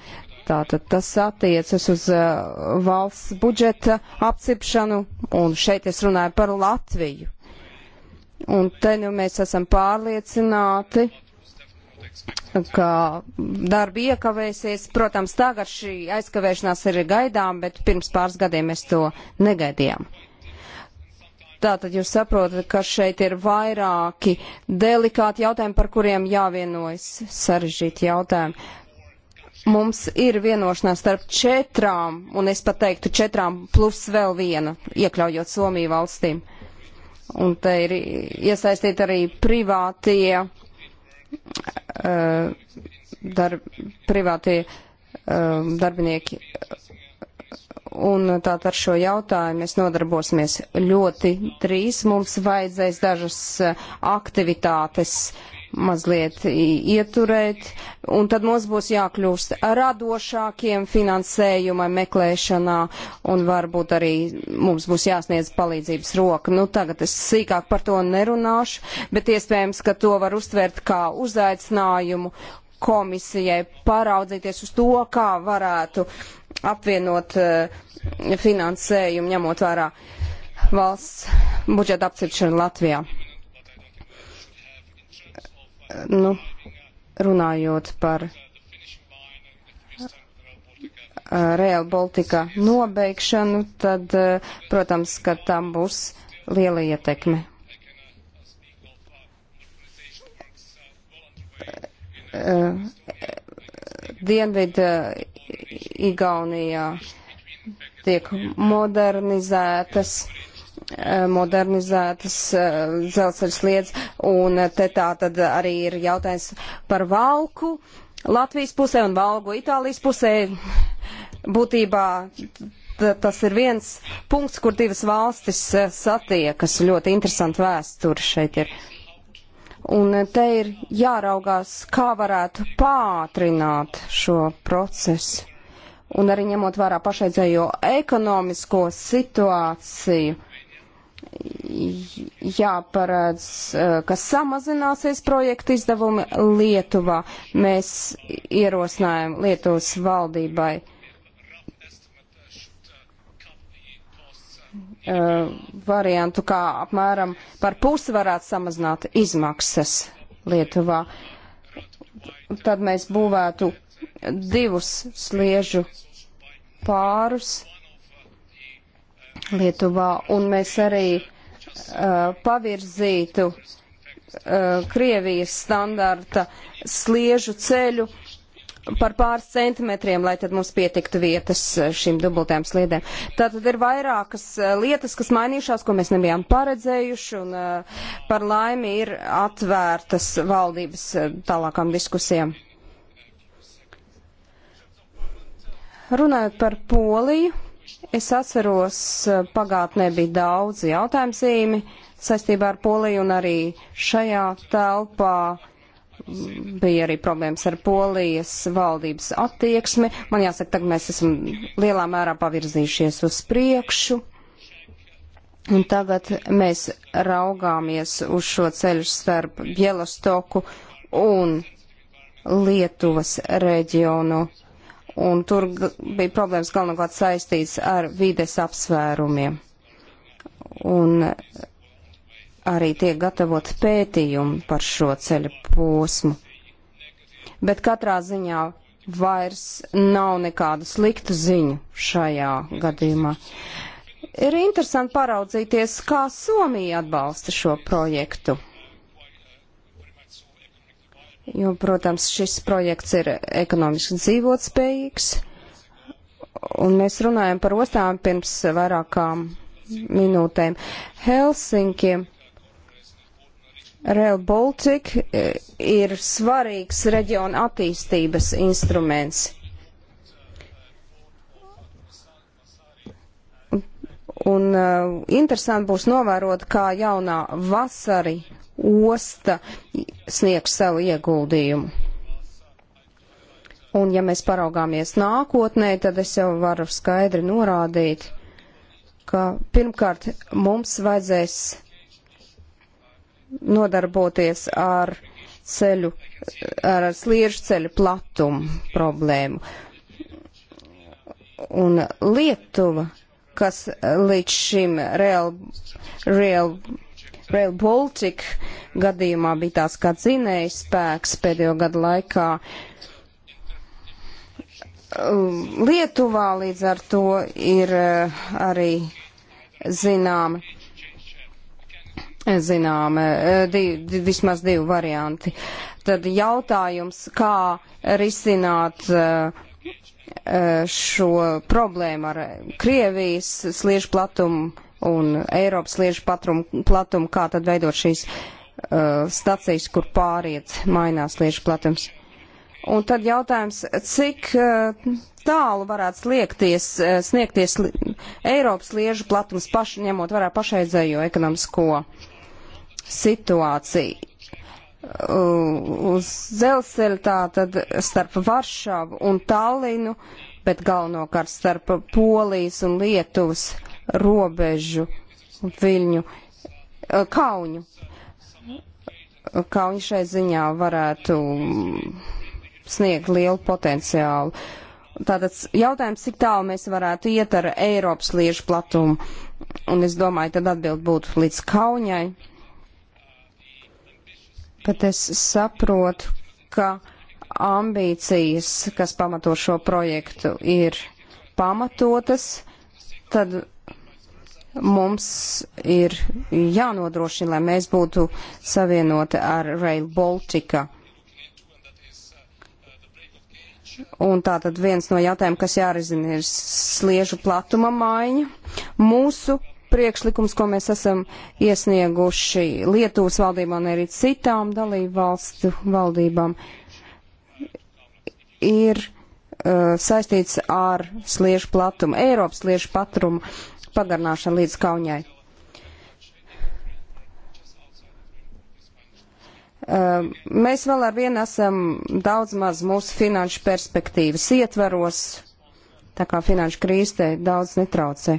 Tātad tas attiecas uz uh, valsts budžeta apcipšanu, un šeit es runāju par Latviju. Un te nu mēs esam pārliecināti, ka darbi iekavēsies. Protams, tagad šī aizkavēšanās ir gaidām, bet pirms pāris gadiem mēs to negaidījām. Tātad jūs saprotat, ka šeit ir vairāki delikāti jautājumi, par kuriem jāvienojas sarežģīti jautājumi. Mums ir vienošanās starp četrām, un es pat teiktu četrām plus vēl viena, iekļaujot Somiju valstīm. Un te ir iesaistīti arī privātie uh, Uh, dar, privātie um, darbinieki. Un tātad ar šo jautājumu mēs nodarbosimies ļoti drīz. Mums vajadzēs dažas uh, aktivitātes mazliet ieturēt, un tad mums būs jākļūst radošākiem finansējuma meklēšanā, un varbūt arī mums būs jāsniedz palīdzības roka. Nu, tagad es sīkāk par to nerunāšu, bet iespējams, ka to var uztvert kā uzaicinājumu komisijai paraudzīties uz to, kā varētu apvienot uh, finansējumu, ņemot vērā valsts budžeta apciršanu Latvijā nu, runājot par uh, Real Baltica nobeigšanu, tad, uh, protams, ka tam būs liela ietekme. Uh, Dienvid Igaunijā tiek modernizētas Eh, modernizētas eh, dzelzceļa sliedz, un eh, te tā tad arī ir jautājums par valku Latvijas pusē un valgu Itālijas pusē. Būtībā tas ir viens punkts, kur divas valstis satiekas, ļoti interesanti vēsturi šeit ir. Un te ir jāraugās, kā varētu pātrināt šo procesu. Un arī ņemot vērā pašreizējo ekonomisko situāciju, uh, jāparādz, eh, ka samazināsies projekta izdevumi Lietuvā. Mēs ierosinājām Lietuvas valdībai eh, variantu, kā apmēram par pusi varētu samazināt izmaksas Lietuvā. Tad mēs būvētu divus sliežu pārus Lietuvā, un mēs arī uh, pavirzītu uh, Krievijas standarta sliežu ceļu par pāris centimetriem, lai tad mums pietiktu vietas uh, šīm dubultām sliedēm. Tātad ir vairākas uh, lietas, kas mainījušās, ko mēs nebijām paredzējuši, un uh, par laimi ir atvērtas valdības tālākām diskusijām. Runājot par Poliju, Es atceros, eh, pagātnē bija daudz jautājumzīmi saistībā ar Poliju un arī šajā telpā bija arī problēmas ar Polijas valdības attieksmi. Man jāsaka, tagad mēs esam lielā mērā pavirzījušies uz priekšu. Un tagad mēs raugāmies uz šo ceļu starp Bielostoku un Lietuvas reģionu un tur bija problēmas galvenokārt saistīts ar vides apsvērumiem. Un arī tiek gatavot pētījumi par šo ceļa posmu. Bet katrā ziņā vairs nav nekādu sliktu ziņu šajā gadījumā. Ir interesanti paraudzīties, kā Somija atbalsta šo projektu jo, protams, šis projekts ir ekonomiski dzīvotspējīgs, un mēs runājam par ostām pirms vairākām minūtēm. Helsinki. Rail Baltic e, ir svarīgs reģiona attīstības instruments. Un, un uh, interesanti būs novērot, kā jaunā vasari osta sniegs savu ieguldījumu. Un ja mēs paraugāmies nākotnē, tad es jau varu skaidri norādīt, ka pirmkārt mums vajadzēs nodarboties ar ceļu, ar sliežu ceļu platumu problēmu. Un Lietuva, kas līdz šim Real, Real Rail Baltica gadījumā bija tās kā dzinējs spēks pēdējo gadu laikā. Lietuvā līdz ar to ir eh, arī zināmi, zināmi eh, div, vismaz divi varianti. Tad jautājums, kā risināt eh, šo problēmu ar Krievijas sliežu platumu un Eiropas liežu platumu, kā tad veidot šīs uh, stacijas, kur pāriet mainās liežu platums. Un tad jautājums, cik uh, tālu varētu sliekties, uh, sniegties li Eiropas liežu platums, paši, ņemot vērā pašreizējo ekonomisko situāciju uh, uz dzelzceļa tātad starp Varšavu un Tallinu, bet galvenokārt starp Polijas un Lietuvas robežu viļņu, kauņu. Kauņi šai ziņā varētu sniegt lielu potenciālu. Tātad jautājums, cik tālu mēs varētu iet ar Eiropas liežu platumu. Un es domāju, tad atbild būtu līdz Kaunai. Bet es saprotu, ka ambīcijas, kas pamato šo projektu, ir pamatotas. Tad mums ir jānodrošina, lai mēs būtu savienoti ar Rail Baltica. Un tātad viens no jautājumiem, kas jārisina, ir sliežu platuma maiņa. Mūsu priekšlikums, ko mēs esam iesnieguši Lietuvas valdībām un arī citām dalību valstu valdībām, ir uh, saistīts ar sliežu platumu, Eiropas sliežu platumu. Uh, pagarnāšana līdz kaunjai. Ehm, mēs vēl ar vienu esam daudz maz mūsu finanšu perspektīvas ietvaros, tā kā finanšu krīste daudz netraucē.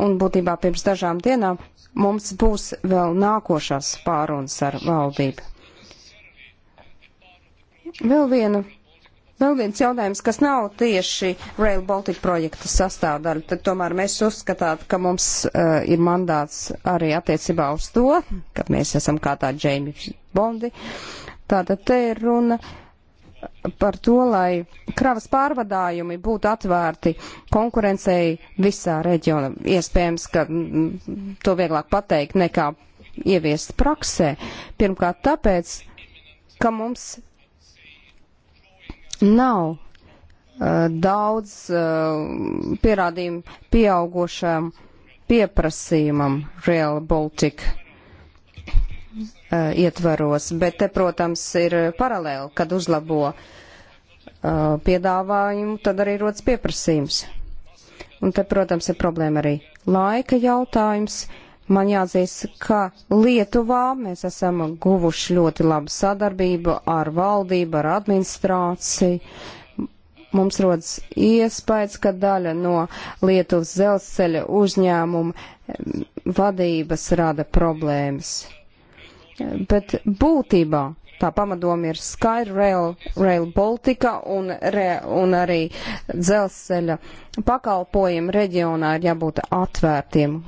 Un būtībā pirms dažām dienām mums būs vēl nākošās pārunas ar valdību. Vēl viena Vēl viens jautājums, kas nav tieši Rail Baltica projekta sastāvdaļa, tad tomēr mēs uzskatām, ka mums uh, ir mandāts arī attiecībā uz to, kad mēs esam kā tā Džeimis Bondi. Tātad te ir runa par to, lai kravas pārvadājumi būtu atvērti konkurencei visā reģionā. Iespējams, ka mm, mm, to vieglāk pateikt nekā ieviest praksē. Pirmkārt, tāpēc, ka mums Nav uh, daudz uh, pierādījumu pieaugušam pieprasījumam Real Baltica uh, ietvaros, bet te, protams, ir paralēli, kad uzlabo uh, piedāvājumu, tad arī rodas pieprasījums. Un te, protams, ir problēma arī laika jautājums. Uh, Man jāatzīst, ka Lietuvā mēs esam guvuši ļoti labu sadarbību ar valdību, ar administrāciju. Mums rodas iespējas, ka daļa no Lietuvas dzelzceļa uzņēmuma eh, vadības rada problēmas. Bet būtībā tā pamatoma ir Skyrail, Rail Baltica un, re, un arī dzelzceļa pakalpojumi reģionā ir jābūt atvērtiem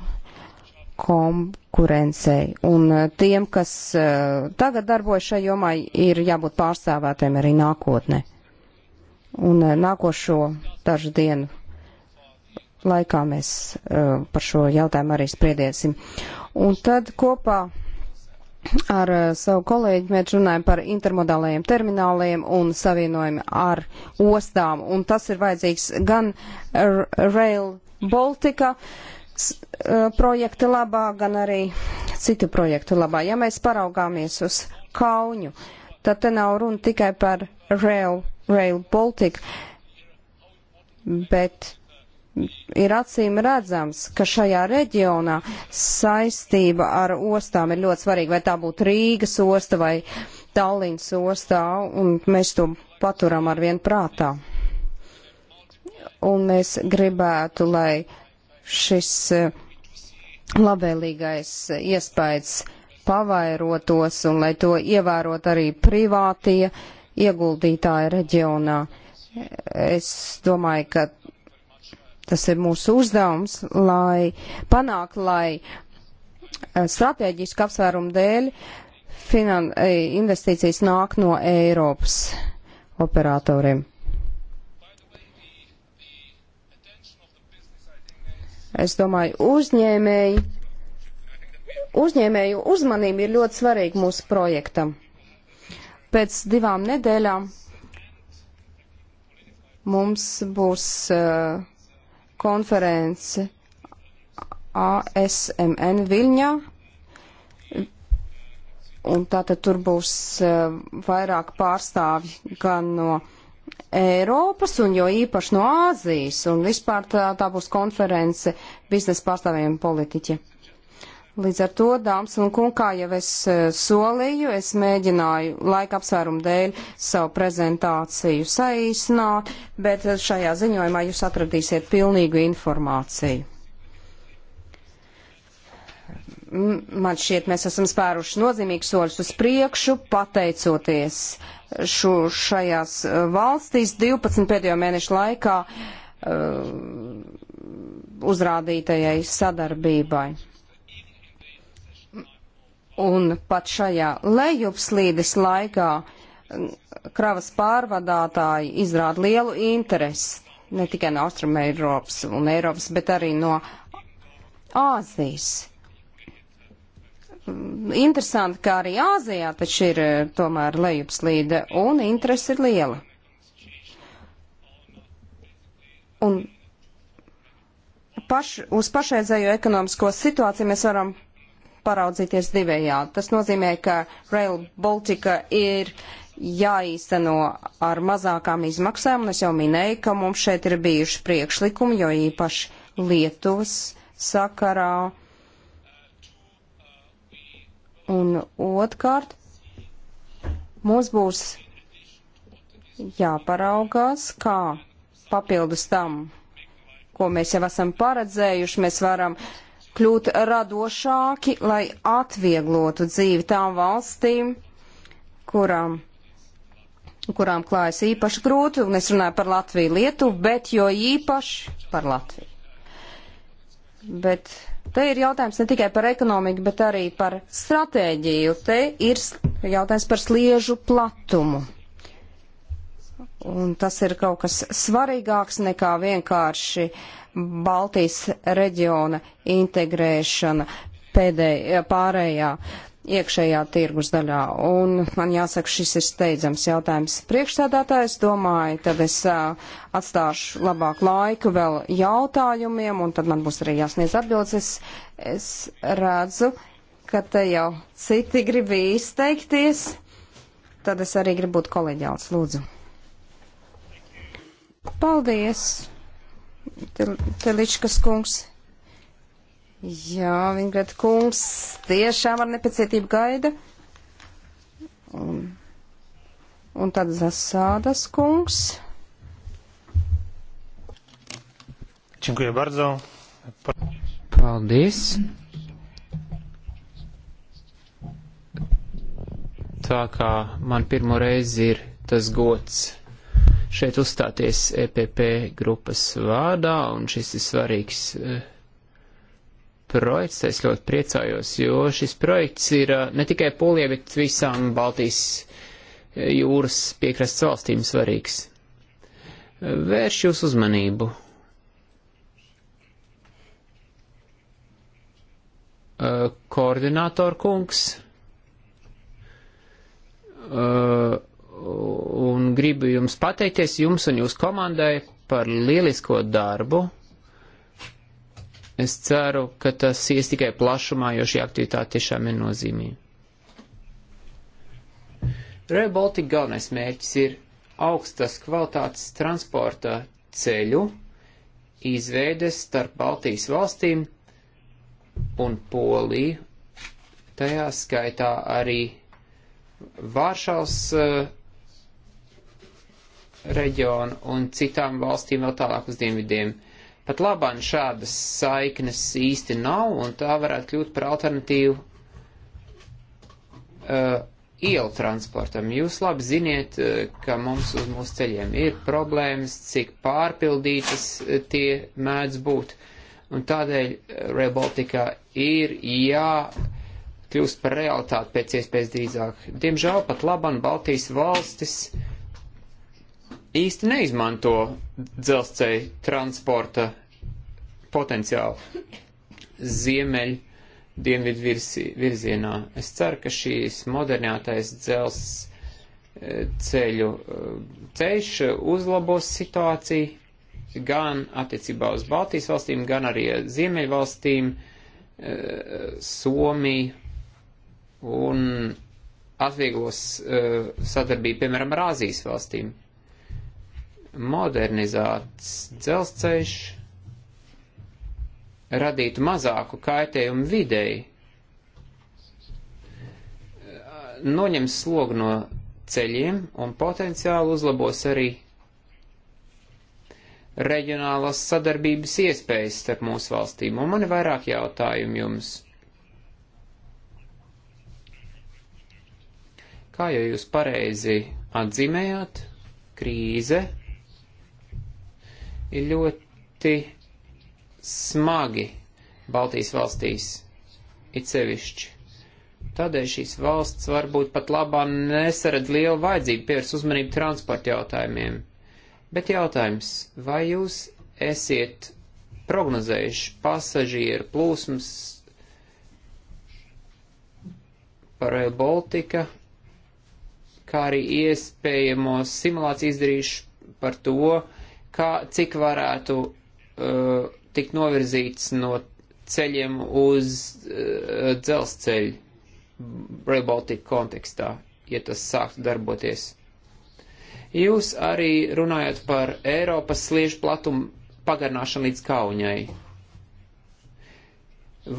konkurencei. Un eh, tiem, kas eh, tagad darbojas šajā jomā, ir jābūt pārstāvētiem arī nākotnē. Un eh, nākošo dažu dienu laikā mēs par šo jautājumu arī spriediesim. Un tad kopā ar savu kolēģi mēs runājam par intermodālajiem termināliem un savienojumu ar ostām. Un tas ir vajadzīgs gan Rail Baltica, uh, E, projekta labā, gan arī citu projektu labā. Ja mēs paraugāmies uz Kauņu, tad te nav runa tikai par Rail, Rail Baltica, bet ir acīm redzams, ka šajā reģionā saistība ar ostām ir ļoti svarīga, vai tā būtu Rīgas osta vai Tallinas ostā, un mēs to paturam ar vien prātā. Un mēs gribētu, lai šis eh, labvēlīgais iespējas pavairotos un lai to ievērot arī privātie ieguldītāji reģionā. Es domāju, ka tas ir mūsu uzdevums, lai panāk, lai eh, strateģisku apsvērumu dēļ finan, eh, investīcijas nāk no Eiropas operatoriem. Es domāju, uzņēmēji, uzņēmēju uzmanība ir ļoti svarīga mūsu projektam. Pēc divām nedēļām mums būs uh, konference ASMN Viļņā. Un tātad tur būs uh, vairāk pārstāvji gan no Eiropas un jo īpaši no Āzijas, un vispār tā, tā būs konference biznesa pārstāvjiem politiķi. Līdz ar to, dāmas un kungi, kā jau es eh, solīju, es mēģināju laika apsvērumu dēļ savu prezentāciju saīsināt, bet šajā ziņojumā jūs atradīsiet pilnīgu informāciju. Man šķiet, mēs esam spēruši nozīmīgus soļus uz priekšu, pateicoties uh, šo, šajās eh, valstīs 12 pēdējo mēnešu laikā uh, uzrādītajai sadarbībai. Un pat šajā lejupslīdes laikā eh, kravas pārvadātāji izrāda lielu interesi ne tikai no Austrum Eiropas un Eiropas, bet arī no Āzijas interesanti, ka arī Āzijā taču ir eh, tomēr lejupslīde un interesi ir liela. Un paš, uz pašreizējo ekonomisko situāciju mēs varam paraudzīties divējādi. Tas nozīmē, ka Rail Baltica ir jāīsteno ar mazākām izmaksām, un es jau minēju, ka mums šeit ir bijuši priekšlikumi, jo īpaši Lietuvas sakarā Un otrkārt, mums būs jāparaugās, kā papildus tam, ko mēs jau esam paredzējuši, mēs varam kļūt radošāki, lai atvieglotu dzīvi tām valstīm, kurām, kurām klājas īpaši grūti, un es runāju par Latviju, Lietuvu, bet jo īpaši par Latviju. Bet Te ir jautājums ne tikai par ekonomiku, bet arī par stratēģiju. Te ir jautājums par sliežu platumu. Un tas ir kaut kas svarīgāks nekā vienkārši Baltijas reģiona integrēšana pēdējā pārējā iekšējā tirgus daļā. Un man jāsaka, šis ir steidzams jautājums. Priekšstādātājs domāju, tad es uh, atstāšu labāk laiku vēl jautājumiem, un tad man būs arī jāsniedz atbildes. Es, es redzu, ka te jau citi grib izteikties. Tad es arī gribu būt kolēģiāls, lūdzu. Paldies, Teličkas kungs. Jā, Vingret kungs tiešām ar nepacietību gaida. Un, un tad Zasādas kungs. Činkuja bardzo. Paldies. Tā kā man pirmo reizi ir tas gods šeit uzstāties EPP grupas vārdā, un šis ir svarīgs. Uh, projekts, es ļoti priecājos, jo šis projekts ir uh, ne tikai Polijai, bet visām Baltijas uh, jūras piekrastes valstīm svarīgs. Vērš jūs uzmanību. Uh, koordinātor kungs un gribu jums pateikties jums un jūsu komandai par lielisko darbu. Es ceru, ka tas ies tikai plašumā, jo šī aktivitāte tiešām ir nozīmīga. Rail Baltica galvenais mērķis ir augstas kvalitātes transporta ceļu izveides starp Baltijas valstīm un Poliju, tajā skaitā arī Vāršavas uh, eh, reģionu un citām valstīm vēl tālāk uz dienvidiem. Uh, Pat labāk šādas saiknes īsti nav, un tā varētu kļūt par alternatīvu uh, ielu transportam. Jūs labi ziniet, uh, ka mums uz mūsu ceļiem ir problēmas, cik pārpildītas uh, tie mēdz būt, un tādēļ Rail Baltica ir jā kļūst par realitāti pēc iespējas drīzāk. Diemžēl pat labam Baltijas valstis uh, īsti neizmanto dzelzceļa transporta potenciālu ziemeļ dienvidu virsi, virzienā. Es ceru, ka šīs modernātais dzelzceļu eh, ceļš uzlabos situāciju gan attiecībā uz Baltijas valstīm, gan arī Ziemeļvalstīm, eh, Somiju un atvieglos eh, sadarbību, piemēram, ar Āzijas valstīm modernizēts dzelzceļš radītu mazāku kaitējumu videi, noņems slogu no ceļiem un potenciāli uzlabos arī reģionālās sadarbības iespējas starp mūsu valstīm. Un man ir vairāk jautājumu jums. Kā jau jūs pareizi atzīmējāt, krīze ir ļoti smagi Baltijas valstīs, it sevišķi. Tādēļ šīs valsts varbūt pat labā nesaredz lielu vajadzību pievērst uzmanību transporta jautājumiem. Bet jautājums, vai jūs esiet prognozējuši pasažieru plūsmas par Rail Baltica, kā arī iespējamo simulāciju izdarījuši par to, kā, cik varētu uh, tikt novirzīts no ceļiem uz uh, dzelzceļu Rail Baltica kontekstā, ja tas sāktu darboties. Jūs arī runājat par Eiropas sliežu platumu pagarnāšanu līdz Kaunai.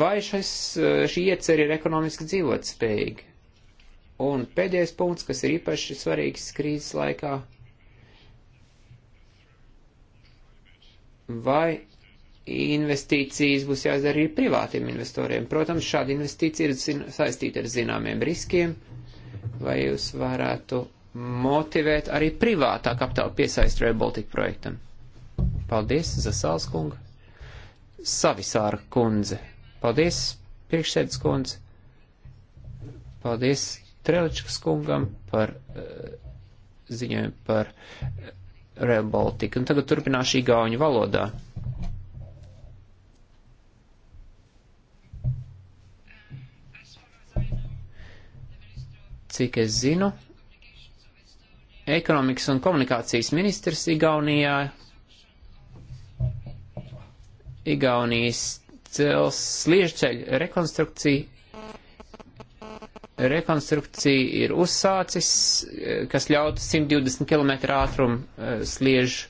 Vai šis, uh, šī iecer ir ekonomiski dzīvotspējīga? Un pēdējais punkts, kas ir īpaši svarīgs krīzes laikā vai investīcijas būs jāizdara arī privātiem investoriem. Protams, šāda investīcija ir saistīta ar zināmiem riskiem, vai jūs varētu motivēt arī privātā kapitāla piesaistu Rail Baltica projektam. Paldies, Zasāls kunga. Savisāra kundze. Paldies, priekšsēdus kundze. Paldies Treličkas kungam par uh, ziņojumu par uh, Rail Baltica. Un tagad turpināšu īgauņu valodā. Cik es zinu, ekonomikas un komunikācijas ministrs Igaunijā Igaunijas cels sliežceļu rekonstrukciju rekonstrukciju ir uzsācis, eh, kas ļautu 120 km ātrumu eh, sliež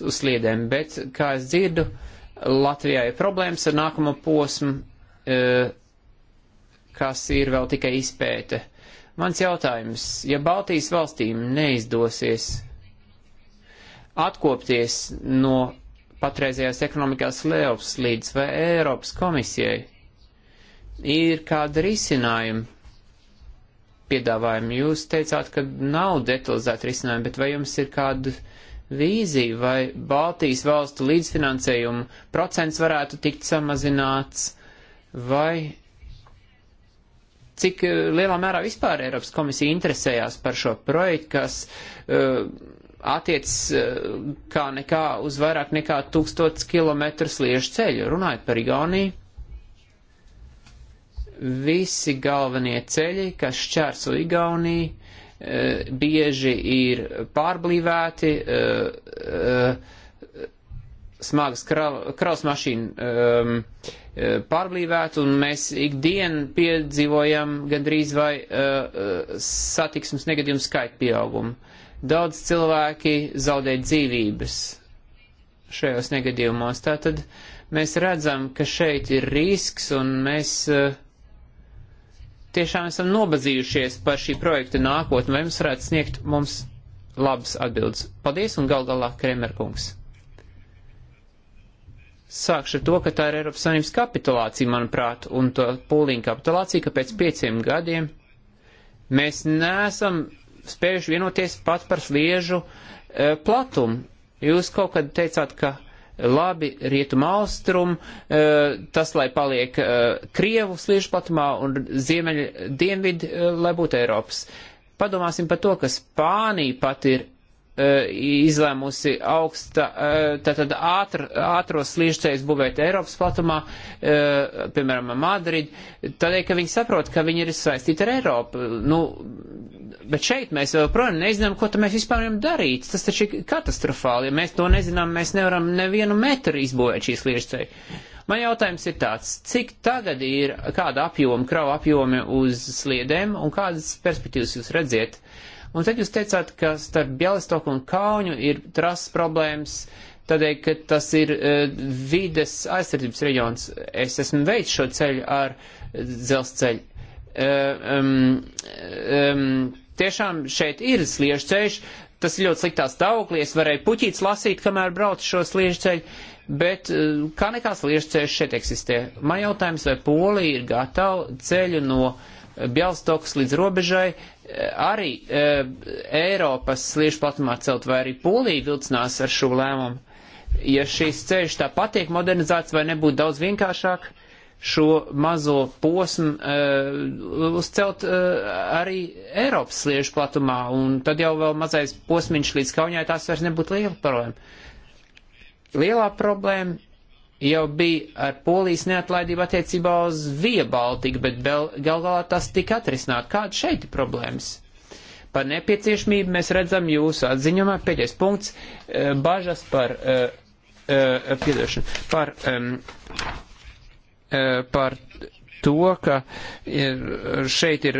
uz sliedēm, bet, kā es dzirdu, Latvijā ir problēmas ar nākamo posmu, eh, kas ir vēl tikai izpēte. Mans jautājums, ja Baltijas valstīm neizdosies atkopties no patreizējās ekonomikās lēopslīdes vai Eiropas komisijai, ir kāda risinājuma piedāvājumu. Jūs teicāt, ka nav detalizēti risinājumi, bet vai jums ir kāda vīzija vai Baltijas valstu līdzfinansējumu procents varētu tikt samazināts vai cik lielā mērā vispār Eiropas komisija interesējās par šo projektu, kas uh, attiec uh, kā nekā uz vairāk nekā tūkstots kilometrus liešu ceļu, runājot par Igauniju visi galvenie ceļi, kas šķērso Igauniju, eh, bieži ir pārblīvēti, eh, eh, smagas kraus mašīnu ehm, pārblīvēt, un mēs ikdien piedzīvojam gandrīz vai satiksmes negadījumu skaitu pieaugumu. Daudz cilvēki zaudē dzīvības šajos negadījumos. Tātad mēs redzam, ka šeit ir risks, un mēs uh, tiešām esam nobazījušies par šī projekta nākotni, vai jūs varētu sniegt mums labas atbildes. Paldies un gal galā Kremerkungs. Sākšu ar to, ka tā ir Eiropas Savienības kapitulācija, manuprāt, un to pūliņu kapitulācija, ka pēc pieciem gadiem mēs neesam spējuši vienoties pat par sliežu e, platumu. Jūs kaut kad teicāt, ka labi rietumu austrumu, eh, tas, lai paliek eh, Krievu sliežu platumā un ziemeļu dienvidu, eh, lai būtu Eiropas. Padomāsim par to, ka Spānija pat ir Eh, izlēmusi augsta, eh, tātad ātr, ātros sliežceļus būvēt Eiropas platumā, eh, piemēram, Madrid, tādēļ, ka viņi saprot, ka viņi ir saistīti ar Eiropu. Nu, bet šeit mēs joprojām nezinām, ko tam mēs vispār varam darīt. Tas taču ir katastrofāli. Ja mēs to nezinām, mēs nevaram nevienu metru izbūvēt šīs sliežceļu. Man jautājums ir tāds, cik tagad ir, kāda apjoma, krava apjomi uz sliedēm un kādas perspektīvas jūs redziet? Uh, Un tad jūs teicāt, ka starp Bielistoku un Kauņu ir trases problēmas, tādēļ, ka tas ir uh, vides aizsardzības reģions. Es esmu veids šo ceļu ar dzelzceļu. Uh, um, um, tiešām šeit ir sliežu ceļš, tas ir ļoti sliktā stāvoklī, es varēju puķīts lasīt, kamēr braucu šo sliežu ceļu, bet e, kā nekā sliežu ceļš šeit eksistē. Man jautājums, vai Polija ir gatava ceļu no Bjelstoks līdz robežai arī e, Eiropas sliežu platumā celt, vai arī Polija vilcinās ar šo lēmumu. Ja šīs ceļš tāpat tiek modernizēts, vai nebūtu daudz vienkāršāk šo mazo posmu uh, uzcelt uh, arī Eiropas sliežu platumā, un tad jau vēl mazais posmiņš līdz kaunjai tās vairs nebūtu liela problēma. Lielā problēma jau bija ar polijas neatlaidību attiecībā uz Via Baltiku, bet gal galā tas tika atrisināt. Kāda šeit ir problēmas? Par nepieciešamību mēs redzam jūsu atziņumā, pēdējais punkts, eh, bažas par, eh, eh, piedošanu, par, par to, ka ir, šeit ir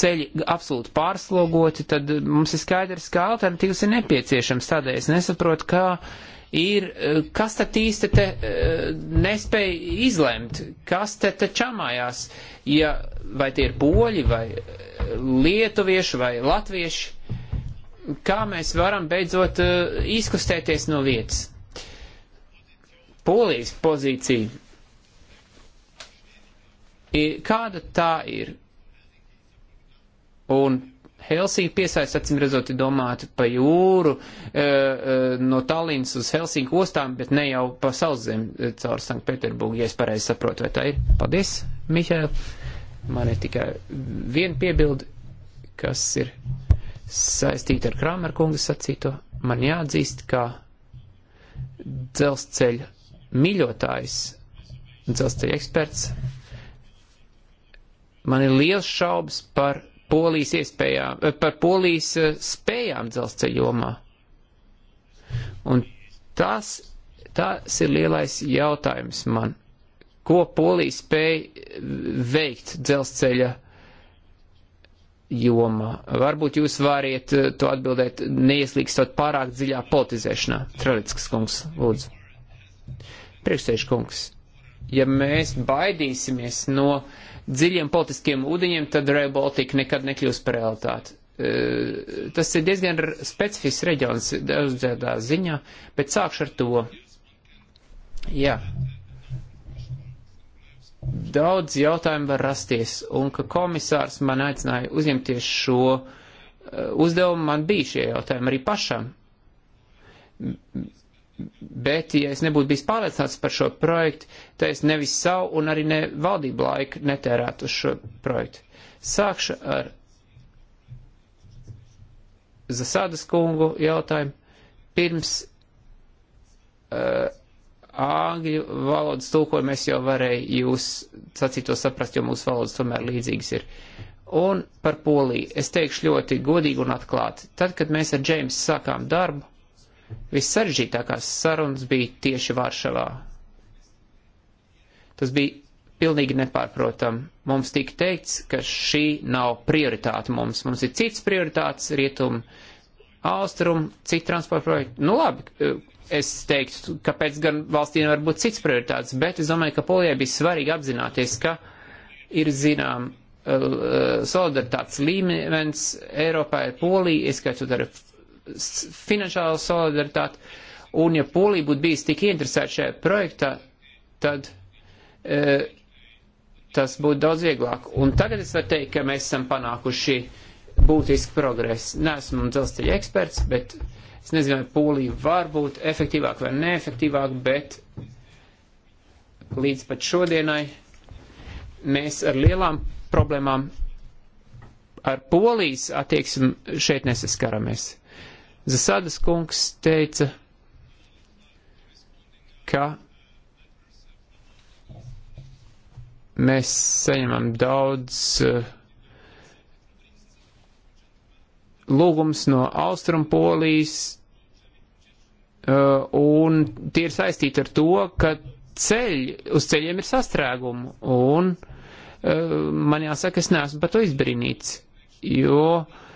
ceļi absolūti pārslogoti, tad mums ir skaidrs, ka alternatīvas ir nepieciešams. Tādēļ es nesaprotu, kā ir, kas tad īsti te eh, nespēja izlemt, kas te te čamājās, ja vai tie ir poļi, vai eh, lietuvieši, vai latvieši, kā mēs varam beidzot eh, izkustēties no vietas. Polijas pozīcija Kāda tā ir? Un Helsinki piesaist, acīm redzot, ir domāta pa jūru, e, e, no Tallinas uz Helsinku ostām, bet ne jau pa sauszem e, eh, caur Sanktpēterburgu, ja es pareizi saprotu, vai tā ir. Paldies, Mihēl. Man ir tikai viena piebilda, kas ir saistīta ar Kramer kungas sacīto. Man jāatzīst, ka dzelzceļa mīļotājs, dzelzceļa eksperts Man ir liels šaubas par polijas iespējām, eh, par polijas eh, spējām dzelzceļa jomā. Un tas, tas ir lielais jautājums man. Ko polija spēja eh, veikt dzelzceļa jomā? Varbūt jūs variet to atbildēt, neieslīkstot pārāk dziļā politizēšanā. Tralickas kungs, lūdzu. Priekšsēž kungs, ja mēs baidīsimies no uh, dziļiem politiskiem ūdeņiem, tad Rail Baltica nekad nekļūs par realitāti. E, tas ir diezgan specifisks reģions daudzdzēdā ziņā, bet sākšu ar to. Jā. Daudz jautājumu var rasties, un ka komisārs man aicināja uzņemties šo e, uzdevumu, man bija šie jautājumi arī pašam Bet, ja es nebūtu bijis pārliecināts par šo projektu, tad es nevis savu un arī ne valdību laiku netērētu uz šo projektu. Sākšu ar Zasādas kungu jautājumu. Pirms uh, angļu valodas tulkojumu es jau varēju jūs sacīto saprast, jo mūsu valodas tomēr līdzīgas ir. Un par Poliju es teikšu ļoti godīgi un atklāti. Tad, kad mēs ar Džeimsu sākām darbu, Vissaržģītākās sarunas bija tieši Varšavā. Tas bija pilnīgi nepārprotam. Mums tika teikts, ka šī nav prioritāte mums. Mums ir cits prioritāts, rietum, austrum, citi transporta projekti. Nu labi, es teiktu, kāpēc gan valstī nevar būt cits prioritāts, bet es domāju, ka Polijai bija svarīgi apzināties, ka ir zinām eh, solidaritātes līmenis Eiropā ir Polija, ieskaitot ar finanšāla solidaritāte. Un ja Polija būtu bijis tik interesēta šajā projektā, tad e, tas būtu daudz vieglāk. Un tagad es varu teikt, ka mēs esam panākuši būtisku progresu. Nesmu dzelzceļa eksperts, bet es nezinu, vai Polija var būt efektīvāk vai neefektīvāk, bet līdz pat šodienai mēs ar lielām problēmām ar polijas attieksmi šeit nesaskaramies. Zasadas kungs teica, ka mēs saņemam daudz eh, lūgums no Austrumpolijas, eh, un tie ir saistīti ar to, ka ceļi, uz ceļiem ir sastrēgumi, un eh, man jāsaka, es neesmu par to izbrīnīts, jo uh,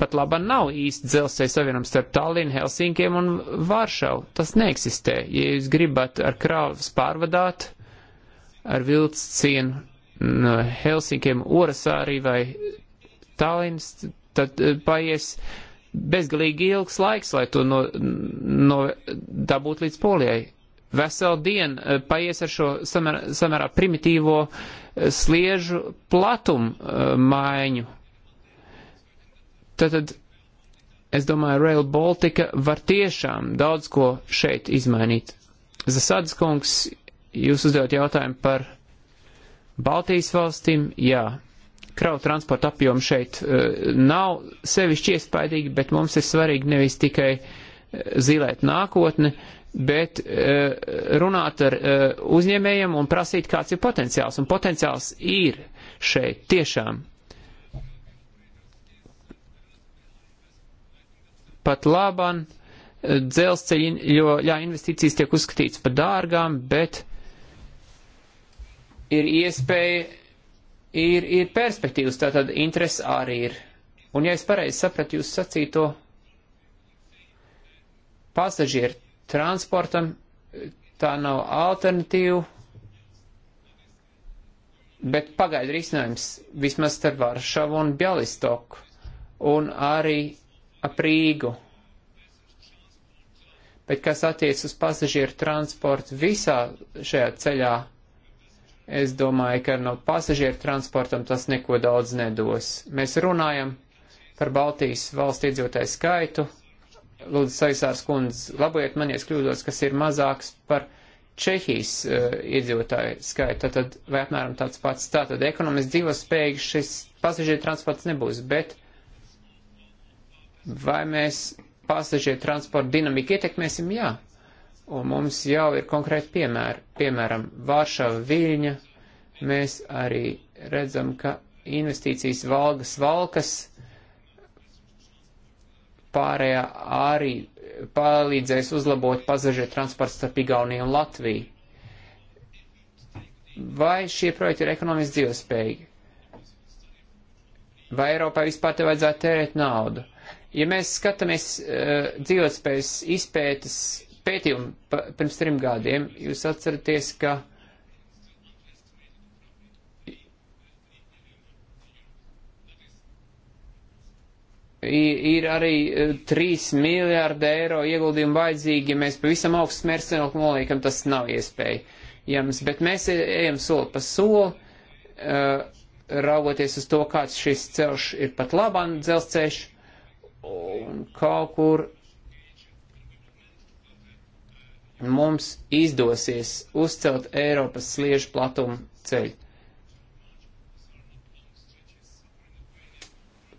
pat laba nav īsti dzelzceļa savienojums starp Tallinu, Helsinkiem un Varšavu. Tas neeksistē. Ja jūs gribat ar krāvas pārvadāt ar vilcienu no Helsinkiem, Orasārī vai Tallinas, tad eh, paies bezgalīgi ilgs laiks, lai to no, no dabūt līdz polijai. Veselu dienu eh, paies ar šo samērā, samērā primitīvo eh, sliežu platumu maiņu Tātad, es domāju, Rail Baltica var tiešām daudz ko šeit izmainīt. Zasadas kungs, jūs uzdevāt jautājumu par Baltijas valstīm, jā. Kravu transporta apjomu šeit uh, nav sevišķi iespaidīgi, bet mums ir svarīgi nevis tikai uh, zilēt nākotni, bet uh, runāt ar uh, uzņēmējiem un prasīt, kāds ir potenciāls. Un potenciāls ir šeit tiešām. pat laban eh, dzelzceļi, jo, jā, investīcijas tiek uzskatīts par dārgām, bet ir iespēja, ir, ir perspektīvas, tātad interesi arī ir. Un, ja es pareizi sapratu jūs sacīto, pasažieru transportam eh, tā nav alternatīva, bet pagaidu risinājums vismaz starp Varšavu un Bjalistoku un arī ap Rīgu. Bet kas attiec uz pasažieru transportu visā šajā ceļā, es domāju, ka no pasažieru transportam tas neko daudz nedos. Mēs runājam par Baltijas valsts iedzīvotāju skaitu. Lūdzu, Saisārs kundze, labojiet man, ja es kļūdos, kas ir mazāks par Čehijas uh, iedzīvotāju skaitu, tad vai apmēram tāds pats. Tātad ekonomiski dzīvospējīgs šis pasažieru transports nebūs, bet Vai mēs pasažieru transporta dinamiku ietekmēsim? Jā. Un mums jau ir konkrēti piemēri. Piemēram, Vāršava Viļņa. Mēs arī redzam, ka investīcijas valgas valkas pārējā arī palīdzēs uzlabot pasažieru transportu starp Igauniju un Latviju. Vai šie projekti ir ekonomiski dzīvespējīgi? Vai Eiropai vispār te vajadzētu tērēt naudu? Ja mēs skatāmies uh, dzīvotspējas izpētes pētījumu pa, pirms trim gadiem, jūs atceraties, ka ir arī 3 eh, miljārdi eiro ieguldījumu vajadzīgi, ja mēs pavisam augstu smērcenokli noliekam, tas nav iespēja. Jums, bet mēs e, ejam soli pa soli, uh, raugoties uz to, kāds šis ceļš ir pat labāk dzelzceļš, un kaut kur mums izdosies uzcelt Eiropas sliežu platumu ceļu.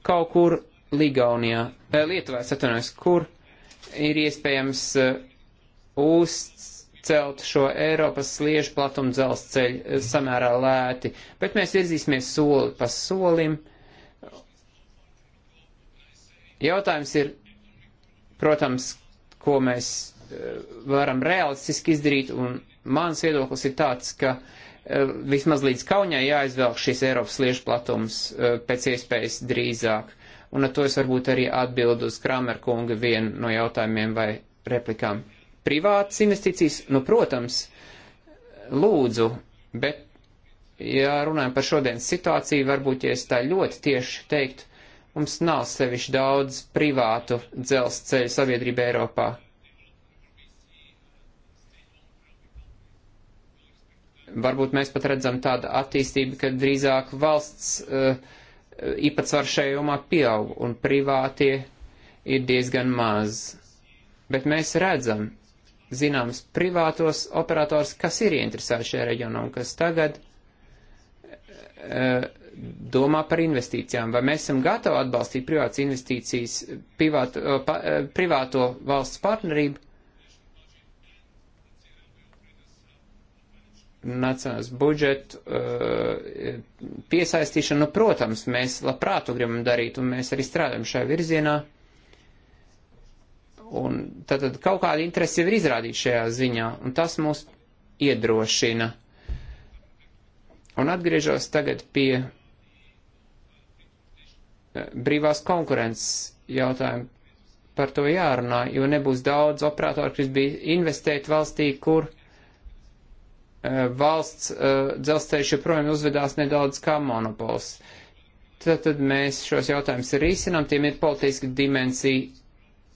Kaut kur Ligaunijā, eh, Lietuvā, es atvainojos, kur ir iespējams eh, uzcelt šo Eiropas sliežu platumu dzelzceļu eh, samērā lēti, bet mēs virzīsimies soli pa solim. Jautājums ir, protams, ko mēs eh, varam realistiski izdarīt, un mans viedoklis ir tāds, ka eh, vismaz līdz kaunai jāizvelk šīs Eiropas liešu platums eh, pēc iespējas drīzāk. Un ar to es varbūt arī atbildu uz Kramer kunga vienu no jautājumiem vai replikām. Privātas investīcijas, nu, protams, lūdzu, bet, ja runājam par šodienas situāciju, varbūt, ja es tā ļoti tieši teiktu, Mums nav sevišķi daudz privātu dzelzceļu sabiedrību Eiropā. Varbūt mēs pat redzam tādu attīstību, ka drīzāk valsts uh, eh, īpatsvars šajā jomā pieaug un privātie ir diezgan maz. Bet mēs redzam, zināms, privātos operators, kas ir ieinteresēti šajā reģionā un kas tagad uh, domā par investīcijām, vai mēs esam gatavi atbalstīt privātas investīcijas, privāto, pa, e, privāto valsts partnerību, nacionālas budžetu e, piesaistīšanu. Nu, protams, mēs labprāt to gribam darīt, un mēs arī strādājam šajā virzienā. Un tad, tad kaut kāda interese jau ir izrādīta šajā ziņā, un tas mūs iedrošina. Un atgriežos tagad pie brīvās konkurences jautājumu. Par to jārunā, jo nebūs daudz operatoru, kas bija investēt valstī, kur eh, valsts eh, dzelzceļš joprojām uzvedās nedaudz kā monopols. Tad, tad mēs šos jautājumus risinām, tiem ir politiska dimensija,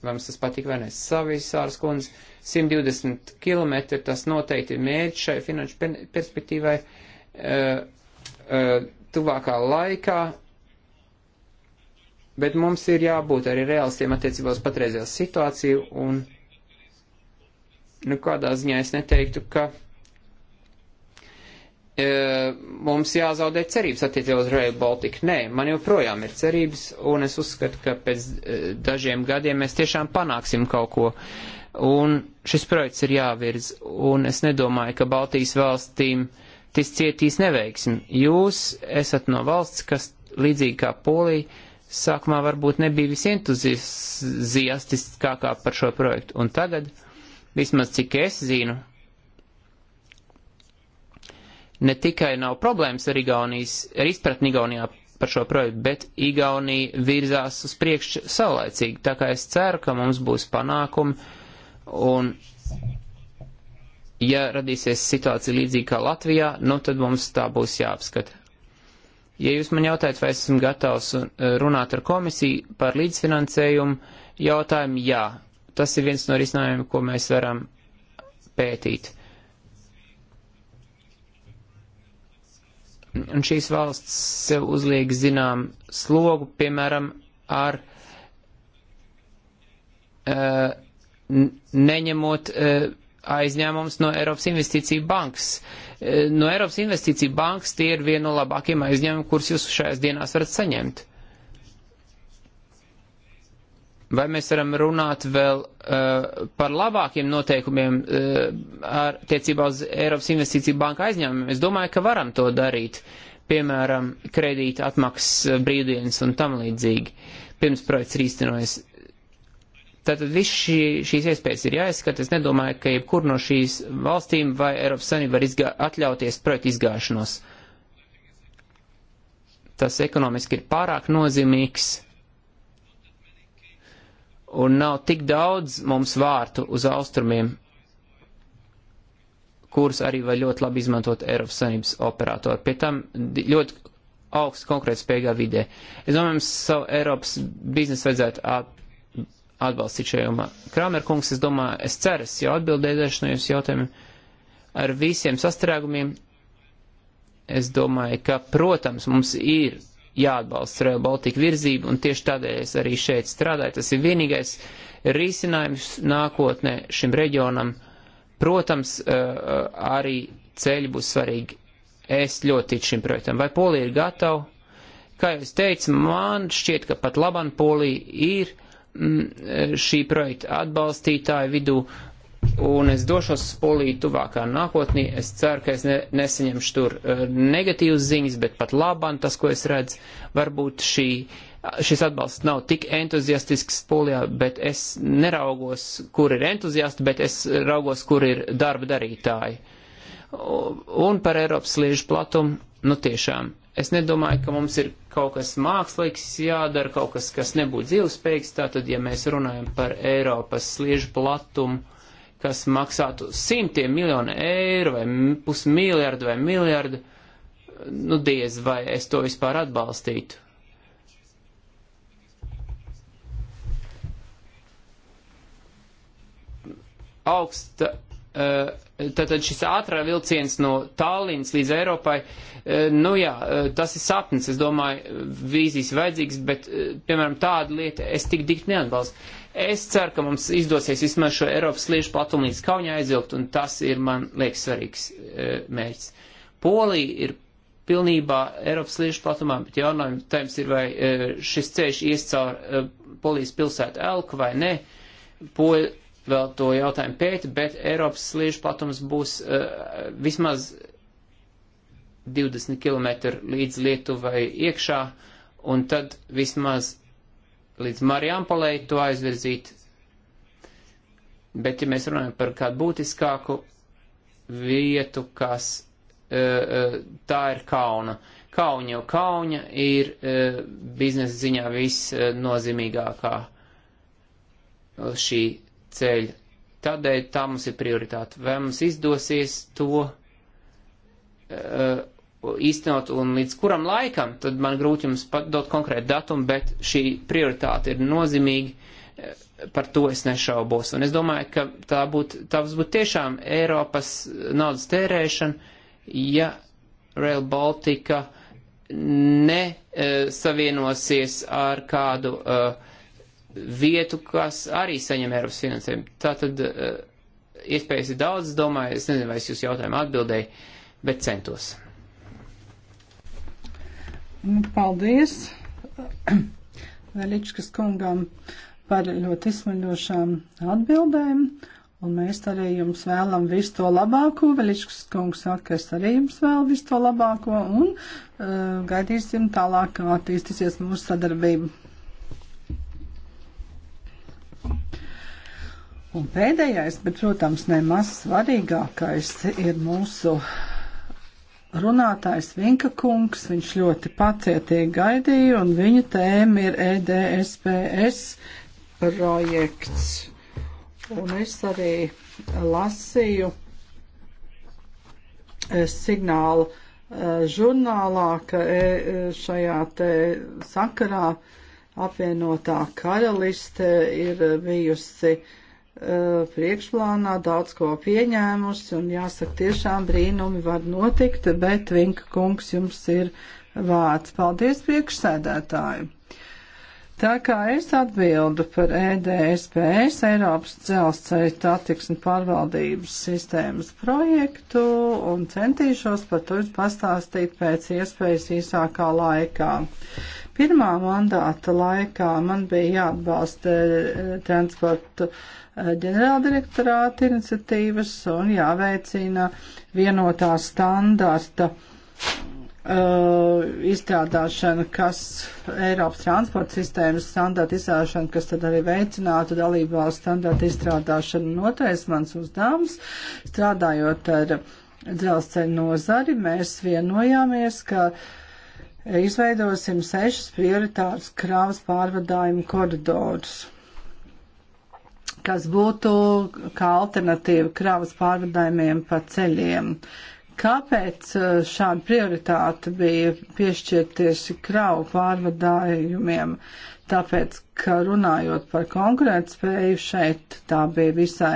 vai mums tas patīk vai ne, savisārs kundze, 120 km, tas noteikti ir mērķis šai finanšu perspektīvai uh, uh, tuvākā laikā, bet mums ir jābūt arī realistiem attiecībā uz patreizējo situāciju un nu, kādā ziņā es neteiktu, ka e, mums jāzaudē cerības attiecībā uz Rail Baltica. Nē, man joprojām ir cerības un es uzskatu, ka pēc e, dažiem gadiem mēs tiešām panāksim kaut ko. Un šis projekts ir jāvirz un es nedomāju, ka Baltijas valstīm tas cietīs neveiksmi. Jūs esat no valsts, kas līdzīgi kā Polija sākumā varbūt nebija visentuziastiskākā par šo projektu. Un tagad, vismaz cik es zinu, ne tikai nav problēmas ar, Igaunijas, ar izpratni Igaunijā par šo projektu, bet Igaunija virzās uz priekšu saulēcīgi. Tā kā es ceru, ka mums būs panākumi un ja radīsies situācija līdzīga kā Latvijā, nu tad mums tā būs jāapskata. Ja jūs man jautājat, vai esmu gatavs uh, runāt ar komisiju par līdzfinansējumu jautājumu, jā, tas ir viens no risinājumiem, ko mēs varam pētīt. Un šīs valsts sev uzliek zinām slogu, piemēram, ar uh, neņemot uh, aizņēmums no Eiropas investīciju bankas. Uh, Eh, no Eiropas investīcija bankas tie ir viena no labākajiem aizņēmumiem, kurus jūs šajās dienās varat saņemt. Vai mēs varam runāt vēl uh, par labākiem noteikumiem uh, ar tiecībā uz Eiropas investīciju banku aizņēmumiem? Es domāju, ka varam to darīt. Piemēram, kredīta atmaksas brīvdienas un tam līdzīgi. Pirms projekts ir īstenojas. Tātad viss šī, šīs iespējas ir jāizskata. Es nedomāju, ka jebkur no šīs valstīm vai Eiropas Savienība var izgā, atļauties projektu izgāšanos. Tas ekonomiski ir pārāk nozīmīgs un nav tik daudz mums vārtu uz austrumiem, kurus arī var ļoti labi izmantot Eiropas Savienības operatori. Pie tam ļoti augsts konkrēts spējīgā vidē. Es domāju, mums savu Eiropas biznesu vajadzētu atbalstīt šajā jomā. Kramer kungs, es domāju, es ceru, es jau atbildēšu no jūsu jautājumiem ar visiem sastrēgumiem. Es domāju, ka, protams, mums ir jāatbalsta Rail Baltica virzība, un tieši tādēļ es arī šeit strādāju. Tas ir vienīgais risinājums nākotnē šim reģionam. Protams, eh, eh, arī ceļi būs svarīgi. Es ļoti ticu šim projektam. Vai Polija ir gatava? Kā jau es teicu, man šķiet, ka pat laban Polija ir gatava šī projekta atbalstītāju vidū, un es došos uz Poliju tuvākā nākotnī. Es ceru, ka es ne, nesaņemšu tur e, negatīvas ziņas, bet pat labāk tas, ko es redzu, varbūt šī, šis atbalsts nav tik entuziastisks Polijā, bet es neraugos, kur ir entuziasti, bet es raugos, kur ir darba darītāji. Un par Eiropas liežu platumu, nu tiešām Es nedomāju, ka mums ir kaut kas mākslīgs jādara, kaut kas, kas nebūtu dzīvespējīgs. Tātad, ja mēs runājam par Eiropas sliežu platumu, kas maksātu simtiem miljonu eiro vai pusmiljardu vai miljardu, nu diez vai es to vispār atbalstītu. Augsta uh, Tātad šis ātrā vilciens no Tallinas līdz Eiropai, e, nu jā, e, tas ir sapnis, es domāju, vīzijas vajadzīgs, bet, e, piemēram, tādu lietu es tik dikti neatbalstu. Es ceru, ka mums izdosies vismaz šo Eiropas sliežu platumu līdz Kaunijā aizvilkt, un tas ir, man liekas, svarīgs mērķis. Polija ir pilnībā Eiropas sliežu platumā, bet jautājums ir, vai šis ceļš ies caur Polijas pilsētu Elku vai ne. Polija vēl to jautājumu pēta, bet Eiropas sliežu platums būs uh, vismaz 20 km līdz Lietuvai iekšā, un tad vismaz līdz Marijampolei to aizvirzīt. Bet, ja mēs runājam par kādu būtiskāku vietu, kas uh, tā ir kauna. Kauņa jau kauņa ir uh, biznesa ziņā visnozīmīgākā šī ceļa. Tādēļ tā mums ir prioritāte. Vai mums izdosies to uh, īstenot un līdz kuram laikam, tad man grūti jums dot konkrētu datumu, bet šī prioritāte ir nozīmīga. Uh, par to es nešaubos. Un es domāju, ka tā būtu, tā būtu tiešām Eiropas naudas tērēšana, ja Rail Baltica nesavienosies uh, e, ar kādu uh, vietu, kas arī saņem Eiropas finansējumu. Tātad eh, iespējas ir daudz, domāju, es nezinu, vai es jūs jautājumu atbildēju, bet centos. Nu, paldies Veličkas kungam par ļoti izsmaļošām atbildēm. Un mēs arī jums vēlam visu to labāko. Veličkas kungs saka, ka es arī jums vēlu visu to labāko un uh, gaidīsim tālāk, kā attīstīsies mūsu sadarbība. Un pēdējais, bet, protams, nemaz svarīgākais ir mūsu runātājs Vinka kungs. Viņš ļoti pacietīgi gaidīja, un viņa tēma ir EDSPS projekts. Un es arī lasīju eh, signālu eh, žurnālā, ka eh, šajā te sakarā apvienotā karaliste ir bijusi uh, Eh, priekšplānā, daudz ko pieņēmusi, un jāsaka, tiešām brīnumi var notikt, bet Vinka kungs jums ir vārds. Paldies priekšsēdētāju! Tā kā es atbildu par EDSPS Eiropas dzelzceļa satiksmi pārvaldības sistēmas projektu un centīšos par to pastāstīt pēc iespējas īsākā laikā. Pirmā mandāta laikā man bija jāatbalsta eh, transportu ģenerāldirektorāta iniciatīvas un jāveicina vienotā standarta uh, izstrādāšana, kas Eiropas transporta sistēmas standarta izstrādāšana, kas tad arī veicinātu dalību valsts standarta izstrādāšanu. Notais mans uzdevums strādājot ar dzelzceļa nozari, mēs vienojāmies, ka izveidosim sešas prioritāras kravas pārvadājumu koridorus kas būtu kā alternatīva kravas pārvadājumiem pa ceļiem. Kāpēc eh, šāda prioritāte bija piešķirties kravu pārvadājumiem? Tāpēc, ka runājot par konkurētspēju šeit, tā bija visai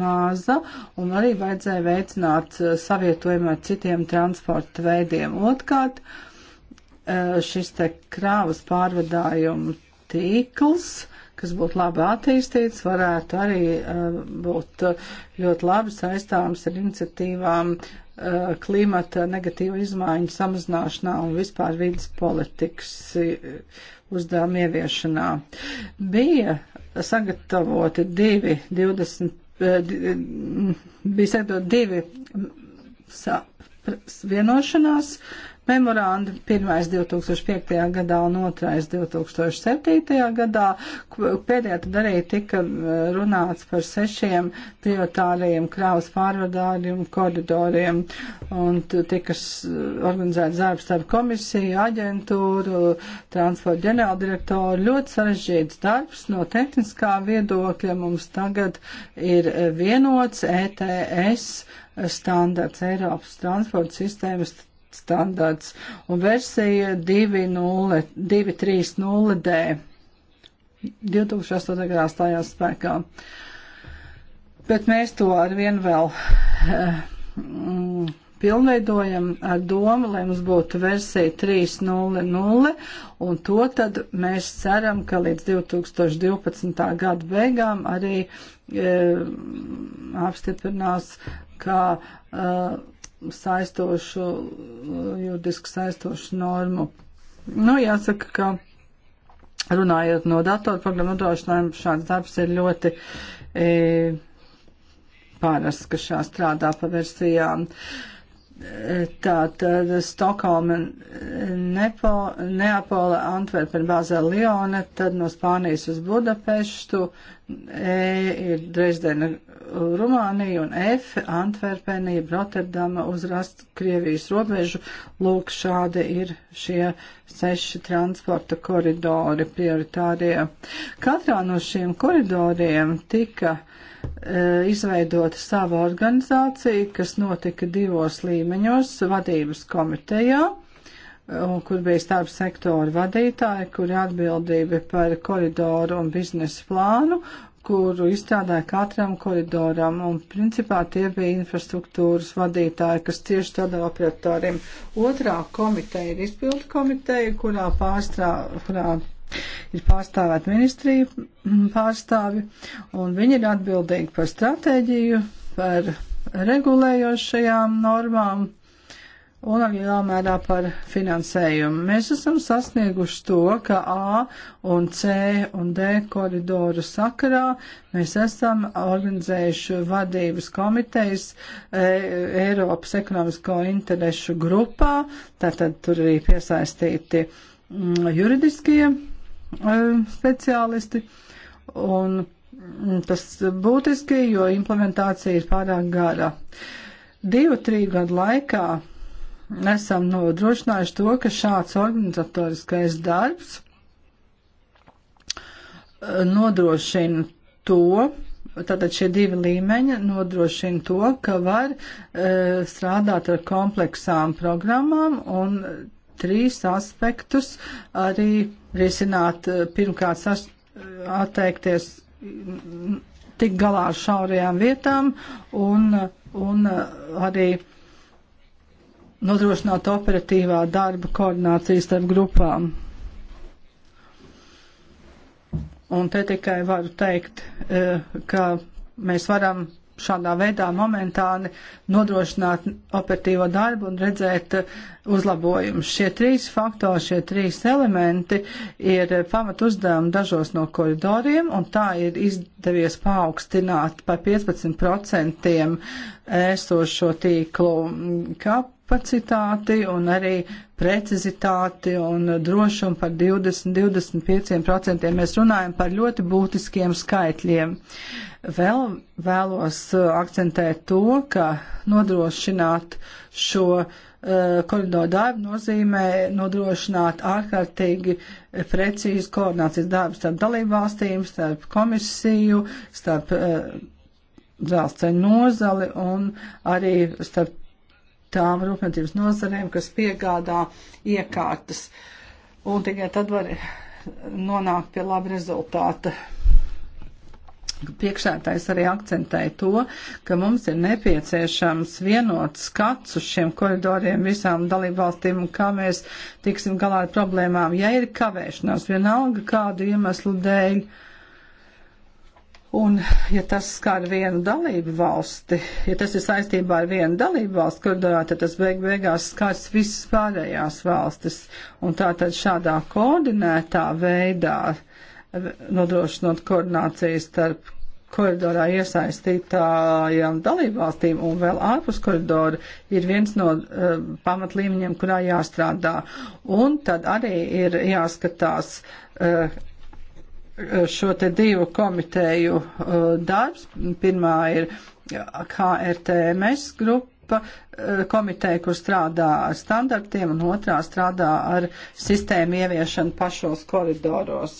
maza un arī vajadzēja veicināt eh, savietojumu ar citiem transporta veidiem. Otkārt, eh, šis te krāvas pārvadājumu tīkls kas būtu labi attīstīts, varētu arī uh, būt uh, ļoti labi saistāms ar iniciatīvām uh, klimata negatīvu izmaiņu samazināšanā un vispār vidas politikas uzdevumu ieviešanā. Bija sagatavoti divi 20, mm, bija sagatavoti divi mm, vienošanās, uh, memorandi, pirmais 2005. gadā un otrais 2007. gadā. Pēdējā tad arī tika eh, runāts par sešiem prioritāriem kravas pārvadājumiem, koridoriem, un tika organizēts darbs starp komisiju, aģentūru, transporta ģenerāldirektoru. Ļoti sarežģīts darbs no tehniskā viedokļa mums tagad ir eh, vienots ETS standarts Eiropas transporta sistēmas standarts un versija 2.3.0D 2008. gadā stājās spēkā. Bet mēs to arvien vēl eh, mm, pilnveidojam ar domu, lai mums būtu versija 3.0.0, un to tad mēs ceram, ka līdz 2012. gada beigām arī e, apstiprinās, ka e, saistošu, juridiski saistošu normu. Nu, jāsaka, ka runājot no datorprogrammu nodrošinājumu, šāds darbs ir ļoti e, pāras, ka šā strādā pa versijām. E, Tātad Stokholma, Nepo, Neapole, Antverpena, Bāzela, Lione, tad no Spānijas uz Budapeštu, E ir Dresdena, Rumānija un F, Antverpena, jeb Rotterdama uz Rast Krievijas robežu. Lūk, šādi ir šie seši transporta koridori prioritārie. Katrā no šiem koridoriem tika uh, E, izveidot savu organizāciju, kas notika divos līmeņos - vadības komitejā, e, kur bija starp sektoru vadītāji, kuri atbildība par koridoru un biznesa plānu, kuru izstrādāja katram koridoram, un principā tie bija infrastruktūras vadītāji, kas tieši strādā operatoriem. Otrā komiteja ir izpildu komiteja, kurā pārstrādā ir pārstāvēt ministriju pārstāvi, un viņi ir atbildīgi par stratēģiju, par regulējošajām normām un arī lielā mērā par finansējumu. Mēs esam sasnieguši to, ka A un C un D koridoru sakarā mēs esam organizējuši vadības komitejas e, Eiropas ekonomisko interešu grupā, tātad tur arī piesaistīti m, mm, juridiskie E, speciālisti. Un tas būtiski, jo implementācija ir pārāk gara. Divu, trīs gadu laikā esam nodrošinājuši to, ka šāds organizatoriskais darbs e, nodrošina to, tātad šie divi līmeņi nodrošina to, ka var e, strādāt ar kompleksām programmām un trīs aspektus arī risināt. Eh, pirmkārt, atteikties mm, tik galā ar šaurajām vietām un, un eh, arī nodrošināt operatīvā darba koordinācijas starp grupām. Un te tikai varu teikt, eh, ka mēs varam šādā veidā momentāni nodrošināt operatīvo darbu un redzēt uh, uzlabojumus. Šie trīs faktori, šie trīs elementi ir uh, pamat uzdevumi dažos no koridoriem, un tā ir izdevies paaugstināt par 15% uh, esošo tīklu mm, kapacitāti un arī precizitāti un drošumu par 20-25%. Mēs runājam par ļoti būtiskiem skaitļiem. Vēl vēlos uh, akcentēt to, ka nodrošināt šo uh, koridoru darbu nozīmē nodrošināt ārkārtīgi precīzu koordinācijas darbu starp dalībvalstīm, starp komisiju, starp uh, dzelzceļa nozali un arī starp tām rūpniecības nozarēm, kas piegādā iekārtas. Un tikai tad var nonākt pie laba rezultāta. Priekšētājs arī akcentēja to, ka mums ir nepieciešams vienot skats uz šiem koridoriem visām dalībvalstīm un kā mēs tiksim galā ar problēmām, ja ir kavēšanās vienalga kādu iemeslu dēļ. Uh, Un, ja tas skar vienu dalību valsti, ja tas ir saistībā ar vienu dalību valstu koridorā, tad tas beig beigās skars visas pārējās valstis. Un tātad šādā koordinētā veidā nodrošinot koordināciju starp koridorā iesaistītājām dalību valstīm un vēl ārpus koridora ir viens no uh, pamatlīmeņiem, kurā jāstrādā. Un tad arī ir jāskatās. Uh, šo te divu komiteju uh, darbs. Pirmā ir KRTMS grupa, uh, komiteja, kur strādā ar standartiem, un otrā strādā ar sistēmu ieviešanu pašos koridoros.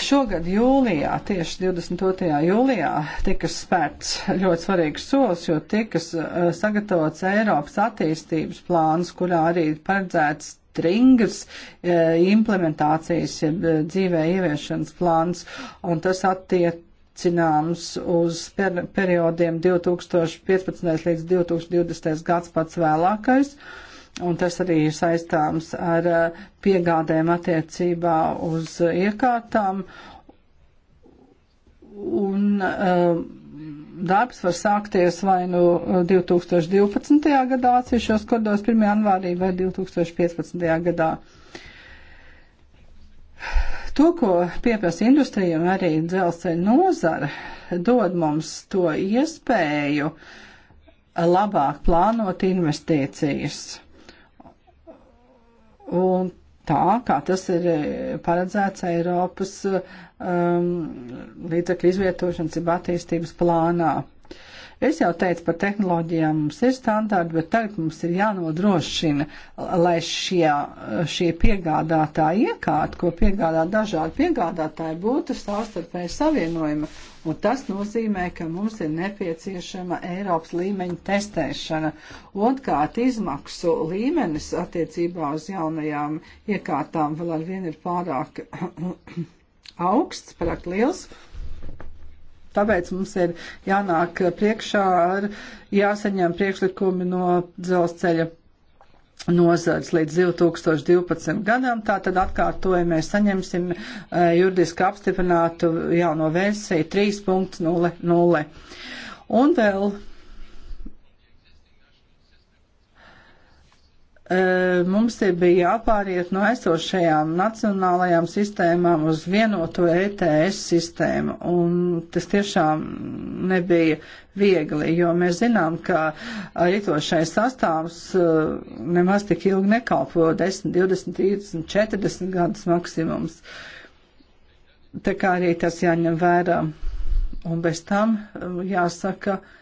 Šogad jūlijā, tieši 22. jūlijā, tika spērts ļoti svarīgs solis, jo tika uh, sagatavots Eiropas attīstības plāns, kurā arī paredzēts stingrs e, implementācijas e, dzīvē ieviešanas plāns, un tas attiecināms uz per, periodiem 2015. līdz 2020. gads pats vēlākais. Un tas arī ir saistāms ar e, piegādēm attiecībā uz iekārtām. Un, um, darbs var sākties vai nu 2012. Eh, gadā, atsevišķos kodos 1. janvārī vai 2015. gadā. To, ko pieprasa industrija un arī dzelzceļa nozara, dod mums to iespēju labāk plānot investīcijas. Un tā, kā tas ir eh, paredzēts Eiropas uh, um, līdzekļu izvietošanas jeb attīstības plānā. Es jau teicu par tehnoloģijām, mums ir standarti, bet tagad mums ir jānodrošina, lai šie, šie piegādātāji iekārti, ko piegādā dažādi piegādātāji, būtu savstarpēji savienojuma. Un tas nozīmē, ka mums ir nepieciešama Eiropas līmeņa testēšana. Otkārt, izmaksu līmenis attiecībā uz jaunajām iekārtām vēl ar vienu ir pārāk augsts, pārāk liels. Tāpēc mums ir jānāk priekšā ar jāsaņem priekšlikumi no dzelzceļa nozars līdz 2012 gadam. Tātad atkārtojam, mēs saņemsim e, juridiski apstiprinātu jauno versiju 3.00. Un vēl mums ir bija jāpāriet no esošajām nacionālajām sistēmām uz vienoto ETS sistēmu, un tas tiešām nebija viegli, jo mēs zinām, ka ritošais sastāvs nemaz tik ilgi nekalpo 10, 20, 30, 40 gadus maksimums. Tā kā arī tas jāņem vērā. Un bez tam jāsaka, uh,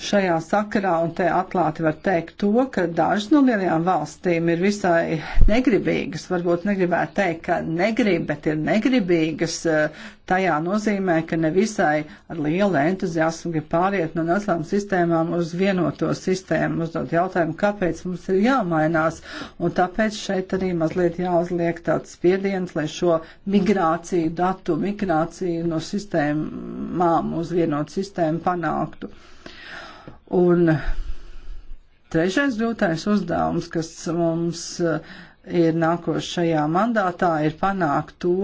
Šajā sakarā un te atklāti var teikt to, ka dažas no lielajām valstīm ir visai negribīgas, varbūt negribētu teikt, ka negrib, bet ir negribīgas eh, tajā nozīmē, ka nevisai ar lielu entuziasmu grib pāriet no nacionālām sistēmām uz vienoto sistēmu, uzdot jautājumu, kāpēc mums ir jāmainās, un tāpēc šeit arī mazliet jāuzliek tāds spiediens, lai šo migrāciju, datu migrāciju no sistēmām uz vienotu sistēmu panāktu. Un trešais grūtais uzdevums, kas mums eh, ir nākošajā mandātā, ir panākt to,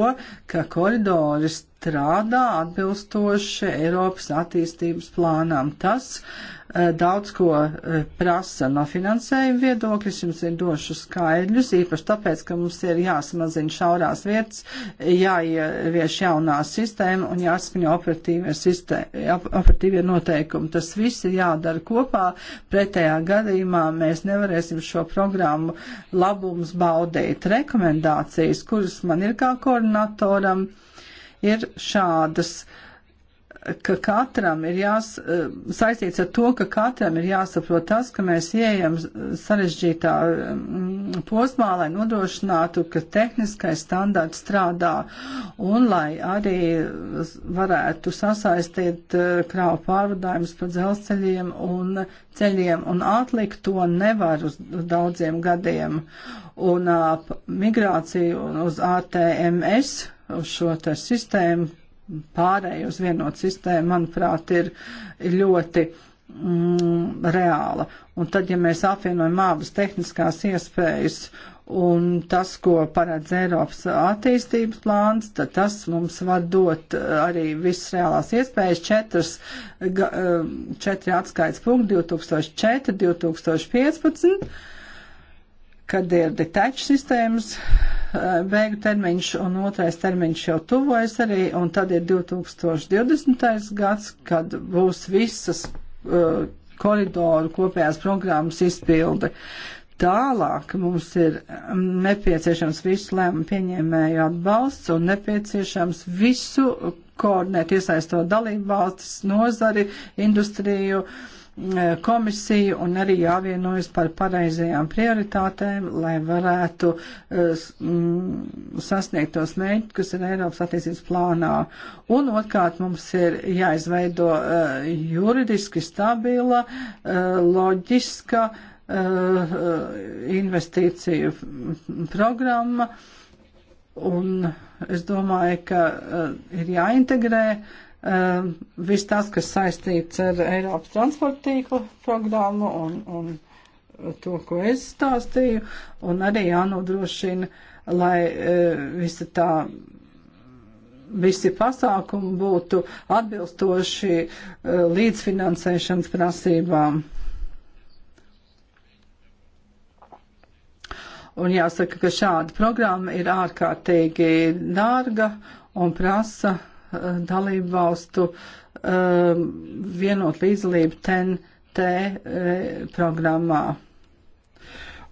ka koridors strādā atbilstoši Eiropas attīstības plānām. Tas uh, daudz ko uh, prasa no finansējuma viedokļa, es jums ir došu skaidrļus, īpaši tāpēc, ka mums ir jāsamazina šaurās vietas, jāievieš jaunā sistēma un jāsaskaņo operatīvie, sistēma, op operatīvie noteikumi. Tas viss ir jādara kopā, pretējā gadījumā mēs nevarēsim šo programmu labums baudīt. Rekomendācijas, kuras man ir kā koordinatoram, ir šādas, ka katram ir jās, eh, saistīts ar to, ka katram ir jāsaprot tas, ka mēs ieejam sarežģītā mm, posmā, lai nodrošinātu, ka tehniskais standārts strādā un lai arī varētu sasaistīt eh, kravu pārvadājumus pa dzelzceļiem un ceļiem un atlikt to nevar uz daudziem gadiem. Un ap migrāciju uz ATMS uz šo te sistēmu, pārēju uz vienotu sistēmu, manuprāt, ir, ir ļoti mm, reāla. Un tad, ja mēs apvienojam abas tehniskās iespējas un tas, ko paredz Eiropas attīstības plāns, tad tas mums var dot eh, arī visas reālās iespējas. Četras, eh, četri atskaits punkti 2004, 2015 kad ir detach sistēmas eh, beigu termiņš un otrais termiņš jau tuvojas arī, un tad ir 2020. gads, kad būs visas uh, koridoru kopējās programmas izpilde. Tālāk mums ir mm, nepieciešams visu lēmumu pieņēmēju atbalsts un nepieciešams visu koordinēt, iesaistot dalību valstis, nozari, industriju, uh, E, komisiju un arī jāvienojas par pareizajām prioritātēm, lai varētu e, mm, sasniegt tos mērķus, kas ir Eiropas attīstības plānā. Un otrkārt mums ir jāizveido e, juridiski stabila, loģiska investīciju programma. Un es domāju, ka uh, ir jāintegrē uh, uh, viss tas, kas saistīts ar Eiropas transporta tīkla programmu un, un to, ko es stāstīju, un arī jānodrošina, lai uh, visa tā visi pasākumi būtu atbilstoši uh, līdzfinansēšanas prasībām. Un jāsaka, ka šāda programma ir ārkārtīgi dārga un prasa uh, Eh, dalību valstu eh, vienot līdzlību TNT eh, programmā.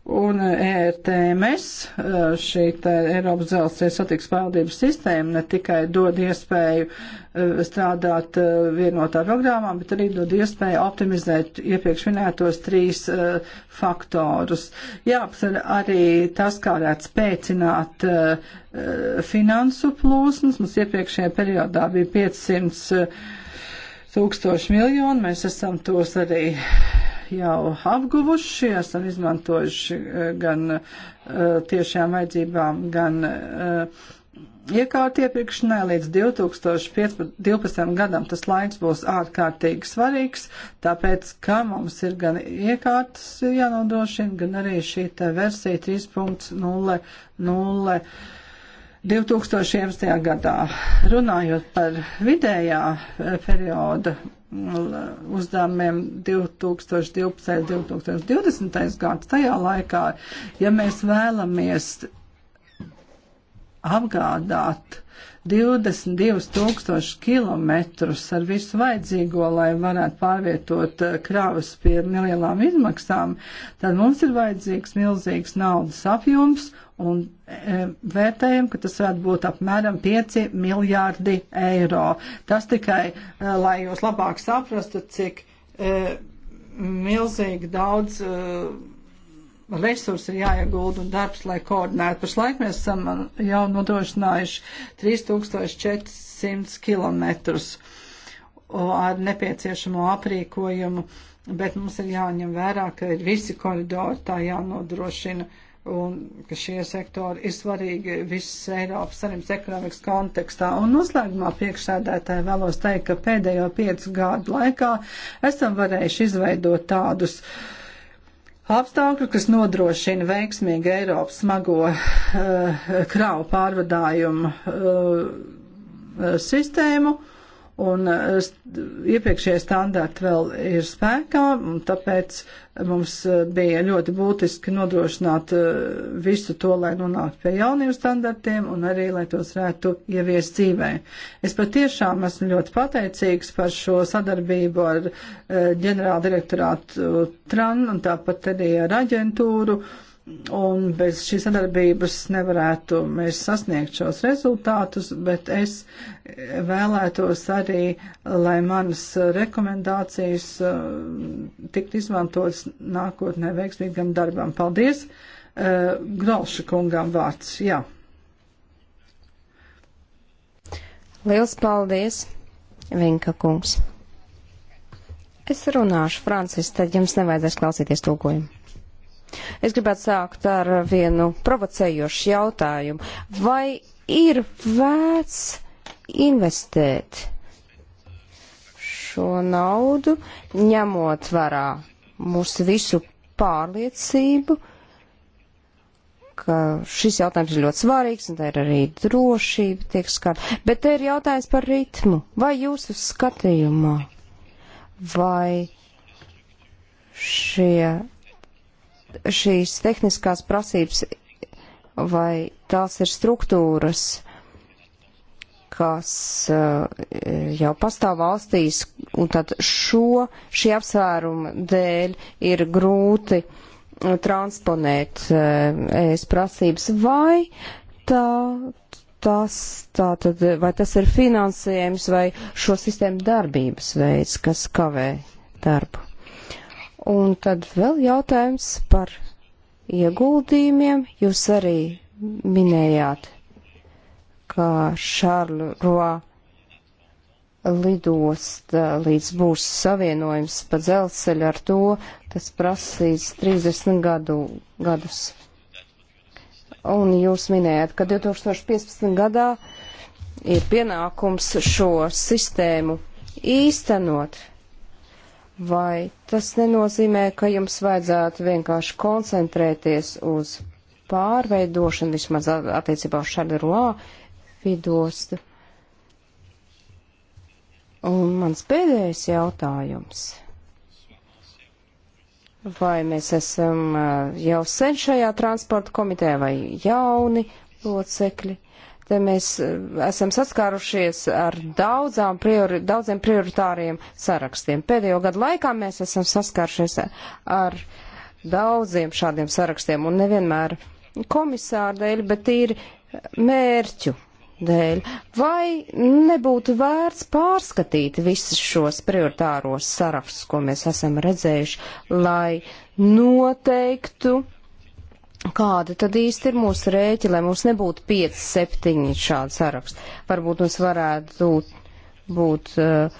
Un ERTMS, eh, e eh, šī Eiropas dzelzceļa satiks pārvaldības sistēma, ne tikai dod iespēju eh, strādāt vienotā programmā, bet arī dod iespēju optimizēt iepriekš minētos trīs uh, faktorus. Jāapsver arī tas, kā varētu spēcināt uh, finansu plūsmas. Mums iepriekšējā periodā bija 500 tūkstoši miljoni, mēs esam tos arī jau apguvušies un izmantojuši eh, gan uh, eh, tiešām vajadzībām, gan uh, eh, iekārt iepirkšanai līdz 2012. gadam. Tas laiks būs ārkārtīgi svarīgs, tāpēc, ka mums ir gan iekārtas jānodrošina, gan arī šī versija 3.0. 2011. gadā. Runājot par vidējā eh, perioda mm, uzdevumiem 2012. 2020. gads, tajā laikā, ja mēs vēlamies apgādāt 22 tūkstoši kilometrus ar visu vajadzīgo, lai varētu pārvietot eh, kravas pie nelielām izmaksām, tad mums ir vajadzīgs milzīgs naudas apjoms un e, vērtējam, ka tas varētu būt apmēram 5 miljārdi eiro. Tas tikai, e, lai jūs labāk saprastu, cik e, milzīgi daudz. E, resursi ir jāiegulda un darbs, lai koordinētu. Pašlaik mēs esam uh, jau nodrošinājuši 3400 km ar nepieciešamo aprīkojumu, bet mums ir jāņem vērā, ka ir visi koridori tā jānodrošina un ka šie sektori ir svarīgi visas Eiropas Savienības ekonomikas kontekstā. Un noslēgumā priekšsēdētāji vēlos teikt, ka pēdējo piecu gadu laikā esam varējuši izveidot tādus uh, Apstākļi, kas nodrošina veiksmīgu Eiropas smago uh, kravu pārvadājumu uh, sistēmu, uh, un e, iepriekšējie standarti vēl ir spēkā, un tāpēc mums e, bija ļoti būtiski nodrošināt e, visu to, lai nonāktu pie jauniem standartiem un arī, lai tos varētu ieviest dzīvē. Es patiešām esmu ļoti pateicīgs par šo sadarbību ar ģenerāldirektorātu TRAN un tāpat arī ar aģentūru. Uh, un bez šīs sadarbības nevarētu mēs sasniegt šos rezultātus, bet es vēlētos arī, lai manas rekomendācijas uh, tikt izmantotas nākotnē veiksmīgam darbam. Paldies! Uh, Grauša kungām vārds, jā. Liels paldies, Vinka kungs. Es runāšu, Francis, tad jums nevajadzēs klausīties tulkojumu. Es gribētu sākt ar vienu provocējošu jautājumu. Vai ir vērts investēt šo naudu, ņemot vērā mūsu visu pārliecību, ka šis jautājums ir ļoti svarīgs, un tā ir arī drošība tiek skarta. Bet te ir jautājums par ritmu. Vai jūsu skatījumā, vai šie šīs tehniskās prasības vai tās ir struktūras, kas eh, jau pastāv valstīs, un tad šo, šī apsvēruma dēļ ir grūti eh, transponēt eh, es prasības, vai tā, tas, tā tad, vai tas ir finansējums vai šo sistēmu darbības veids, kas kavē darbu. Un tad vēl jautājums par ieguldījumiem. Jūs arī minējāt, ka Šārlroa lidost līdz būs savienojums pa dzelzceļu ar to, tas prasīs 30 gadu, gadus. Un jūs minējāt, ka 2015. gadā ir pienākums šo sistēmu īstenot. Vai tas nenozīmē, ka jums vajadzētu vienkārši koncentrēties uz pārveidošanu, vismaz attiecībā uz Šarleroi vidostu? Un mans pēdējais jautājums. Vai mēs esam jau sen šajā transporta komitē vai jauni locekļi? Te mēs e, esam saskārušies ar daudzām priori, daudziem prioritāriem sarakstiem. Pēdējo gadu laikā mēs esam saskārušies ar daudziem šādiem sarakstiem un nevienmēr komisāru dēļ, bet ir mērķu dēļ. Vai nebūtu vērts pārskatīt visus šos prioritāros sarakstus, ko mēs esam redzējuši, lai noteiktu kāda tad īsti ir mūsu rēķi, lai mums nebūtu 5, 7 šādi saraksti. Varbūt mums varētu būt uh,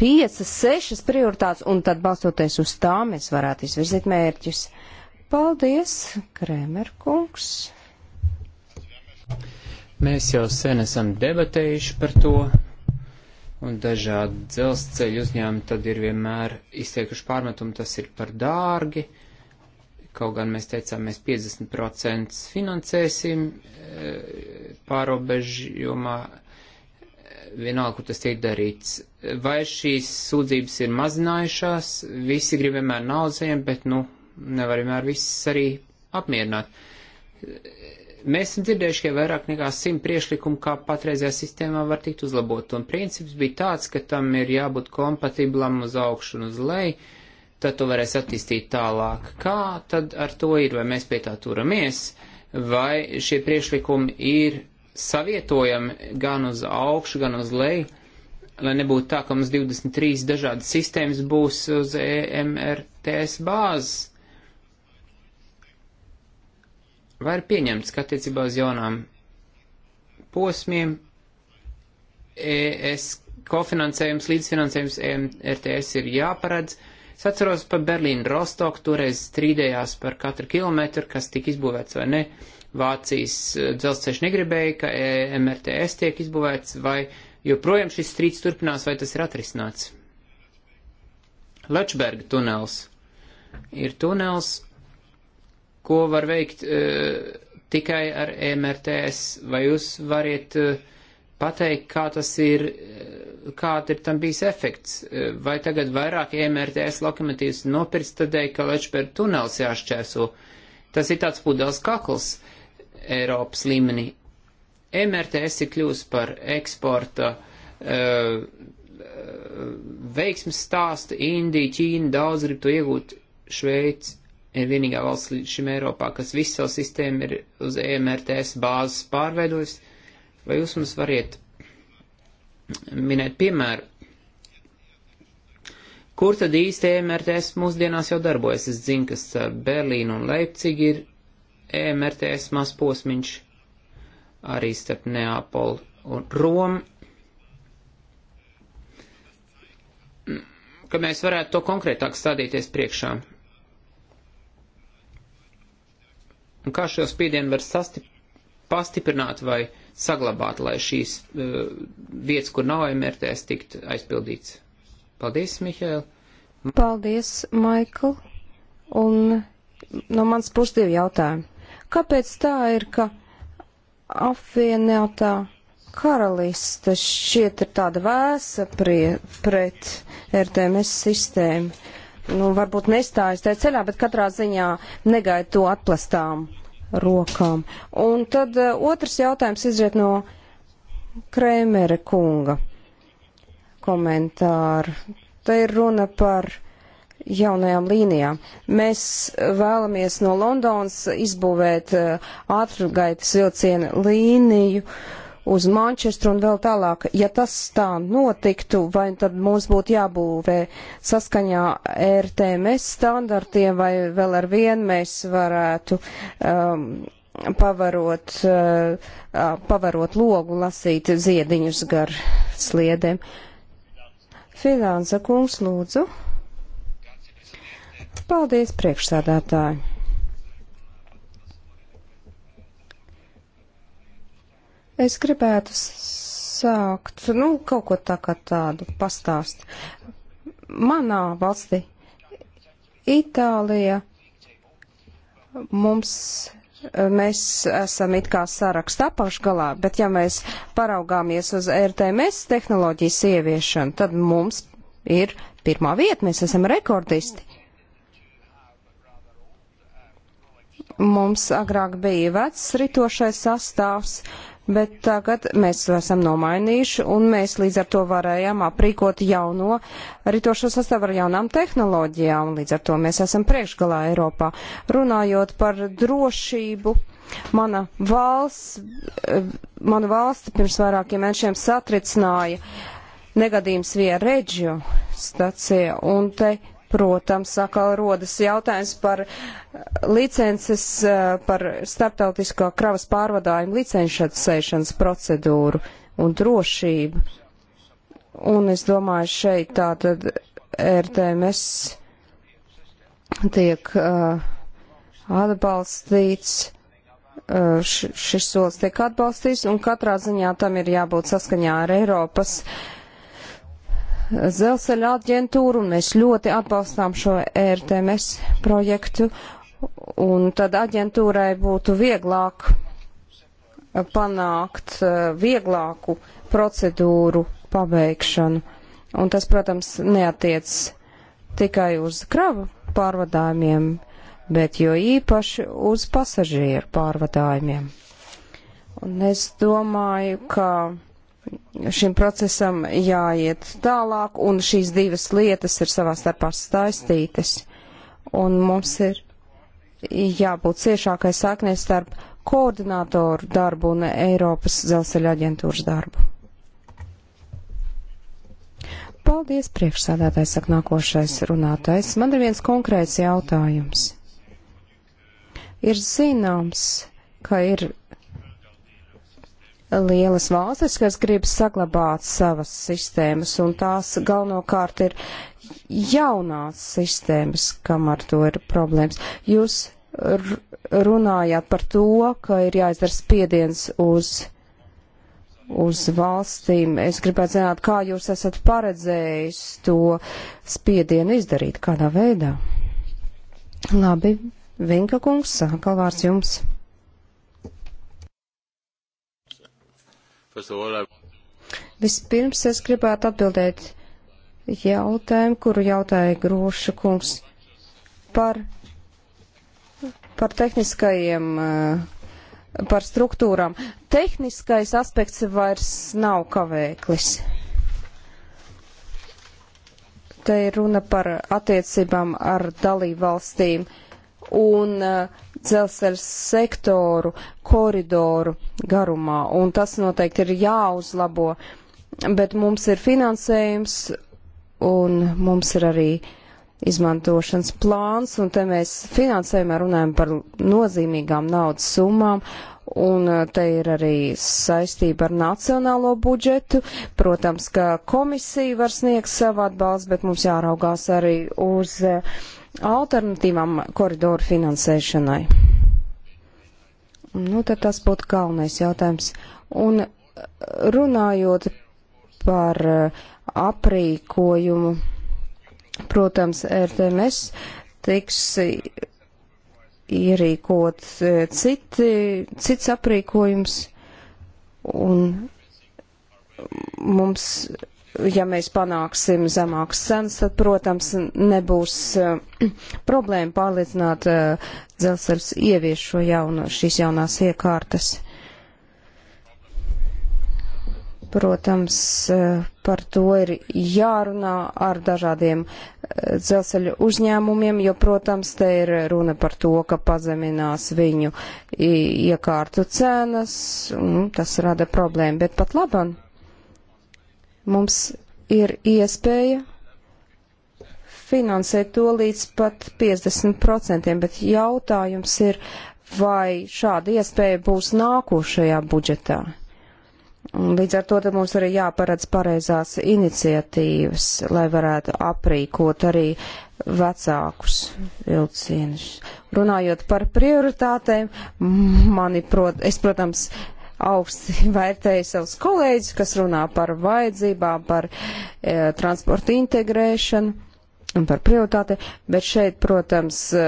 5, 6 prioritātes, un tad balstoties uz tām mēs varētu izvirzīt mērķus. Paldies, Kremerkungs! Mēs jau sen esam debatējuši par to, un dažādi dzelzceļu uzņēmumi tad ir vienmēr izteikuši pārmetumu, tas ir par dārgi. Uh, Kaut gan mēs teicām, mēs 50% finansēsim eh, pārobežjumā, vienalga, kur tas tiek darīts. Vai šīs sūdzības ir mazinājušās, visi grib vienmēr naudu saņemt, bet, nu, nevar vienmēr viss arī apmierināt. Mēs esam dzirdējuši, ka vairāk nekā simt priekšlikumu, kā patreizajā sistēmā var tikt uzlabot, un princips bija tāds, ka tam ir jābūt kompatiblam uz augšu un uz leju, tad to varēs attīstīt tālāk. Kā tad ar to ir, vai mēs pie tā turamies, vai šie priekšlikumi ir savietojami gan uz augšu, gan uz leju, lai nebūtu tā, ka mums 23 dažādas sistēmas būs uz EMRTS bāzes. Vai ir pieņemts, ka attiecībā uz jaunām posmiem ES kofinansējums, līdzfinansējums EMRTS ir jāparedz? Es atceros par Berlīnu Rostoku, toreiz strīdējās par katru kilometru, kas tika izbūvēts vai ne. Vācijas eh, dzelzceļš negribēja, ka eh, MRTS tiek izbūvēts, vai joprojām šis strīds turpinās, vai tas ir atrisināts. Lečberga tunels ir tunels, ko var veikt e, tikai ar MRTS. Vai jūs variet e, pateikt, kā tas ir e, kāda ir tam bijis efekts. Vai tagad vairāk e MRTS lokomotīvas nopirks tādēļ, ka Lečper tunels jāšķēso? Tas ir tāds pudels kakls Eiropas līmenī. E MRTS ir kļūst par eksporta uh, veiksmes stāstu. Indija, Ķīna daudz grib to iegūt. Šveic ir vienīgā valsts līdz šim Eiropā, kas visu savu sistēmu ir uz e MRTS bāzes pārveidojusi. Vai jūs mums variet minēt piemēru. Kur tad īsti EMRTS mūsdienās jau darbojas? Es zinu, kas Berlīna un Leipcigi ir EMRTS maz posmiņš, arī starp Neapolu un Romu. Ka mēs varētu to konkrētāk stādīties priekšā. Un kā šo spiedienu var sasti, pastiprināt vai uh, saglabāt, lai šīs uh, vietas, kur nav MRTS, tiktu aizpildīts. Paldies, Mihēl! Paldies, Maikl! Un no mans puses divi jautājumi. Kāpēc tā ir, ka apvienotā karaliste šķiet ir tāda vēsa prie, pret RTMS sistēmu? Nu, varbūt nestājas tajā ceļā, bet katrā ziņā negaida to atplastām rokām. Un tad eh, otrs jautājums izriet no Krēmere kunga komentāru. Te ir runa par jaunajām līnijām. Mēs vēlamies no Londonas izbūvēt eh, ātrgaitas vilciena līniju. Uh, uz Manchestru un vēl tālāk. Ja tas tā notiktu, vai tad mums būtu jābūvē saskaņā RTMS standartiem, vai vēl ar vienu mēs varētu um, pavarot, uh, uh, pavarot logu, lasīt ziediņus gar sliedēm. Finansa kungs, lūdzu. Paldies, priekšsādātāji. Es gribētu sākt, nu, kaut ko tā kā tādu pastāst. Manā valstī, Itālija, mums eh, mēs esam it kā sarakstā pašgalā, bet ja mēs paraugāmies uz RTMS tehnoloģijas ieviešanu, tad mums ir pirmā vieta, mēs esam rekordisti. Mums agrāk bija vecs ritošais sastāvs, uh, bet tagad mēs to esam nomainījuši, un mēs līdz ar to varējām aprīkot jauno ritošo sastāvu ar jaunām tehnoloģijām, līdz ar to mēs esam priekšgalā Eiropā. Runājot par drošību, mana valsts, eh, manu valsti pirms vairākiem mēnešiem satricināja negadījums via reģio stacija, un te Protams, atkal rodas jautājums par licences, eh, par starptautisko kravas pārvadājumu licencēšanas procedūru un drošību. Un es domāju, šeit tātad RTMS tiek uh, atbalstīts, uh, eh, š, šis solis tiek atbalstīts, un katrā ziņā tam ir jābūt saskaņā ar Eiropas uh, dzelzceļa aģentūru, un mēs ļoti atbalstām šo RTMS projektu, un tad aģentūrai būtu vieglāk panākt eh, vieglāku procedūru pabeigšanu. Un tas, protams, neatiec tikai uz kravu pārvadājumiem, bet jo īpaši uz pasažieru pārvadājumiem. Un es domāju, ka šim procesam jāiet tālāk, un šīs divas lietas ir savā starpā saistītas. Un mums ir jābūt ciešākai saknē starp koordinātoru darbu un Eiropas dzelzceļa aģentūras darbu. Paldies, priekšsādātājs, saka nākošais runātājs. Man ir viens konkrēts jautājums. Ir zināms, ka ir lielas valstis, kas grib saglabāt savas sistēmas, un tās galvenokārt ir jaunās sistēmas, kam ar to ir problēmas. Jūs runājāt par to, ka ir jāizdara spiediens uz, uz valstīm. Es gribētu zināt, kā jūs esat paredzējis to spiedienu izdarīt, kādā veidā. Labi, Vinka kungs, atkal vārds jums. Vispirms es gribētu atbildēt jautājumu, kuru jautāja Groša kungs par, par tehniskajiem, eh, par struktūrām. Tehniskais aspekts vairs nav kavēklis. Te ir runa par attiecībām ar dalību valstīm. Un uh, dzelzceļa sektoru, koridoru garumā, un tas noteikti ir jāuzlabo, bet mums ir finansējums, un mums ir arī izmantošanas plāns, un te mēs finansējumā runājam par nozīmīgām naudas summām, un uh, te ir arī saistība ar nacionālo budžetu. Protams, ka komisija var sniegt savu atbalstu, bet mums jāraugās arī uz uh, alternatīvām koridoru finansēšanai. Nu, tad tas būtu galvenais jautājums. Un eh, runājot par eh, aprīkojumu, protams, RTMS tiks ierīkot eh, citi, cits aprīkojums, un mm, mums ja mēs panāksim zemākas cenas, tad, protams, nebūs uh, problēma pārliecināt uh, dzelzceļus ievies šo jauno, šīs jaunās iekārtas. Protams, uh, par to ir jārunā ar dažādiem dzelzceļu uzņēmumiem, jo, protams, te ir runa par to, ka pazeminās viņu iekārtu cenas, un tas rada problēmu, bet pat labam Mums ir iespēja finansēt to līdz pat 50%, bet jautājums ir, vai šāda iespēja būs nākošajā budžetā. Un līdz ar to mums arī jāparedz pareizās iniciatīvas, lai varētu aprīkot arī vecākus vilcienus. Runājot par prioritātēm, mani, prot, es, protams, augsti vērtēju savus kolēģus, kas runā par vajadzībām, par e, transportu integrēšanu un par prioritāti, bet šeit, protams, e,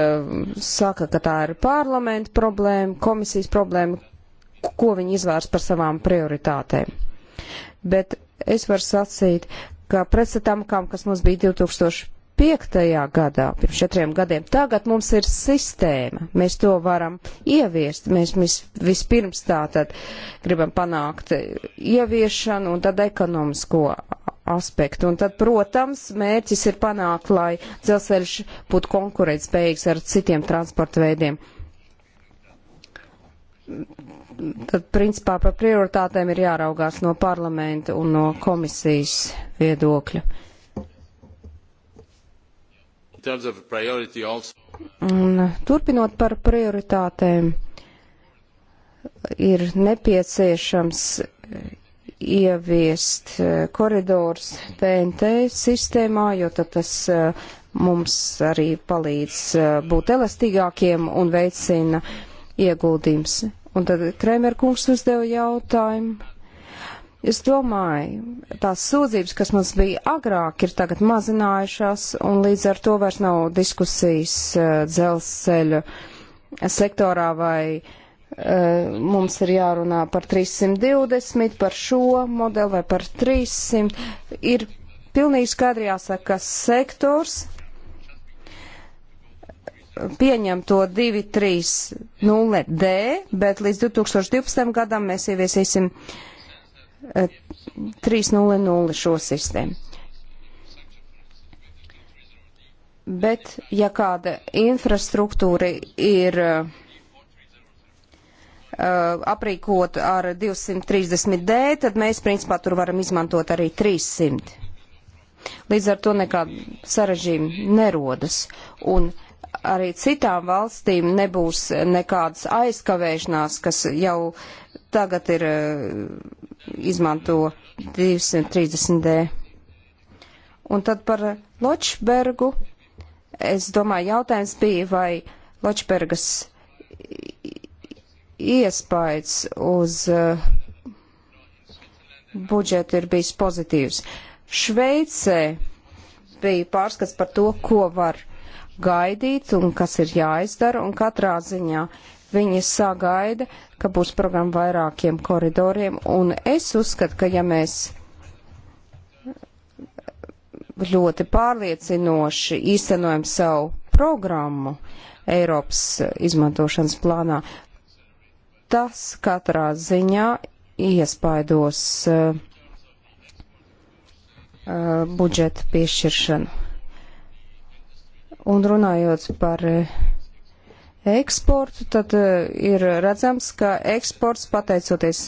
saka, ka tā ir parlamenta problēma, komisijas problēma, ko viņi izvērs par savām prioritātēm. Bet es varu sacīt, ka pretstatām, kas mums bija 2000 gadā, pirms četriem gadiem. Tagad mums ir sistēma, mēs to varam ieviest. Mēs, mēs vispirms tā tad gribam panākt ieviešanu un tad ekonomisko aspektu. Un tad, protams, mērķis ir panākt, lai dzelzceļš būtu konkurētspējīgs ar citiem transporta veidiem. Tad, principā, par prioritātēm ir jāraugās no parlamenta un no komisijas viedokļa. Un turpinot par prioritātēm, ir nepieciešams ieviest eh, koridors TNT sistēmā, jo tad tas eh, mums arī palīdz eh, būt elastīgākiem un veicina ieguldījums. Un tad Kremer kungs uzdeva jautājumu Es domāju, tās sūdzības, kas mums bija agrāk, ir tagad mazinājušās, un līdz ar to vairs nav diskusijas eh, dzelzceļa sektorā vai eh, mums ir jārunā par 320, par šo modeli vai par 300. Ir pilnīgi skaidri jāsaka, ka sektors pieņem to 230D, bet līdz 2012. gadam mēs ieviesīsim. Uh, 3.00 šo sistēmu. Bet, ja kāda infrastruktūra ir uh, aprīkot ar 230D, tad mēs, principā, tur varam izmantot arī 300. Līdz ar to nekāda sarežģījuma nerodas. Un uh, arī citām valstīm nebūs nekādas aizkavēšanās, kas jau tagad ir eh, izmanto 230D. Un tad par Ločbergu. Es domāju, jautājums bija, vai Ločbergas iespējas uz eh, budžetu ir bijis pozitīvs. Šveicē bija pārskats par to, ko var uh, gaidīt un kas ir jāizdara, un katrā ziņā viņi sagaida, ka būs programma vairākiem koridoriem, un es uzskatu, ka ja mēs ļoti pārliecinoši īstenojam savu programmu Eiropas izmantošanas plānā, tas katrā ziņā iespaidos uh, budžeta piešķiršanu. Un runājot par eh, eksportu, tad eh, ir redzams, ka eksports pateicoties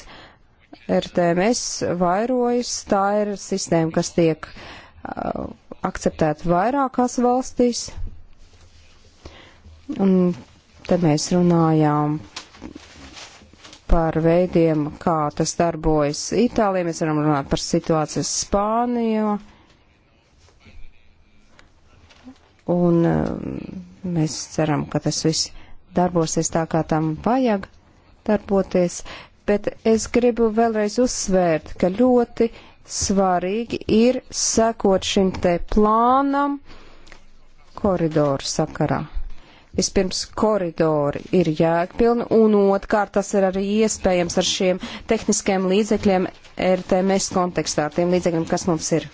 RTMS vairojas, tā ir sistēma, kas tiek eh, akceptēta vairākās valstīs. Un tad mēs runājām par veidiem, kā tas darbojas Itālijā, mēs varam runāt par situāciju Spānijā un eh, mēs ceram, ka tas viss darbosies tā, kā tam vajag darboties, bet es gribu vēlreiz uzsvērt, ka ļoti svarīgi ir sekot šim te plānam koridoru sakarā. Vispirms koridori ir jēgpilni, un otrkārt tas ir arī iespējams ar šiem tehniskiem līdzekļiem RTMS kontekstā, ar tiem līdzekļiem, kas mums ir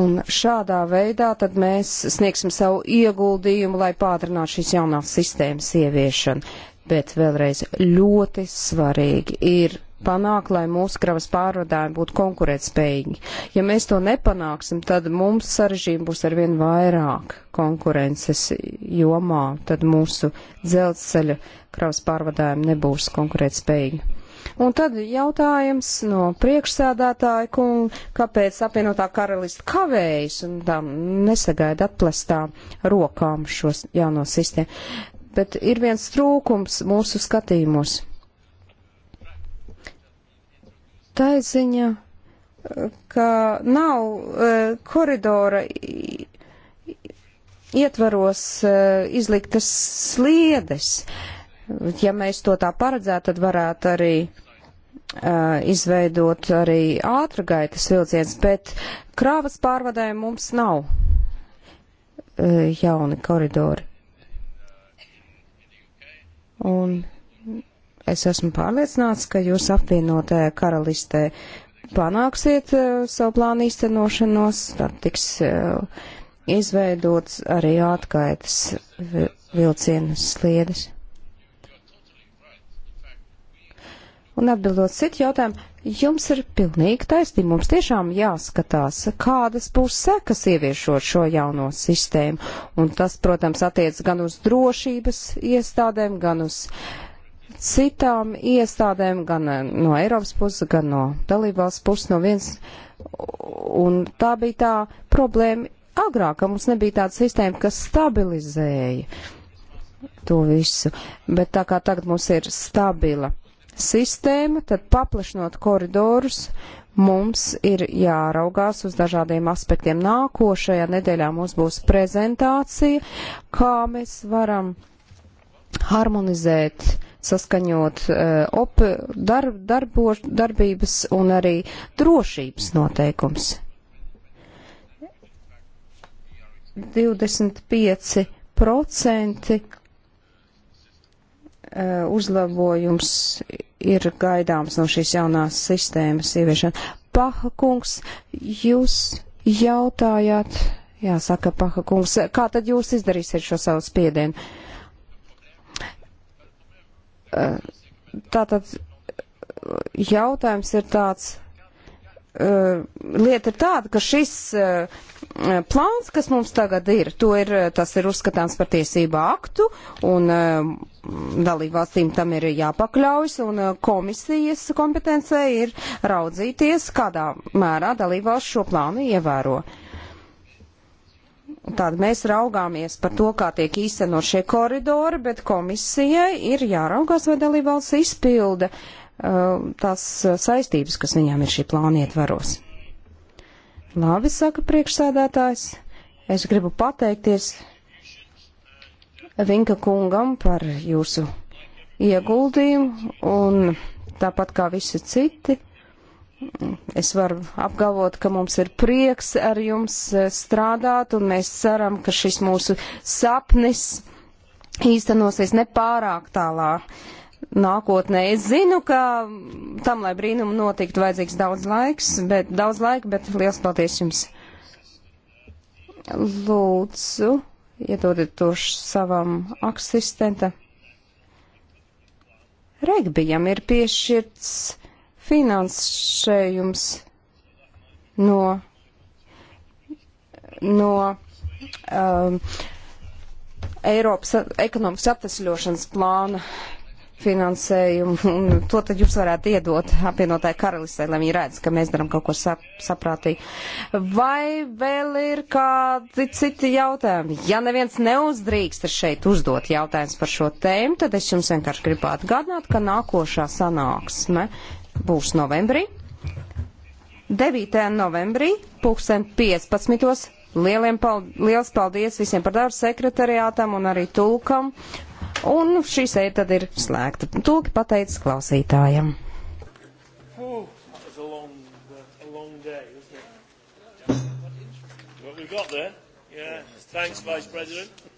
Un šādā veidā tad mēs sniegsim savu ieguldījumu, lai pātrinātu šīs jaunās sistēmas ieviešanu. Bet vēlreiz ļoti svarīgi ir panākt, lai mūsu kravas pārvadājumi būtu konkurētspējīgi. Ja mēs to nepanāksim, tad mums sarežģījumi būs arvien vairāk konkurences jomā, tad mūsu dzelzceļa kravas pārvadājumi nebūs konkurētspējīgi. Un tad jautājums no priekšsēdētāja kunga, kāpēc apvienotā karalista kavējas un tam nesagaida atplestām rokām šos jauno sistēmu. Bet ir viens trūkums mūsu skatījumos. Tā ir ziņa, ka nav uh, koridora ietvaros uh, izliktas sliedes. Ja mēs to tā paredzētu, tad varētu arī uh, Uh, izveidot arī ātrgaitas vilciens, bet krāvas pārvadājiem mums nav uh, jauni koridori. Un es esmu pārliecināts, ka jūs apvienotajā karalistē panāksiet uh, savu plānu īstenošanos, tad tiks izveidots arī ātrgaitas vilcienu sliedes. Un atbildot citu jautājumu, jums ir pilnīgi taisnība. Mums tiešām jāskatās, kādas būs sekas ieviešot šo jauno sistēmu. Un tas, protams, attiec gan uz drošības iestādēm, gan uz citām iestādēm, gan eh, no Eiropas puses, gan no dalībvalsts puses, no viens. Un tā bija tā problēma agrāk, ka mums nebija tāda sistēma, kas stabilizēja to visu. Bet tā kā tagad mums ir stabila sistēmu, tad paplašinot koridorus, mums ir jāraugās uz dažādiem aspektiem. Nākošajā nedēļā mums būs prezentācija, kā mēs varam harmonizēt, saskaņot uh, op, dar, darbo, darbības un arī drošības noteikums. 25% eh, uzlabojums ir gaidāms no šīs jaunās sistēmas ieviešana. Paha kungs, jūs jautājāt, jāsaka Paha kungs, kā tad jūs izdarīsiet šo savu spiedienu? Eh, tātad jautājums ir tāds, eh, lieta ir tāda, ka šis eh, Eh, plāns, kas mums tagad ir, ir eh, tas ir uzskatāms par tiesību aktu, un eh, dalībvalstīm tam ir jāpakļaujas, un komisijas kompetencē ir raudzīties, kādā mērā dalībvalsts šo plānu ievēro. Tad mēs raugāmies par to, kā tiek īstenot šie koridori, bet komisijai ir jāraugās, vai dalībvalsts izpilda uh, tās saistības, kas viņām ir šī plāna ietvaros. Labi, saka priekšsēdētājs. Es gribu pateikties Vinka kungam par jūsu ieguldījumu un tāpat kā visi citi. Es varu apgalvot, ka mums ir prieks ar jums eh, strādāt un mēs ceram, ka šis mūsu sapnis īstenosies nepārāk tālāk nākotnē. Es zinu, ka tam, lai brīnumu notiktu, vajadzīgs daudz laiks, bet daudz laika, bet liels paldies jums. Lūdzu, iedodiet to savam asistentam. Regbijam ir piešķirts finansējums no, no um, Eiropas ekonomikas atvesļošanas plāna finansējumu, un to tad jūs varētu iedot apvienotāji karalistē, lai viņi redz, ka mēs darām kaut ko sap saprātīgi. Vai vēl ir kādi citi jautājumi? Ja neviens neuzdrīkst šeit uzdot jautājums par šo tēmu, tad es jums vienkārši gribu atgādināt, ka nākošā sanāksme būs novembrī. 9. novembrī, pulksten 15. Lieliem, pal liels paldies visiem par darbu sekretariātam un arī tulkam. Un šī sēde tad ir slēgta. Tūki pateica klausītājam. Oh, a long, uh, a long day, yeah. What we got there? Yeah. Thanks, Vice President.